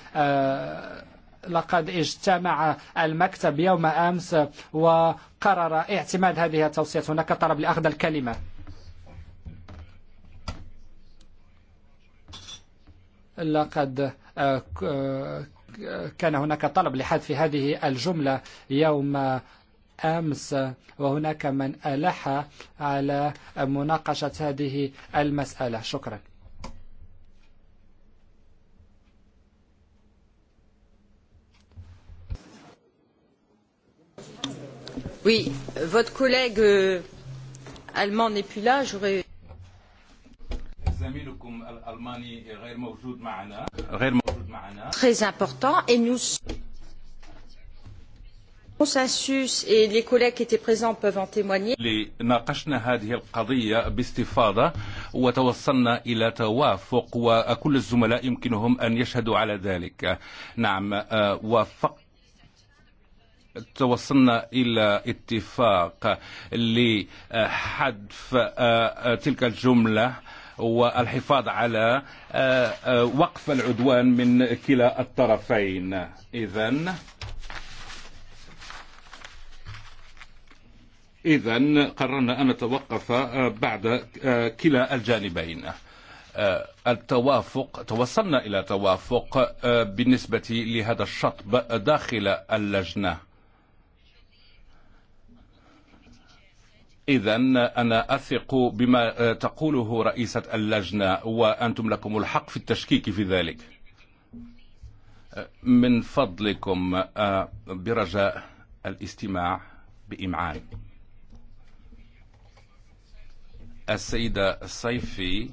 لقد اجتمع المكتب يوم أمس وقرر اعتماد هذه التوصيات هناك طلب لأخذ الكلمه لقد كان هناك طلب لحذف هذه الجملة يوم أمس وهناك من ألح على مناقشة هذه المسألة شكرا Oui, votre collègue allemand n'est plus là. J'aurais. Très important. Et nous. Consensus et les collègues qui étaient présents peuvent en témoigner. ناقشنا هذه القضية باستفاضة وتوصلنا إلى توافق وكل الزملاء يمكنهم أن يشهدوا على ذلك. نعم وفق توصلنا إلى اتفاق لحذف تلك الجملة والحفاظ على وقف العدوان من كلا الطرفين إذا إذا قررنا أن نتوقف بعد كلا الجانبين التوافق توصلنا إلى توافق بالنسبة لهذا الشطب داخل اللجنه إذا أنا أثق بما تقوله رئيسة اللجنه وأنتم لكم الحق في التشكيك في ذلك من فضلكم برجاء الاستماع بإمعان السيده الصيفي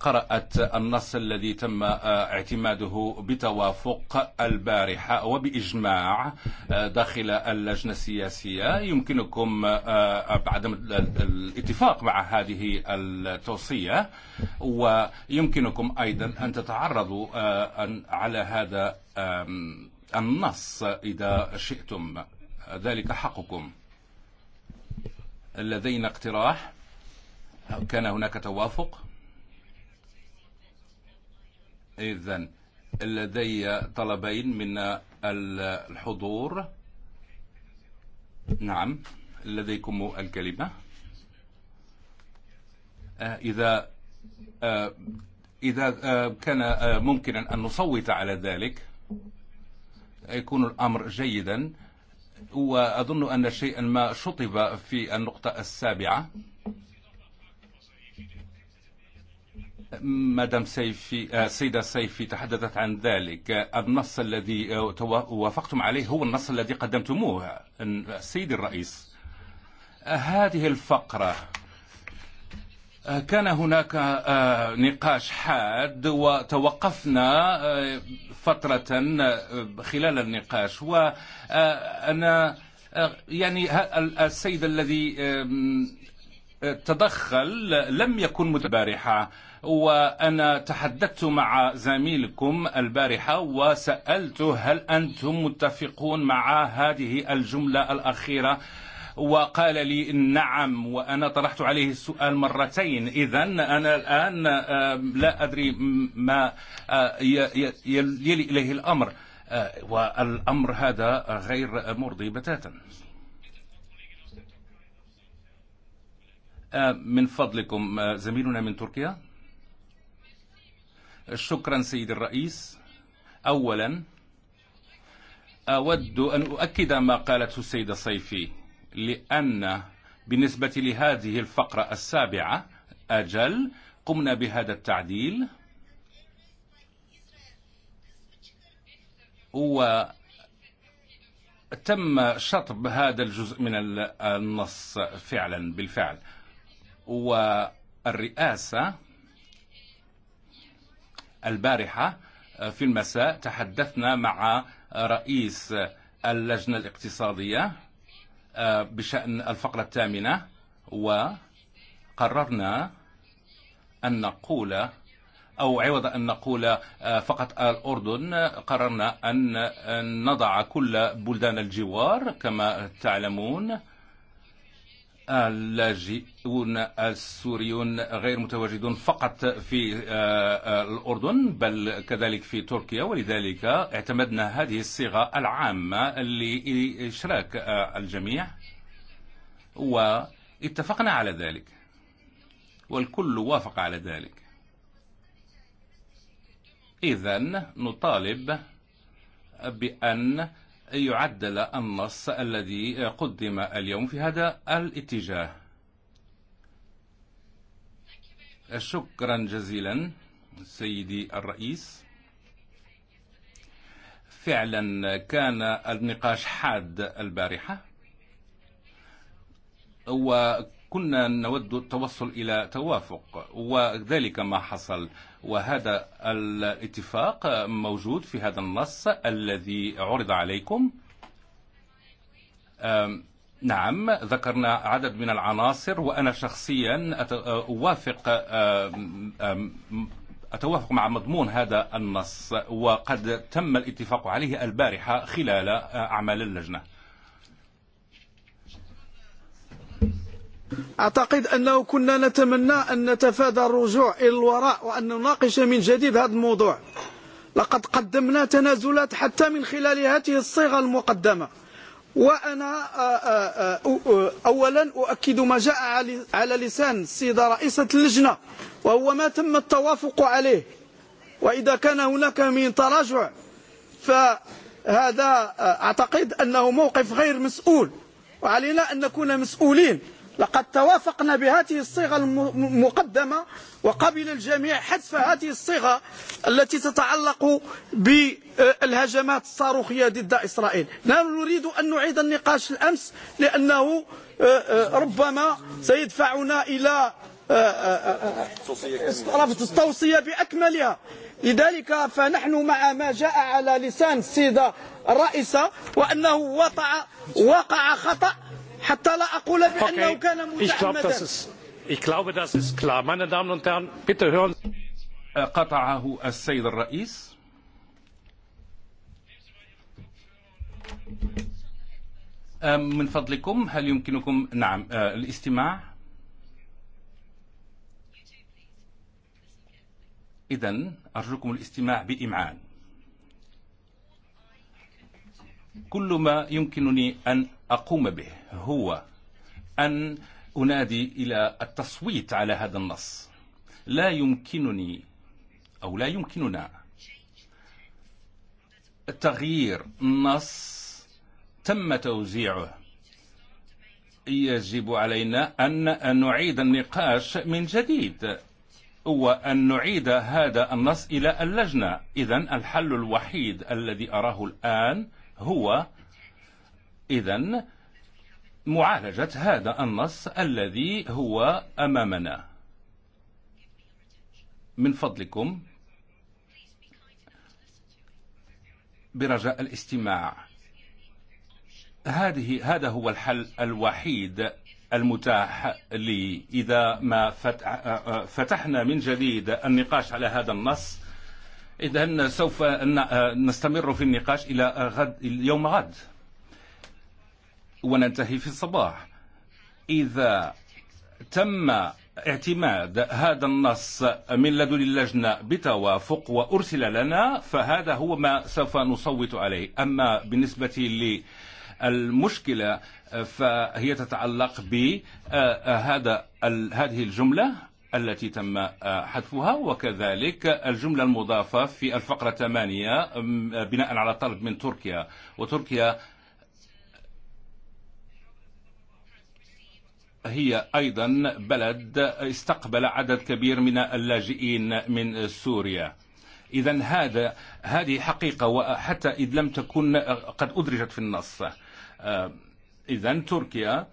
قرأت النص الذي تم اعتماده بتوافق البارحة وبإجماع داخل اللجنة السياسية يمكنكم بعدم الاتفاق مع هذه التوصية ويمكنكم أيضا أن تتعرضوا على هذا النص إذا شئتم ذلك حقكم لدينا اقتراح كان هناك توافق إذا لدي طلبين من الحضور نعم لديكم الكلمة إذا إذا كان ممكنا أن نصوت على ذلك يكون الأمر جيدا وأظن أن شيئا ما شطب في النقطة السابعة مدام سيفي سيدة سيفي تحدثت عن ذلك النص الذي وافقتم عليه هو النص الذي قدمتموه سيدي الرئيس هذه الفقرة كان هناك نقاش حاد وتوقفنا فترة خلال النقاش وأنا يعني السيد الذي تدخل لم يكن متبارحة وأنا تحدثت مع زميلكم البارحة وسألته هل أنتم متفقون مع هذه الجملة الأخيرة وقال لي نعم وأنا طرحت عليه السؤال مرتين إذا أنا الآن لا أدري ما يلي إليه الأمر والأمر هذا غير مرضي بتاتا من فضلكم زميلنا من تركيا شكرا سيد الرئيس أولا أود أن أؤكد ما قالته السيدة صيفي لأن بالنسبة لهذه الفقرة السابعة أجل قمنا بهذا التعديل وتم شطب هذا الجزء من النص فعلا بالفعل والرئاسة البارحة في المساء تحدثنا مع رئيس اللجنة الاقتصادية بشأن الفقرة الثامنة وقررنا أن نقول أو عوض أن نقول فقط الأردن قررنا أن نضع كل بلدان الجوار كما تعلمون اللاجئون السوريون غير متواجدون فقط في الأردن بل كذلك في تركيا ولذلك اعتمدنا هذه الصيغه العامة لإشراك الجميع واتفقنا على ذلك والكل وافق على ذلك إذا نطالب بأن يعدل النص الذي قدم اليوم في هذا الاتجاه شكرا جزيلا سيدي الرئيس فعلا كان النقاش حاد البارحة وكنا نود التوصل إلى توافق وذلك ما حصل وهذا الاتفاق موجود في هذا النص الذي عرض عليكم نعم ذكرنا عدد من العناصر وأنا شخصيا أوافق أتوافق مع مضمون هذا النص وقد تم الاتفاق عليه البارحة خلال أعمال اللجنة أعتقد أنه كنا نتمنى أن نتفادى الرجوع إلى الوراء وأن نناقش من جديد هذا الموضوع لقد قدمنا تنازلات حتى من خلال هذه الصيغة المقدمة وأنا أولا أؤكد ما جاء على لسان السيده رئيسة اللجنة وهو ما تم التوافق عليه وإذا كان هناك من تراجع فهذا أعتقد أنه موقف غير مسؤول وعلينا أن نكون مسؤولين لقد توافقنا بهذه الصيغة المقدمة وقبل الجميع حذف هذه الصيغة التي تتعلق بالهجمات الصاروخية ضد إسرائيل نحن نريد أن نعيد النقاش الأمس لأنه ربما سيدفعنا إلى التوصية بأكملها لذلك فنحن مع ما جاء على لسان السيدة الرئيسة وأنه وقع خطأ Ich glaube, das ist klar. Meine الرئيس. من فضلكم هل يمكنكم نعم الاستماع؟ إذا أرجوكم الاستماع بإمعان. كل ما يمكنني أن أقوم به هو أن أنادي إلى التصويت على هذا النص لا يمكنني أو لا يمكننا تغيير نص تم توزيعه يجب علينا أن نعيد النقاش من جديد وأن نعيد هذا النص إلى اللجنة إذا الحل الوحيد الذي أراه الآن هو إذا معالجة هذا النص الذي هو أمامنا من فضلكم برجاء الاستماع هذه هذا هو الحل الوحيد المتاح لي إذا ما فتحنا من جديد النقاش على هذا النص إذا سوف نستمر في النقاش إلى غد اليوم غد وننتهي في الصباح إذا تم اعتماد هذا النص من لدن اللجنة بتوافق وأرسل لنا فهذا هو ما سوف نصوت عليه أما بالنسبة للمشكله فهي تتعلق بهذا هذه الجملة التي تم حذفها وكذلك الجملة المضافة في الفقرة 8 بناء على طلب من تركيا وتركيا هي أيضا بلد استقبل عدد كبير من اللاجئين من سوريا إذا هذا هذه حقيقة وحتى إذ لم تكن قد أدرجت في النص إذا تركيا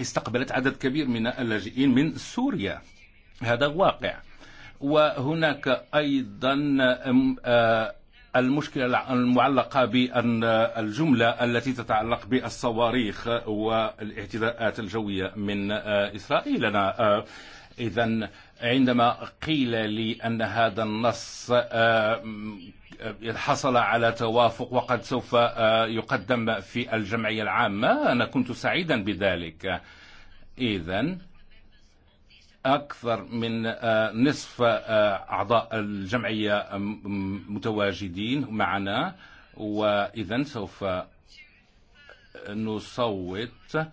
استقبلت عدد كبير من اللاجئين من سوريا هذا واقع وهناك أيضا المشكلة المعلقة الجملة التي تتعلق بالصواريخ والاعتداءات الجوية من إسرائيل أنا إذا عندما قيل لي أن هذا النص حصل على توافق وقد سوف يقدم في الجمعية العامة أنا كنت سعيدا بذلك إذا أكثر من نصف أعضاء الجمعية متواجدين معنا وإذا سوف نصوت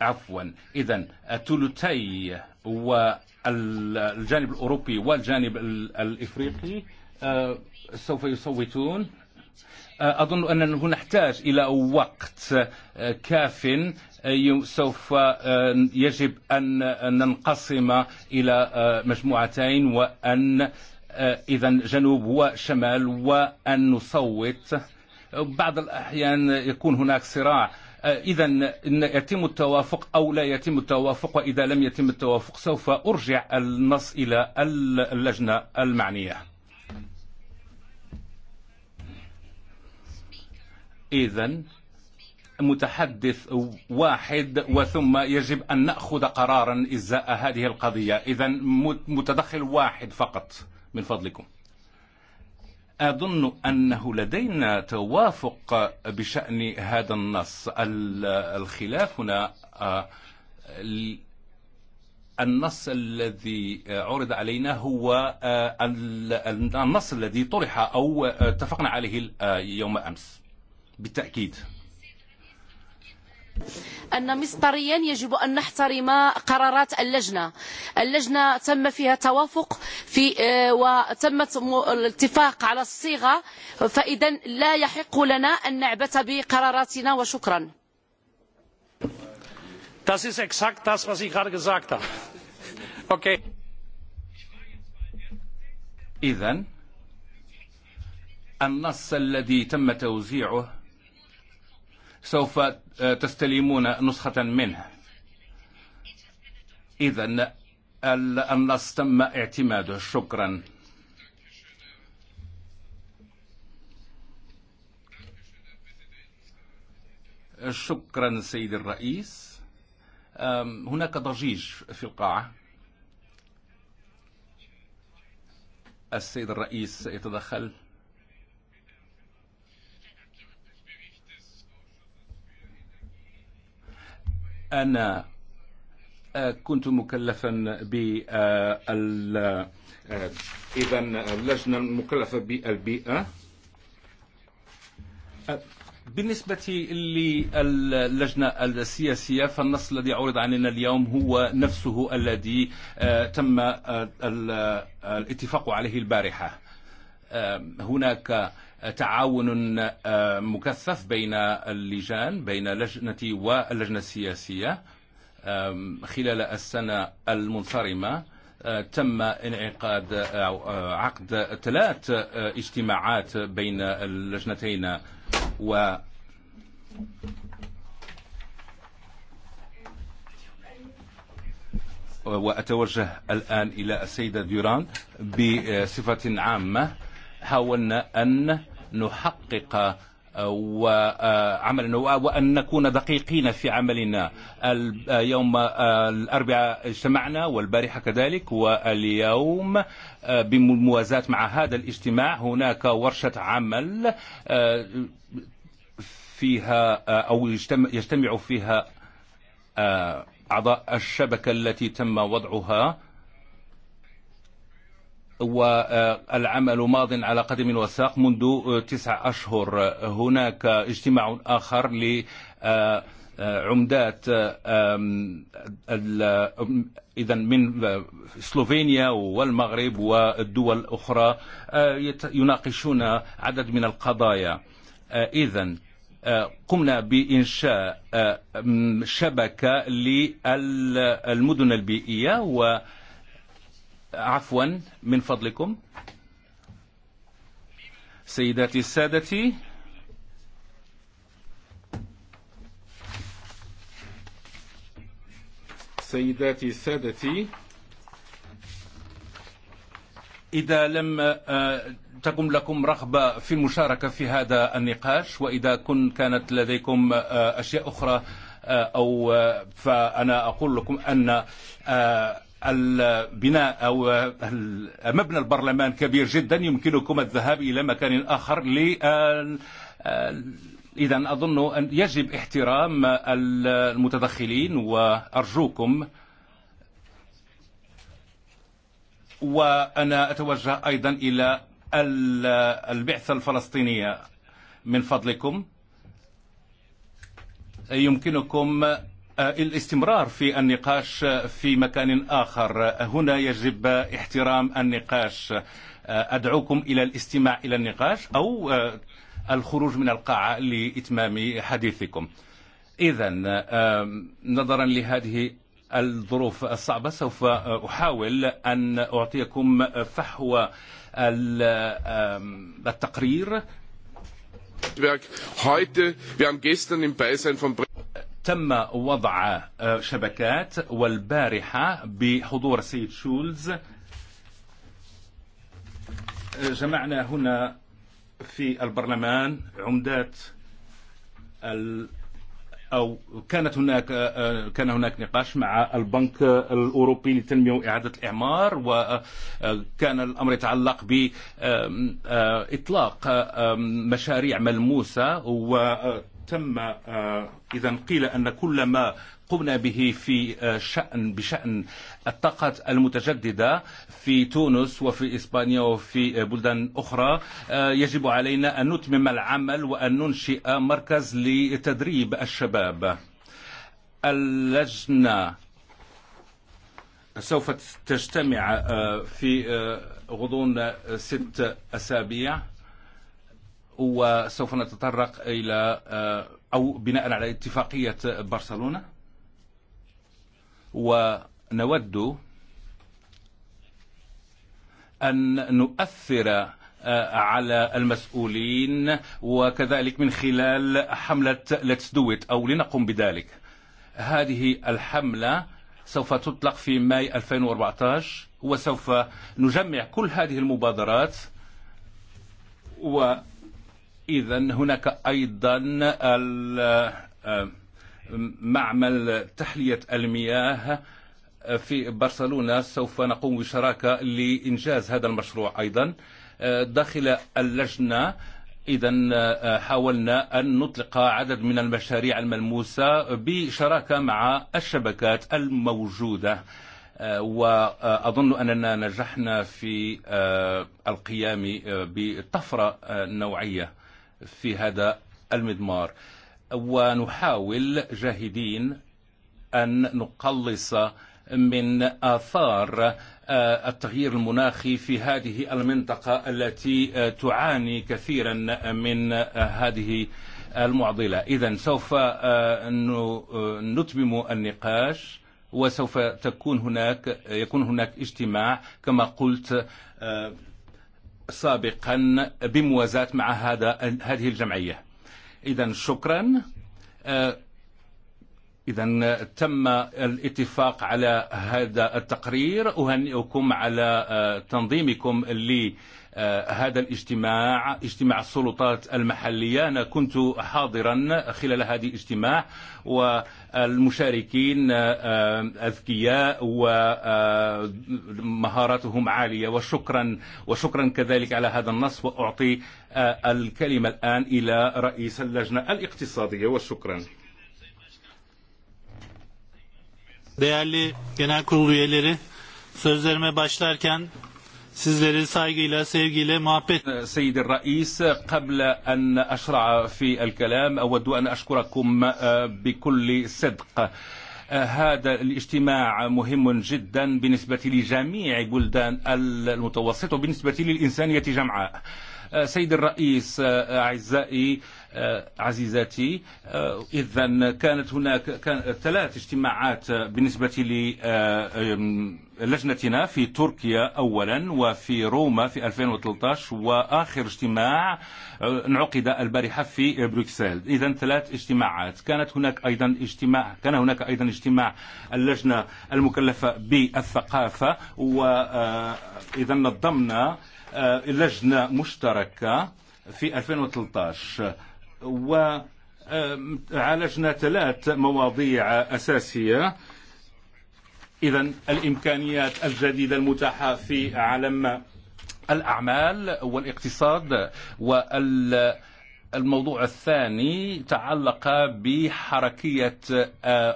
عفوا إذا الثلثي والجانب الأوروبي والجانب الإفريقي سوف يصوتون أظن أننا نحتاج إلى وقت كاف سوف يجب أن ننقسم إلى مجموعتين وأن إذا جنوب وشمال وأن نصوت بعض الأحيان يكون هناك صراع إذا يتم التوافق أو لا يتم التوافق وإذا لم يتم التوافق سوف أرجع النص إلى اللجنه المعنيه إذا متحدث واحد وثم يجب أن نأخذ قرارا إزاء هذه القضية إذا متدخل واحد فقط من فضلكم أظن أنه لدينا توافق بشأن هذا النص الخلاف هنا النص الذي عرض علينا هو النص الذي طرح أو اتفقنا عليه يوم أمس بالتأكيد أن مصدريا يجب أن نحترم قرارات اللجنة اللجنة تم فيها توافق في وتم الاتفاق على الصيغة فإذا لا يحق لنا أن نعبث بقراراتنا وشكرا Das ist exakt das, was ich gerade gesagt habe. Okay. إذا النص الذي تم توزيعه سوف تستلمون نسخة منه إذا النص تم اعتماده شكرا شكرا سيد الرئيس هناك ضجيج في القاعة السيد الرئيس يتدخل أنا كنت مكلفا بال إذا اللجنة المكلفة بالبيئة بالنسبة للجنة السياسية فالنص الذي عرض علينا اليوم هو نفسه الذي تم الاتفاق عليه البارحة هناك تعاون مكثف بين اللجان بين لجنتي واللجنة السياسية خلال السنة المنصرمة تم انعقاد عقد ثلاث اجتماعات بين اللجنتين و وأتوجه الآن إلى السيدة ديوران بصفة عامة حاولنا أن نحقق وعملنا وأن نكون دقيقين في عملنا يوم الأربعاء اجتمعنا والبارحة كذلك واليوم بموازاه مع هذا الاجتماع هناك ورشة عمل فيها أو يجتمع فيها أعضاء الشبكه التي تم وضعها والعمل ماض على قدم وساق منذ تسع أشهر هناك اجتماع آخر ل عمدات اذا من سلوفينيا والمغرب والدول الاخرى يناقشون عدد من القضايا اذا قمنا بانشاء شبكه للمدن البيئيه و عفوا من فضلكم سيداتي السادتي سيداتي السادتي إذا لم تكن لكم رغبة في المشاركة في هذا النقاش وإذا كن كانت لديكم أشياء أخرى أو فأنا أقول لكم أن البناء أو مبنى البرلمان كبير جدا يمكنكم الذهاب إلى مكان آخر لأن إذا أظن أن يجب احترام المتدخلين وأرجوكم وأنا أتوجه أيضا إلى البعثه الفلسطينيه من فضلكم يمكنكم الاستمرار في النقاش في مكان آخر هنا يجب احترام النقاش أدعوكم إلى الاستماع إلى النقاش أو الخروج من القاعة لإتمام حديثكم إذا نظرا لهذه الظروف الصعبة سوف أحاول أن أعطيكم فحوى التقرير تم وضع شبكات والبارحة بحضور السيد شولز جمعنا هنا في البرلمان عمدات ال أو كانت هناك كان هناك نقاش مع البنك الأوروبي لتنمية وإعادة الإعمار وكان الأمر يتعلق بإطلاق مشاريع ملموسة و تم إذا قيل أن كل ما قمنا به في شأن بشأن الطاقة المتجددة في تونس وفي إسبانيا وفي بلدان أخرى يجب علينا أن نتمم العمل وأن ننشئ مركز لتدريب الشباب اللجنة سوف تجتمع في غضون ست أسابيع وسوف نتطرق إلى أو بناء على اتفاقية برشلونه ونود أن نؤثر على المسؤولين وكذلك من خلال حمله Let's Do It أو لنقم بذلك هذه الحملة سوف تطلق في ماي 2014 وسوف نجمع كل هذه المبادرات و إذا هناك أيضا معمل تحليه المياه في برشلونه سوف نقوم بشراكه لإنجاز هذا المشروع أيضا داخل اللجنه إذا حاولنا أن نطلق عدد من المشاريع الملموسه بشراكه مع الشبكات الموجوده وأظن أننا نجحنا في القيام بطفره نوعيه في هذا المضمار ونحاول جاهدين أن نقلص من آثار التغيير المناخي في هذه المنطقة التي تعاني كثيرا من هذه المعضلة إذا سوف نتمم النقاش وسوف تكون هناك يكون هناك اجتماع كما قلت سابقا بموازاة مع هذا هذه الجمعية إذا شكرا إذا تم الاتفاق على هذا التقرير أهنئكم على تنظيمكم لي هذا الاجتماع اجتماع السلطات المحلية أنا كنت حاضرا خلال هذه الاجتماع والمشاركين أذكياء ومهاراتهم عالية وشكرا وشكرا كذلك على هذا النص وأعطي الكلمة الآن إلى رئيس اللجنة الاقتصادية وشكرا Değerli Genel Kurulu üyeleri, sözlerime başlarken Sizleri saygıyla, sevgiyle, muhabbet. kabla en قبل أن el في الكلام أود أن أشكركم بكل صدق هذا الاجتماع مهم جدا بالنسبة لجميع بلدان المتوسط وبالنسبة للإنسانية جمعاء سيد الرئيس أعزائي عزيزاتي إذا كانت هناك ثلاث اجتماعات بالنسبة لجنتنا في تركيا أولا وفي روما في 2013 وآخر اجتماع انعقد البارحة في بروكسل إذا ثلاث اجتماعات كانت هناك أيضا اجتماع كان هناك أيضا اجتماع اللجنة المكلفة بالثقافة وإذا نظمنا لجنة مشتركة في 2013 وعالجنا ثلاث مواضيع أساسية إذا الإمكانيات الجديدة المتاحة في عالم الأعمال والاقتصاد وال الموضوع الثاني تعلق بحركية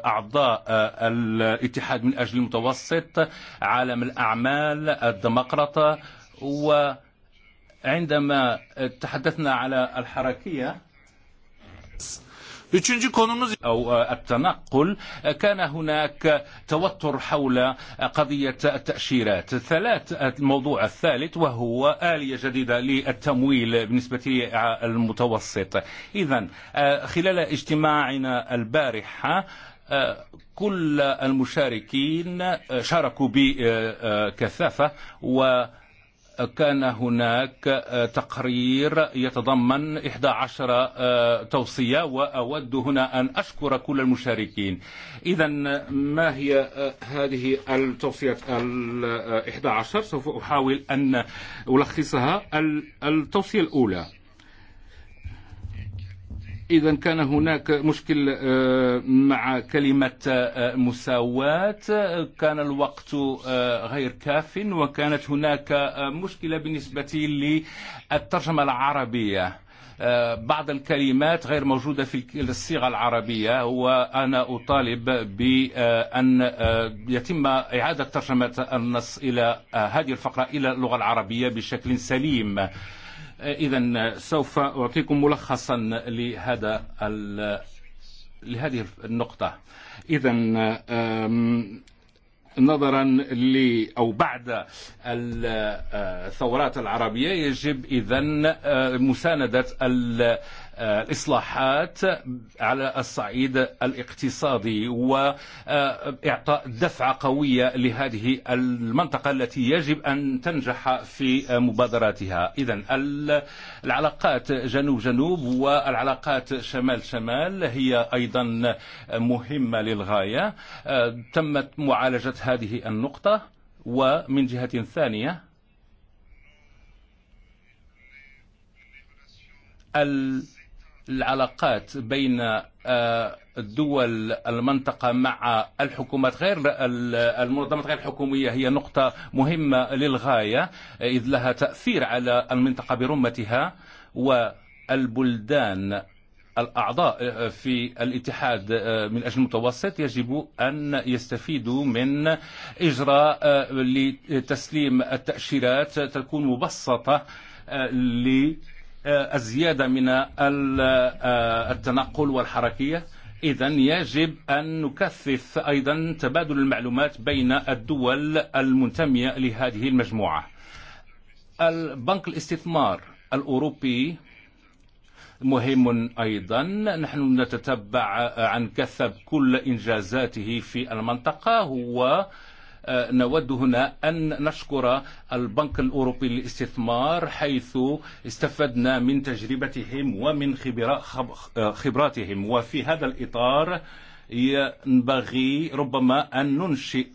أعضاء الاتحاد من أجل المتوسط عالم الأعمال الديمقراطية وعندما تحدثنا على الحركية Üçüncü konumuz أو التنقل كان هناك توتر حول قضية التأشيرات ثلاث الموضوع الثالث وهو اليه جديدة للتمويل بالنسبة للمتوسط إذا خلال اجتماعنا البارحة كل المشاركين شاركوا بكثافه و كان هناك تقرير يتضمن 11 توصية وأود هنا أن أشكر كل المشاركين إذا ما هي هذه التوصية ال 11 سوف أحاول أن ألخصها التوصية الأولى إذا كان هناك مشكل مع كلمة مساواه كان الوقت غير كاف وكانت هناك مشكلة بالنسبه للترجمه العربية بعض الكلمات غير موجودة في الصيغة العربية وأنا أطالب بأن يتم إعادة ترجمة النص إلى هذه الفقرة إلى اللغة العربية بشكل سليم إذا سوف أعطيكم ملخصا لهذا لهذه النقطه إذا نظرا ل او بعد الثورات العربيه يجب اذا مسانده الاصلاحات على الصعيد الاقتصادي وإعطاء دفعه قوية لهذه المنطقة التي يجب أن تنجح في مبادراتها إذا العلاقات جنوب جنوب والعلاقات شمال شمال هي أيضا مهمة للغاية تمت معالجه هذه النقطة ومن جهه ثانيه ال العلاقات بين الدول المنطقة مع الحكومات غير المنظمات غير الحكومية هي نقطة مهمة للغاية إذ لها تأثير على المنطقة برمتها والبلدان الأعضاء في الاتحاد من أجل المتوسط يجب أن يستفيدوا من إجراء لتسليم التأشيرات تكون مبسطة ل الزيادة من التنقل والحركية إذا يجب أن نكثف أيضا تبادل المعلومات بين الدول المنتمية لهذه المجموعة البنك الاستثمار الأوروبي مهم أيضا نحن نتتبع عن كثب كل إنجازاته في المنطقة هو نود هنا أن نشكر البنك الأوروبي للاستثمار حيث استفدنا من تجربتهم ومن خبراتهم وفي هذا الإطار ينبغي ربما أن ننشئ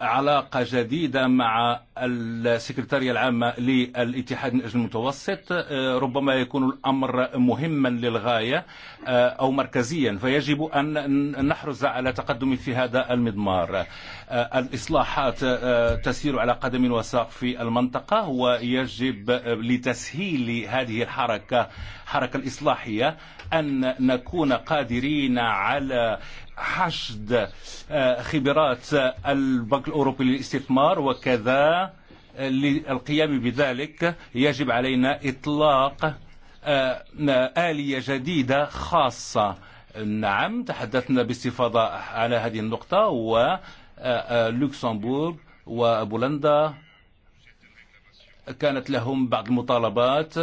علاقه جديدة مع السكرتاريه العامه للاتحاد من أجل المتوسط ربما يكون الأمر مهما للغاية أو مركزيا فيجب أن نحرز على تقدم في هذا المضمار الإصلاحات تسير على قدم وساق في المنطقه ويجب لتسهيل هذه الحركة حركه الإصلاحية أن نكون قادرين على حشد خبرات البنك الأوروبي للاستثمار وكذا للقيام بذلك يجب علينا إطلاق اليه جديدة خاصة نعم تحدثنا باستفاضه على هذه النقطه ولوكسمبورغ وبولندا كانت لهم بعض المطالبات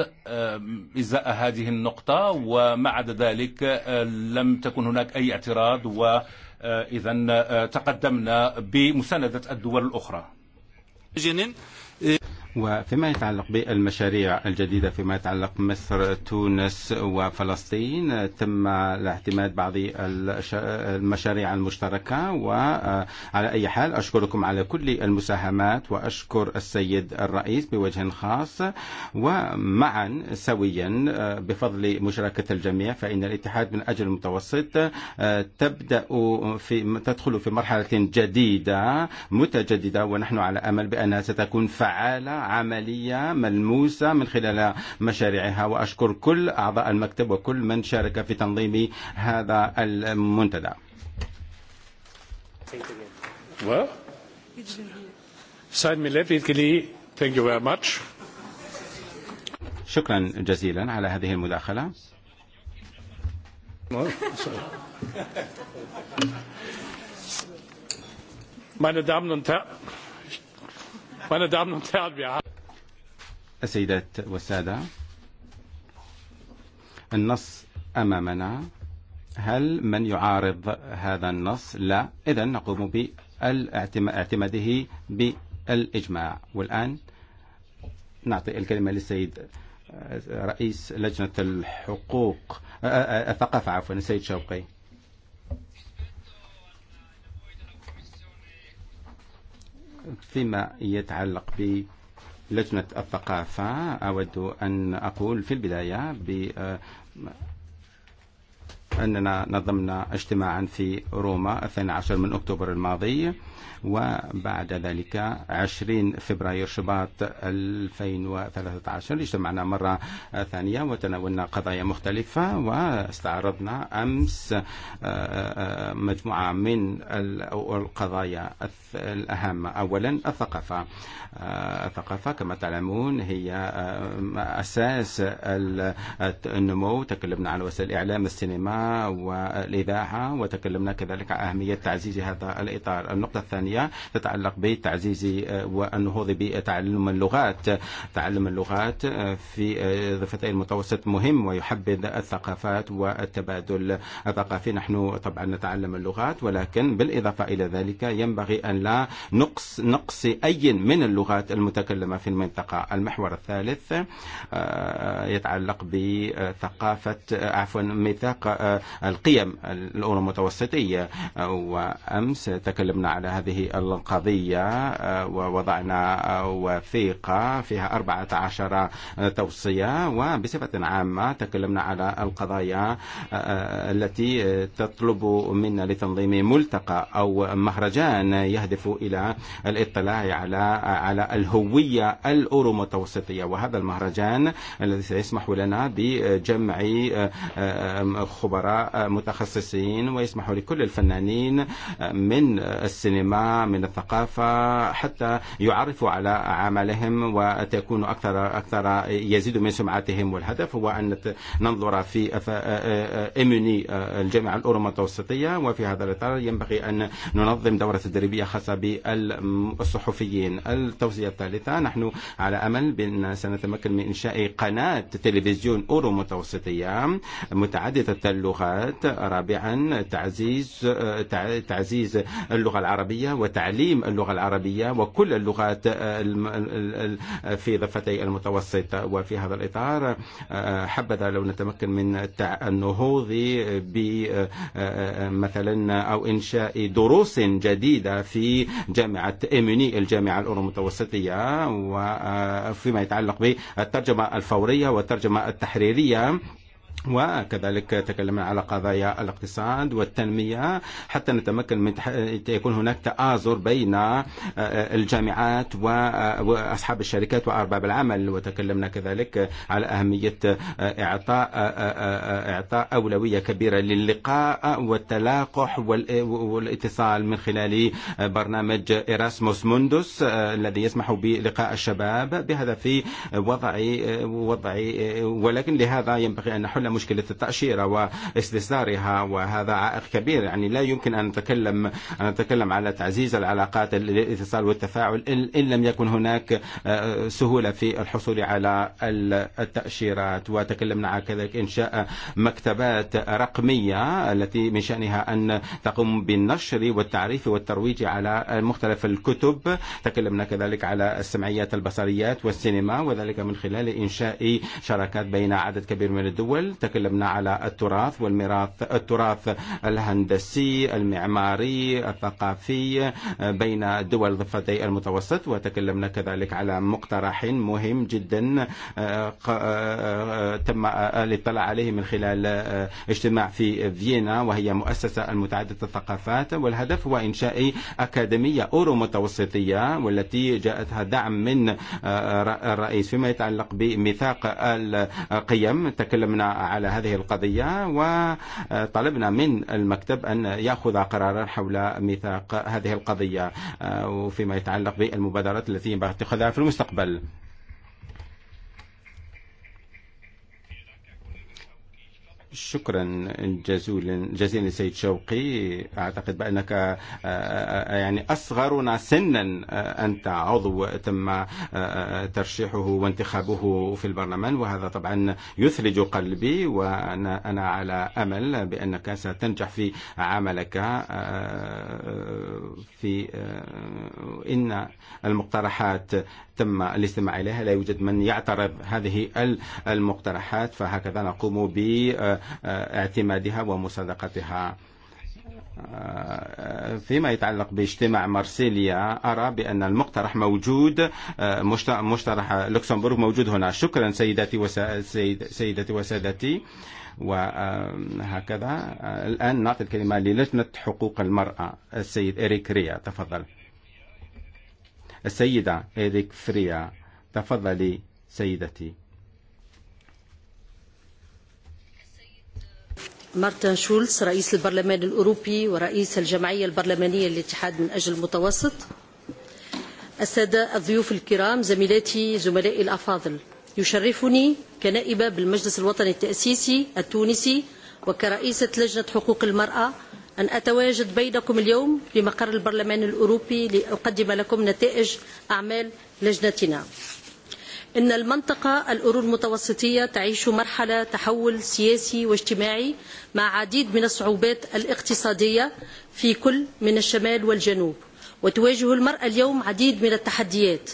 إزاء هذه النقطة ومع ذلك لم تكن هناك أي اعتراض وإذا تقدمنا بمسانده الدول الأخرى وفيما يتعلق بالمشاريع الجديدة فيما يتعلق مصر تونس وفلسطين تم الاعتماد بعض المشاريع المشتركة وعلى أي حال أشكركم على كل المساهمات وأشكر السيد الرئيس بوجه خاص ومعا سويا بفضل مشاركة الجميع فإن الاتحاد من أجل المتوسط تبدأ في تدخل في مرحلة جديدة متجددة ونحن على أمل بأنها ستكون فعالة عملية ملموسة من خلال مشاريعها وأشكر كل أعضاء المكتب وكل من شارك في تنظيم هذا المنتدى شكرا جزيلا على هذه المداخلة. Meine Damen und Herren, Meine Damen und Herren, wir haben السيدات والسادة النص أمامنا هل من يعارض هذا النص؟ لا إذا نقوم باعتماده بالإجماع والآن نعطي الكلمة للسيد رئيس لجنة الحقوق الثقافة عفوا السيد شوقي فيما يتعلق ب لجنة الثقافة أود أن أقول في البداية بأننا نظمنا اجتماعا في روما 12 من أكتوبر الماضي وبعد ذلك 20 فبراير شباط 2013 اجتمعنا مرة ثانية وتناولنا قضايا مختلفة واستعرضنا أمس مجموعة من القضايا الأهم أولا الثقافة الثقافة كما تعلمون هي أساس النمو تكلمنا عن وسائل الإعلام السينما والإذاعة وتكلمنا كذلك عن أهمية تعزيز هذا الإطار النقطة الثانية تتعلق بتعزيز والنهوض بتعلم اللغات تعلم اللغات في ضفتي المتوسط مهم ويحبذ الثقافات والتبادل الثقافي نحن طبعا نتعلم اللغات ولكن بالإضافة إلى ذلك ينبغي أن لا نقص نقص أي من اللغات المتكلمة في المنطقة المحور الثالث يتعلق بثقافة عفوا ميثاق القيم الأولى المتوسطية وأمس تكلمنا على هذه القضية ووضعنا وثيقة فيها 14 توصية وبصفة عامة تكلمنا على القضايا التي تطلب منا لتنظيم ملتقى أو مهرجان يهدف إلى الاطلاع على على الهوية الأورومتوسطية وهذا المهرجان الذي سيسمح لنا بجمع خبراء متخصصين ويسمح لكل الفنانين من السينما من الثقافة حتى يعرفوا على عملهم وتكون أكثر أكثر يزيد من سمعتهم والهدف هو أن ننظر في إمني الجامعة الأورو المتوسطية وفي هذا الإطار ينبغي أن ننظم دورة تدريبية خاصة بالصحفيين التوصية الثالثة نحن على أمل بأن سنتمكن من إنشاء قناة تلفزيون أورو متوسطية متعددة اللغات رابعا تعزيز تعزيز اللغة العربية العربية وتعليم اللغة العربية وكل اللغات في ضفتي المتوسط وفي هذا الإطار حبذا لو نتمكن من النهوض بمثلا أو إنشاء دروس جديدة في جامعة إيموني الجامعة الأورو المتوسطية وفيما يتعلق بالترجمة الفورية والترجمة التحريرية وكذلك تكلمنا على قضايا الاقتصاد والتنمية حتى نتمكن من يكون هناك تآزر بين الجامعات وأصحاب الشركات وأرباب العمل وتكلمنا كذلك على أهمية إعطاء إعطاء أولوية كبيرة للقاء والتلاقح والاتصال من خلال برنامج إراسموس موندوس الذي يسمح بلقاء الشباب بهذا في وضع ولكن لهذا ينبغي أن حل مشكلة التأشيرة واستصدارها وهذا عائق كبير يعني لا يمكن أن نتكلم أن نتكلم على تعزيز العلاقات الاتصال والتفاعل إن لم يكن هناك سهولة في الحصول على التأشيرات وتكلمنا على كذلك إنشاء مكتبات رقمية التي من شأنها أن تقوم بالنشر والتعريف والترويج على مختلف الكتب تكلمنا كذلك على السمعيات البصريات والسينما وذلك من خلال إنشاء شراكات بين عدد كبير من الدول تكلمنا على التراث والميراث التراث الهندسي المعماري الثقافي بين دول ضفتي المتوسط وتكلمنا كذلك على مقترح مهم جدا تم الاطلاع عليه من خلال اجتماع في فيينا وهي مؤسسة المتعددة الثقافات والهدف هو إنشاء أكاديمية أورو متوسطية والتي جاءتها دعم من الرئيس فيما يتعلق بميثاق القيم تكلمنا على هذه القضية وطلبنا من المكتب أن يأخذ قرارا حول ميثاق هذه القضية وفيما يتعلق بالمبادرات التي ينبغي اتخاذها في المستقبل شكرا جزيلا سيد شوقي أعتقد بأنك يعني أصغرنا سنا أنت عضو تم ترشيحه وانتخابه في البرلمان وهذا طبعا يثلج قلبي وأنا على أمل بأنك ستنجح في عملك في إن المقترحات تم الاستماع إليها لا يوجد من يعترض هذه المقترحات فهكذا نقوم باعتمادها ومصادقتها فيما يتعلق باجتماع مارسيليا أرى بأن المقترح موجود مشترح لوكسمبورغ موجود هنا شكرا سيداتي وسادتي وسادتي وهكذا الآن نعطي الكلمة للجنة حقوق المرأة السيد إريك ريا تفضل السيدة إيريك فريا تفضلي سيدتي مارتن شولز رئيس البرلمان الأوروبي ورئيس الجمعية البرلمانية للاتحاد من أجل المتوسط السادة الضيوف الكرام زميلاتي زملائي الأفاضل يشرفني كنائبة بالمجلس الوطني التأسيسي التونسي وكرئيسة لجنة حقوق المرأة أن أتواجد بينكم اليوم بمقر البرلمان الأوروبي لأقدم لكم نتائج أعمال لجنتنا إن المنطقة الأورو المتوسطية تعيش مرحلة تحول سياسي واجتماعي مع عديد من الصعوبات الاقتصادية في كل من الشمال والجنوب وتواجه المرأة اليوم عديد من التحديات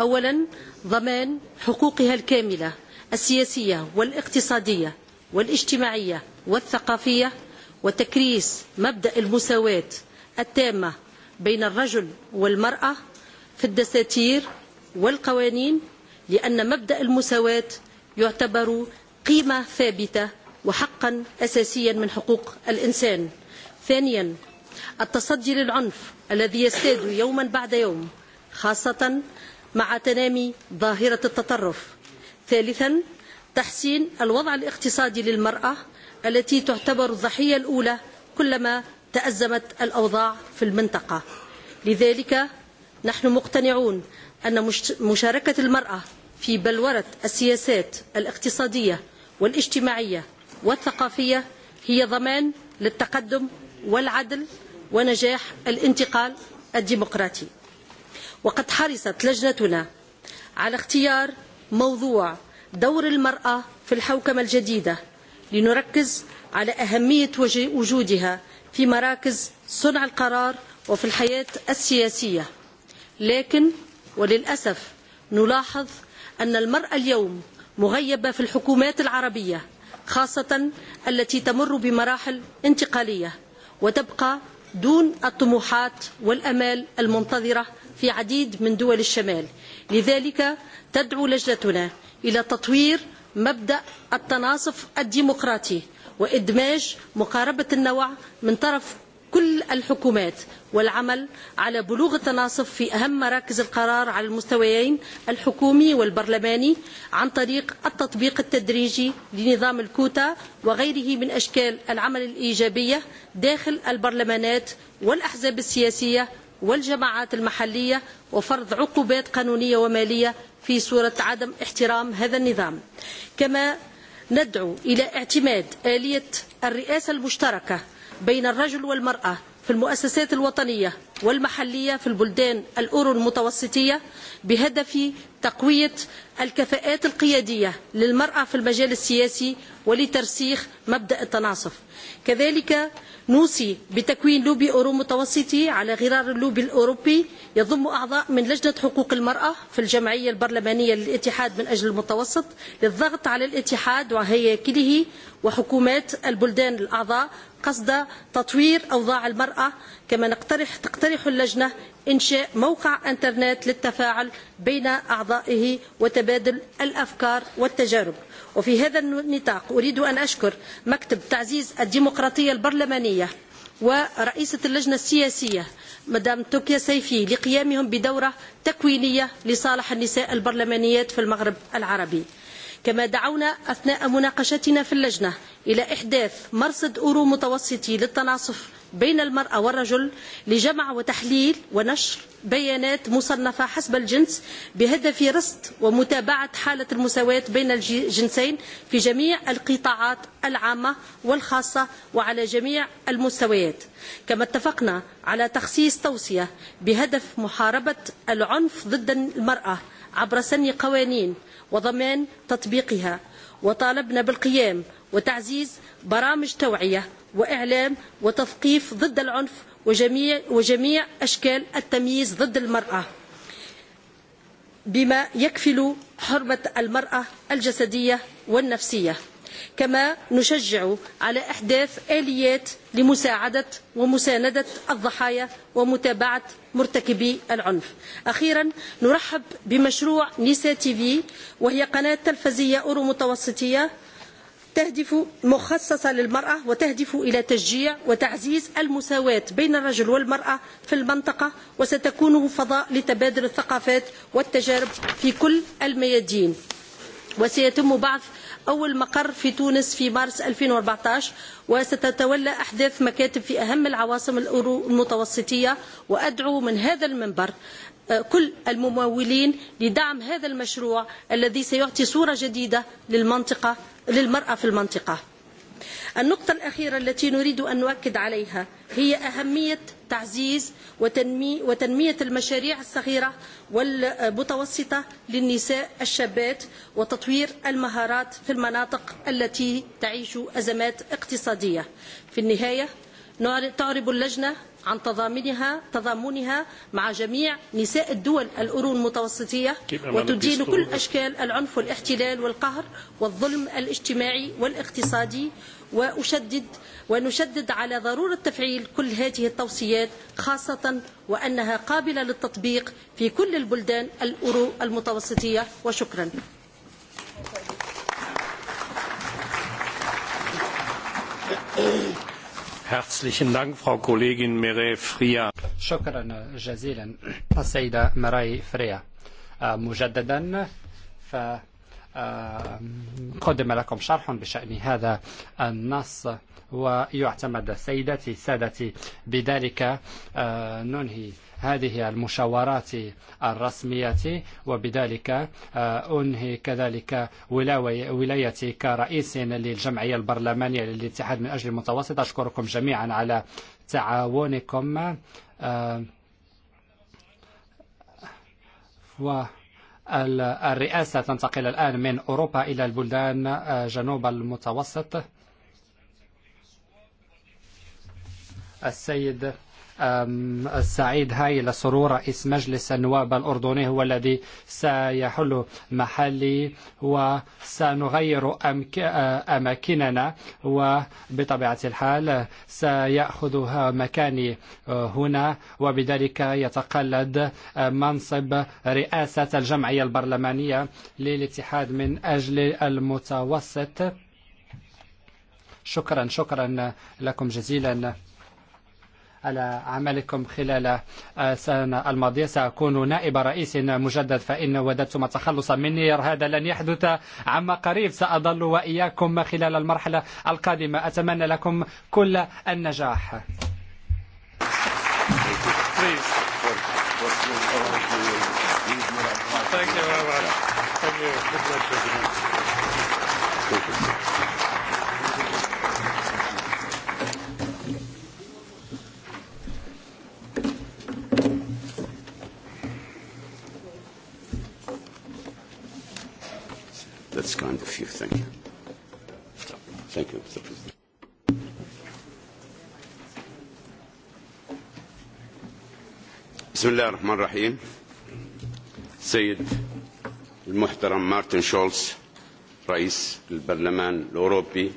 أولا ضمان حقوقها الكاملة السياسية والاقتصادية والاجتماعية والثقافية وتكريس مبدأ المساواة التامة بين الرجل والمرأة في الدساتير والقوانين لأن مبدأ المساواة يعتبر قيمة ثابتة وحقا أساسيا من حقوق الإنسان ثانيا التصدي للعنف الذي يزداد يوما بعد يوم خاصة مع تنامي ظاهرة التطرف ثالثا تحسين الوضع الاقتصادي للمرأة التي تعتبر الضحية الأولى كلما تأزمت الأوضاع في المنطقة لذلك نحن مقتنعون أن مشاركة المرأة في بلورة السياسات الاقتصادية والاجتماعية والثقافية هي ضمان للتقدم والعدل ونجاح الانتقال الديمقراطي وقد حرصت لجنتنا على اختيار موضوع دور المرأة في الحوكمة الجديدة لنركز على أهمية وجودها في مراكز صنع القرار وفي الحياة السياسية لكن وللأسف نلاحظ أن المرأة اليوم مغيبة في الحكومات العربية خاصة التي تمر بمراحل انتقالية وتبقى دون الطموحات والأمال المنتظرة في عديد من دول الشمال لذلك تدعو لجنتنا إلى تطوير مبدأ التناصف الديمقراطي وإدماج مقاربه النوع من طرف كل الحكومات والعمل على بلوغ التناصف في أهم مراكز القرار على المستويين الحكومي والبرلماني عن طريق التطبيق التدريجي لنظام الكوتا وغيره من أشكال العمل الإيجابية داخل البرلمانات والأحزاب السياسية والجماعات المحلية وفرض عقوبات قانونية ومالية في صورة عدم احترام هذا النظام كما ندعو إلى اعتماد آلية الرئاسة المشتركة بين الرجل والمرأة في المؤسسات الوطنية والمحلية في البلدان الأورو المتوسطية بهدف تقوية الكفاءات القيادية للمرأة في المجال السياسي ولترسيخ مبدأ التناصف كذلك نوصي بتكوين لوبي أورو متوسطي على غرار اللوبي الأوروبي يضم أعضاء من لجنة حقوق المرأة في الجمعية البرلمانية للاتحاد من أجل المتوسط للضغط على الاتحاد وهياكله وحكومات البلدان الأعضاء قصد تطوير أوضاع المرأة كما نقترح تقترح اللجنة إنشاء موقع أنترنت للتفاعل بين أعضائه وتبادل الأفكار والتجارب وفي هذا النطاق أريد أن أشكر مكتب تعزيز الديمقراطية البرلمانية ورئيسة اللجنة السياسية مدام توكيا سيفي لقيامهم بدورة تكوينية لصالح النساء البرلمانيات في المغرب العربي كما دعونا أثناء مناقشتنا في اللجنة إلى إحداث مرصد أورو متوسطي للتناصف بين المرأة والرجل لجمع وتحليل ونشر بيانات مصنفة حسب الجنس بهدف رصد ومتابعة حالة المساواة بين الجنسين في جميع القطاعات العامة والخاصة وعلى جميع المستويات كما اتفقنا على تخصيص توصية بهدف محاربة العنف ضد المرأة عبر سن قوانين وضمان تطبيقها وطالبنا بالقيام وتعزيز برامج توعية وإعلام وتثقيف ضد العنف وجميع, وجميع أشكال التمييز ضد المرأة بما يكفل حرمة المرأة الجسدية والنفسية كما نشجع على إحداث آليات لمساعده ومساندة الضحايا ومتابعة مرتكبي العنف أخيرا نرحب بمشروع نيسا في وهي قناة تلفزيه أورو متوسطيه تهدف مخصصة للمرأة وتهدف إلى تشجيع وتعزيز المساواة بين الرجل والمرأة في المنطقة وستكون فضاء لتبادل الثقافات والتجارب في كل الميادين وسيتم بعث أول مقر في تونس في مارس 2014 وستتولى أحداث مكاتب في أهم العواصم المتوسطية وأدعو من هذا المنبر كل الممولين لدعم هذا المشروع الذي سيعطي صورة جديدة للمنطقة للمرأة في المنطقة النقطة الأخيرة التي نريد أن نؤكد عليها هي أهمية تعزيز وتنمية المشاريع الصغيرة والمتوسطة للنساء الشابات وتطوير المهارات في المناطق التي تعيش أزمات اقتصادية في النهاية تعرب اللجنة عن تضامنها تضامنها مع جميع نساء الدول الأورو المتوسطية وتدين كل أشكال العنف والاحتلال والقهر والظلم الاجتماعي والاقتصادي وأشدد ونشدد على ضرورة تفعيل كل هذه التوصيات خاصة وأنها قابلة للتطبيق في كل البلدان الأورو المتوسطية وشكرا Herzlichen Dank, Frau Kollegin Mireille Fria. شكرا جزيلا السيدة مراي فريا مجددا فقدم لكم شرح بشأن هذا النص ويعتمد سيدتي سادتي بذلك ننهي هذه المشاورات الرسمية وبذلك أنهي كذلك ولايتي كرئيس للجمعية البرلمانية للاتحاد من أجل المتوسط أشكركم جميعا على تعاونكم و الرئاسة تنتقل الآن من أوروبا إلى البلدان جنوب المتوسط السيد السعيد هاي سرور رئيس مجلس النواب الأردني هو الذي سيحل محلي وسنغير أماكننا وبطبيعة الحال سيأخذها مكاني هنا وبذلك يتقلد منصب رئاسة الجمعية البرلمانية للاتحاد من أجل المتوسط شكرا شكرا لكم جزيلا على عملكم خلال السنة الماضية سأكون نائب رئيس مجدد فإن وددتم التخلص مني هذا لن يحدث عما قريب سأظل وإياكم خلال المرحلة القادمة أتمنى لكم كل النجاح Thank you very much. Thank you. Good luck, President. Thank you. That's kind of you. Thank you. Thank you, Mr. President. بسم الله الرحمن الرحيم سيد المحترم مارتن شولز رئيس البرلمان الأوروبي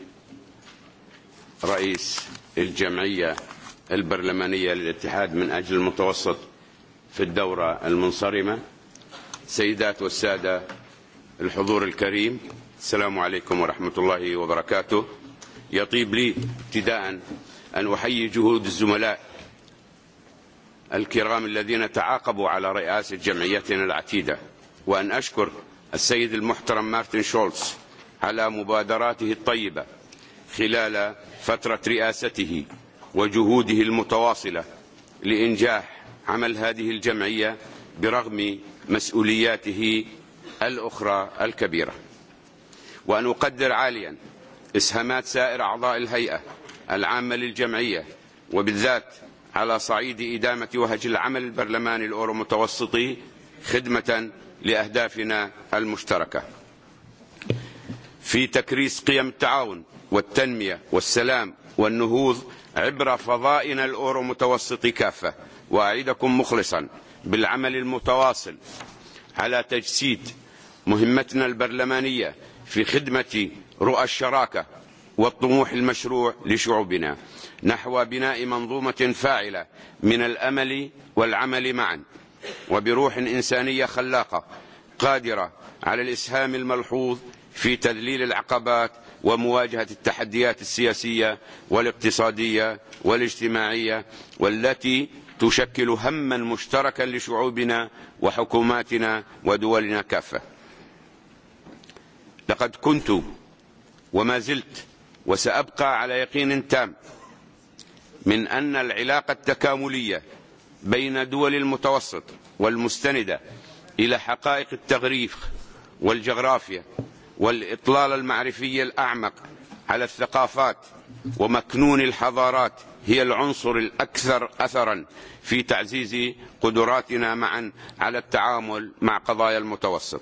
رئيس الجمعية البرلمانية للاتحاد من أجل المتوسط في الدورة المنصرمة سيدات والسادة الحضور الكريم السلام عليكم ورحمة الله وبركاته يطيب لي ابتداء أن أحيي جهود الزملاء الكرام الذين تعاقبوا على رئاسة جمعيتنا العتيدة وأن أشكر السيد المحترم مارتن شولتس على مبادراته الطيبة خلال فترة رئاسته وجهوده المتواصلة لإنجاح عمل هذه الجمعية برغم مسؤولياته الأخرى الكبيرة وأن أقدر عاليا إسهامات سائر أعضاء الهيئة العامة للجمعية وبالذات على صعيد إدامة وهج العمل البرلماني الأورو متوسطي خدمة لأهدافنا المشتركة في تكريس قيم التعاون والتنمية والسلام والنهوض عبر فضائنا الأورو متوسطي كافة وأعيدكم مخلصا بالعمل المتواصل على تجسيد مهمتنا البرلمانية في خدمة رؤى الشراكة والطموح المشروع لشعوبنا نحو بناء منظومة فاعلة من الأمل والعمل معا وبروح إنسانية خلاقة قادرة على الإسهام الملحوظ في تذليل العقبات ومواجهة التحديات السياسية والاقتصادية والاجتماعية والتي تشكل هما مشتركا لشعوبنا وحكوماتنا ودولنا كافه لقد كنت وما زلت وسأبقى على يقين تام من أن العلاقة التكاملية بين دول المتوسط والمستندة إلى حقائق التغريف والجغرافيا والإطلال المعرفي الأعمق على الثقافات ومكنون الحضارات هي العنصر الأكثر أثرا في تعزيز قدراتنا معا على التعامل مع قضايا المتوسط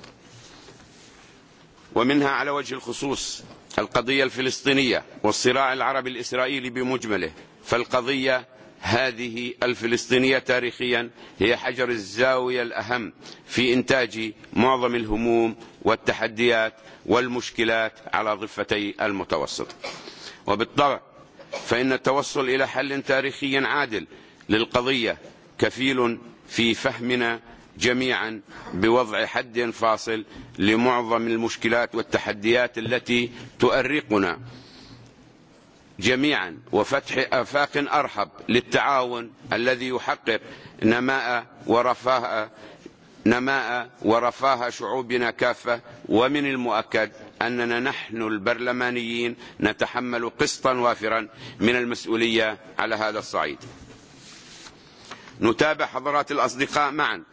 ومنها على وجه الخصوص القضية الفلسطينية والصراع العربي الإسرائيلي بمجمله فالقضية هذه الفلسطينية تاريخيا هي حجر الزاوية الأهم في إنتاج معظم الهموم والتحديات والمشكلات على ضفتي المتوسط وبالطبع فإن التوصل إلى حل تاريخي عادل للقضية كفيل في فهمنا جميعا بوضع حد فاصل لمعظم المشكلات والتحديات التي تؤرقنا جميعا وفتح آفاق أرحب للتعاون الذي يحقق نماء ورفاه نماء ورفاه شعوبنا كافة ومن المؤكد أننا نحن البرلمانيين نتحمل قسطا وافرا من المسؤولية على هذا الصعيد نتابع حضرات الأصدقاء معا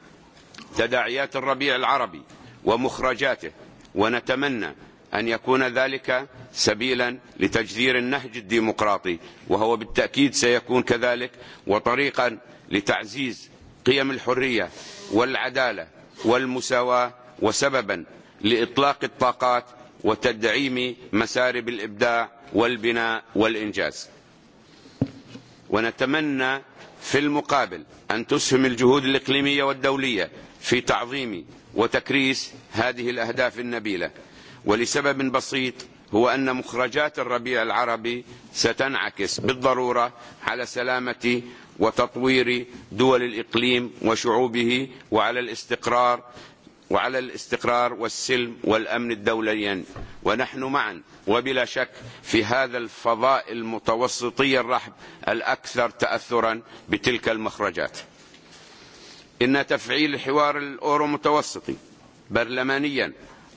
تداعيات الربيع العربي ومخرجاته ونتمنى أن يكون ذلك سبيلا لتجذير النهج الديمقراطي وهو بالتأكيد سيكون كذلك وطريقا لتعزيز قيم الحرية والعدالة والمساواة وسببا لإطلاق الطاقات وتدعيم مسارب الإبداع والبناء والإنجاز ونتمنى في المقابل أن تسهم الجهود الإقليمية والدولية في تعظيم وتكريس هذه الأهداف النبيلة ولسبب بسيط هو أن مخرجات الربيع العربي ستنعكس بالضرورة على سلامة وتطوير دول الإقليم وشعوبه وعلى الاستقرار وعلى الاستقرار والسلم والأمن الدوليا ونحن معا وبلا شك في هذا الفضاء المتوسطي الرحب الأكثر تأثرا بتلك المخرجات إن تفعيل الحوار الأورو متوسطي برلمانيا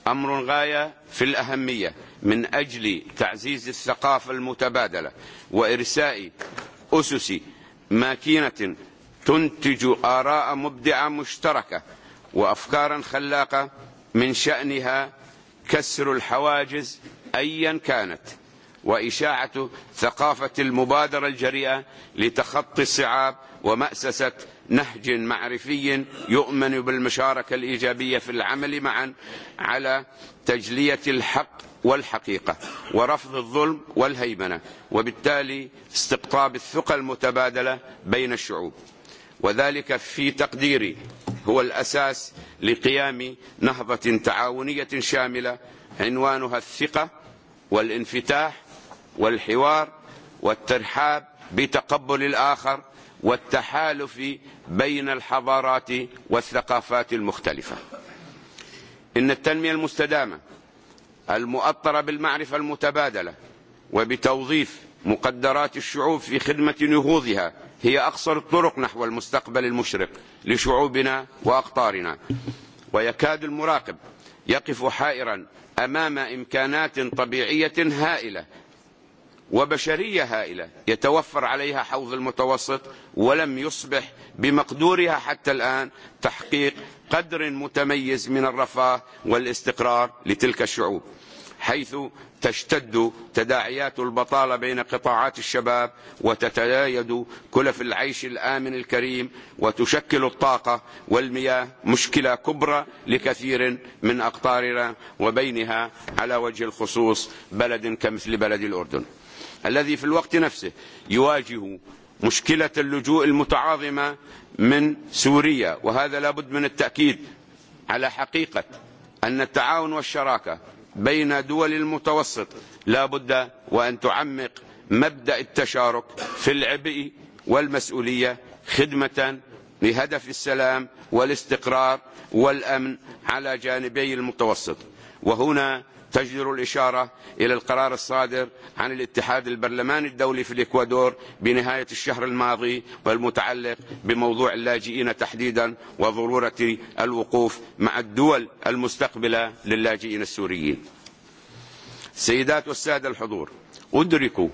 أمر غاية في الأهمية من أجل تعزيز الثقافة المتبادلة وإرساء أسس ماكينة تنتج آراء مبدعة مشتركة وأفكارا خلاقة من شأنها كسر الحواجز أيا كانت وإشاعة ثقافة المبادرة الجريئة لتخطي الصعاب ومأسسة نهج معرفي يؤمن بالمشاركة الإيجابية في العمل معا على تجلية الحق والحقيقة ورفض الظلم والهيمنة وبالتالي استقطاب الثقة المتبادلة بين الشعوب وذلك في تقديري هو الأساس لقيام نهضة تعاونية شاملة عنوانها الثقة والانفتاح والحوار والترحاب بتقبل الآخر والتحالف بين الحضارات والثقافات المختلفه إن التنميه المستدامة المؤطره بالمعرفة المتبادلة وبتوظيف مقدرات الشعوب في خدمة نهوضها هي أقصر الطرق نحو المستقبل المشرق لشعوبنا وأقطارنا ويكاد المراقب يقف حائرا أمام إمكانات طبيعيه هائله وبشرية هائلة يتوفر عليها حوض المتوسط ولم يصبح بمقدورها حتى الآن تحقيق قدر متميز من الرفاه والاستقرار لتلك الشعوب حيث تشتد تداعيات البطالة بين قطاعات الشباب وتتزايد كلف العيش الآمن الكريم وتشكل الطاقة والمياه مشكلة كبرى لكثير من أقطارنا وبينها على وجه الخصوص بلد كمثل بلد الأردن الذي في الوقت نفسه يواجه مشكلة اللجوء المتعاظمة من سوريا وهذا لابد من التأكيد على حقيقة أن التعاون والشراكة بين دول المتوسط بد وأن تعمق مبدأ التشارك في العبء والمسؤولية خدمة لهدف السلام والاستقرار والأمن على جانبي المتوسط وهنا تجدر الإشارة إلى القرار الصادر عن الاتحاد البرلماني الدولي في الإكوادور بنهاية الشهر الماضي والمتعلق بموضوع اللاجئين تحديدا وضرورة الوقوف مع الدول المستقبلة للاجئين السوريين سيدات والسادة الحضور أدركوا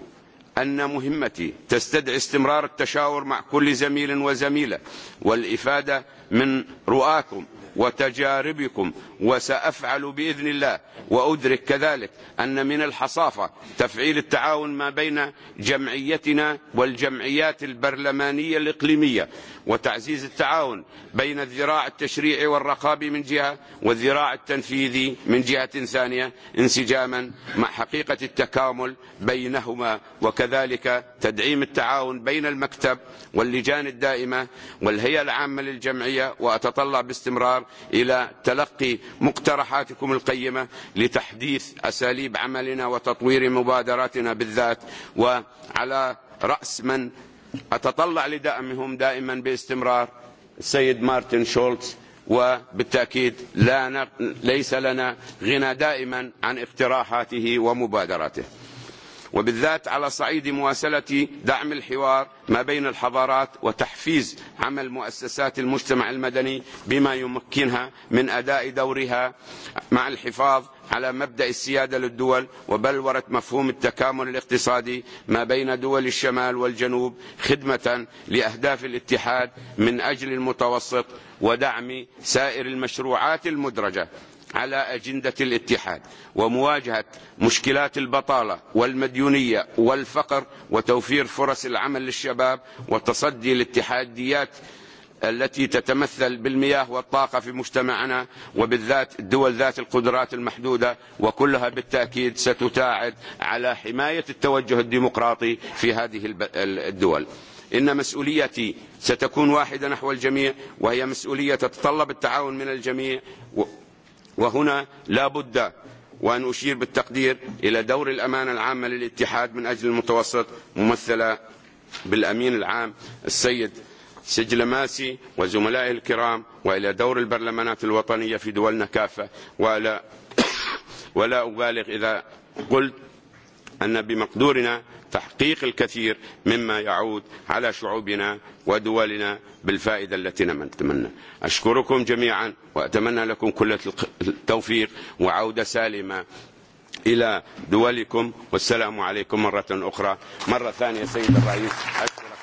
أن مهمتي تستدعي استمرار التشاور مع كل زميل وزميلة والإفادة من رؤاكم وتجاربكم وسأفعل بإذن الله وأدرك كذلك أن من الحصافة تفعيل التعاون ما بين جمعيتنا والجمعيات البرلمانية الإقليمية وتعزيز التعاون بين الذراع التشريعي والرقابي من جهة والذراع التنفيذي من جهة ثانية انسجاما مع حقيقة التكامل بينهما وكذلك تدعيم التعاون بين المكتب واللجان الدائمة والهيئة العامة للجمعية وأتطلع باستمرار إلى تلقي مقترحاتكم القيمة لتحديث أساليب عملنا وتطوير مبادراتنا بالذات وعلى رأس من أتطلع لدعمهم دائما باستمرار السيد مارتن شولتز وبالتأكيد لا ليس لنا غنى دائما عن اقتراحاته ومبادراته وبالذات على صعيد مواصلة دعم الحوار ما بين الحضارات وتحفيز عمل مؤسسات المجتمع المدني بما يمكنها من أداء دورها مع الحفاظ على مبدأ السيادة للدول وبلورة مفهوم التكامل الاقتصادي ما بين دول الشمال والجنوب خدمة لأهداف الاتحاد من أجل المتوسط ودعم سائر المشروعات المدرجة على أجندة الاتحاد ومواجهة مشكلات البطالة والمديونية والفقر وتوفير فرص العمل للشباب وتصدي للتحديات التي تتمثل بالمياه والطاقة في مجتمعنا وبالذات الدول ذات القدرات المحدودة وكلها بالتأكيد ستتاعد على حماية التوجه الديمقراطي في هذه الدول إن مسؤوليتي ستكون واحدة نحو الجميع وهي مسؤولية تتطلب التعاون من الجميع وهنا لا بد وأن أشير بالتقدير إلى دور الأمانة العامة للاتحاد من أجل المتوسط ممثلة بالأمين العام السيد سجلماسي ماسي وزملائه الكرام وإلى دور البرلمانات الوطنية في دولنا كافة ولا, ولا أبالغ إذا قلت أن بمقدورنا تحقيق الكثير مما يعود على شعوبنا ودولنا بالفائدة التي نتمنى أشكركم جميعا وأتمنى لكم كل التوفيق وعودة سالمة إلى دولكم والسلام عليكم مرة أخرى مرة ثانية سيد الرئيس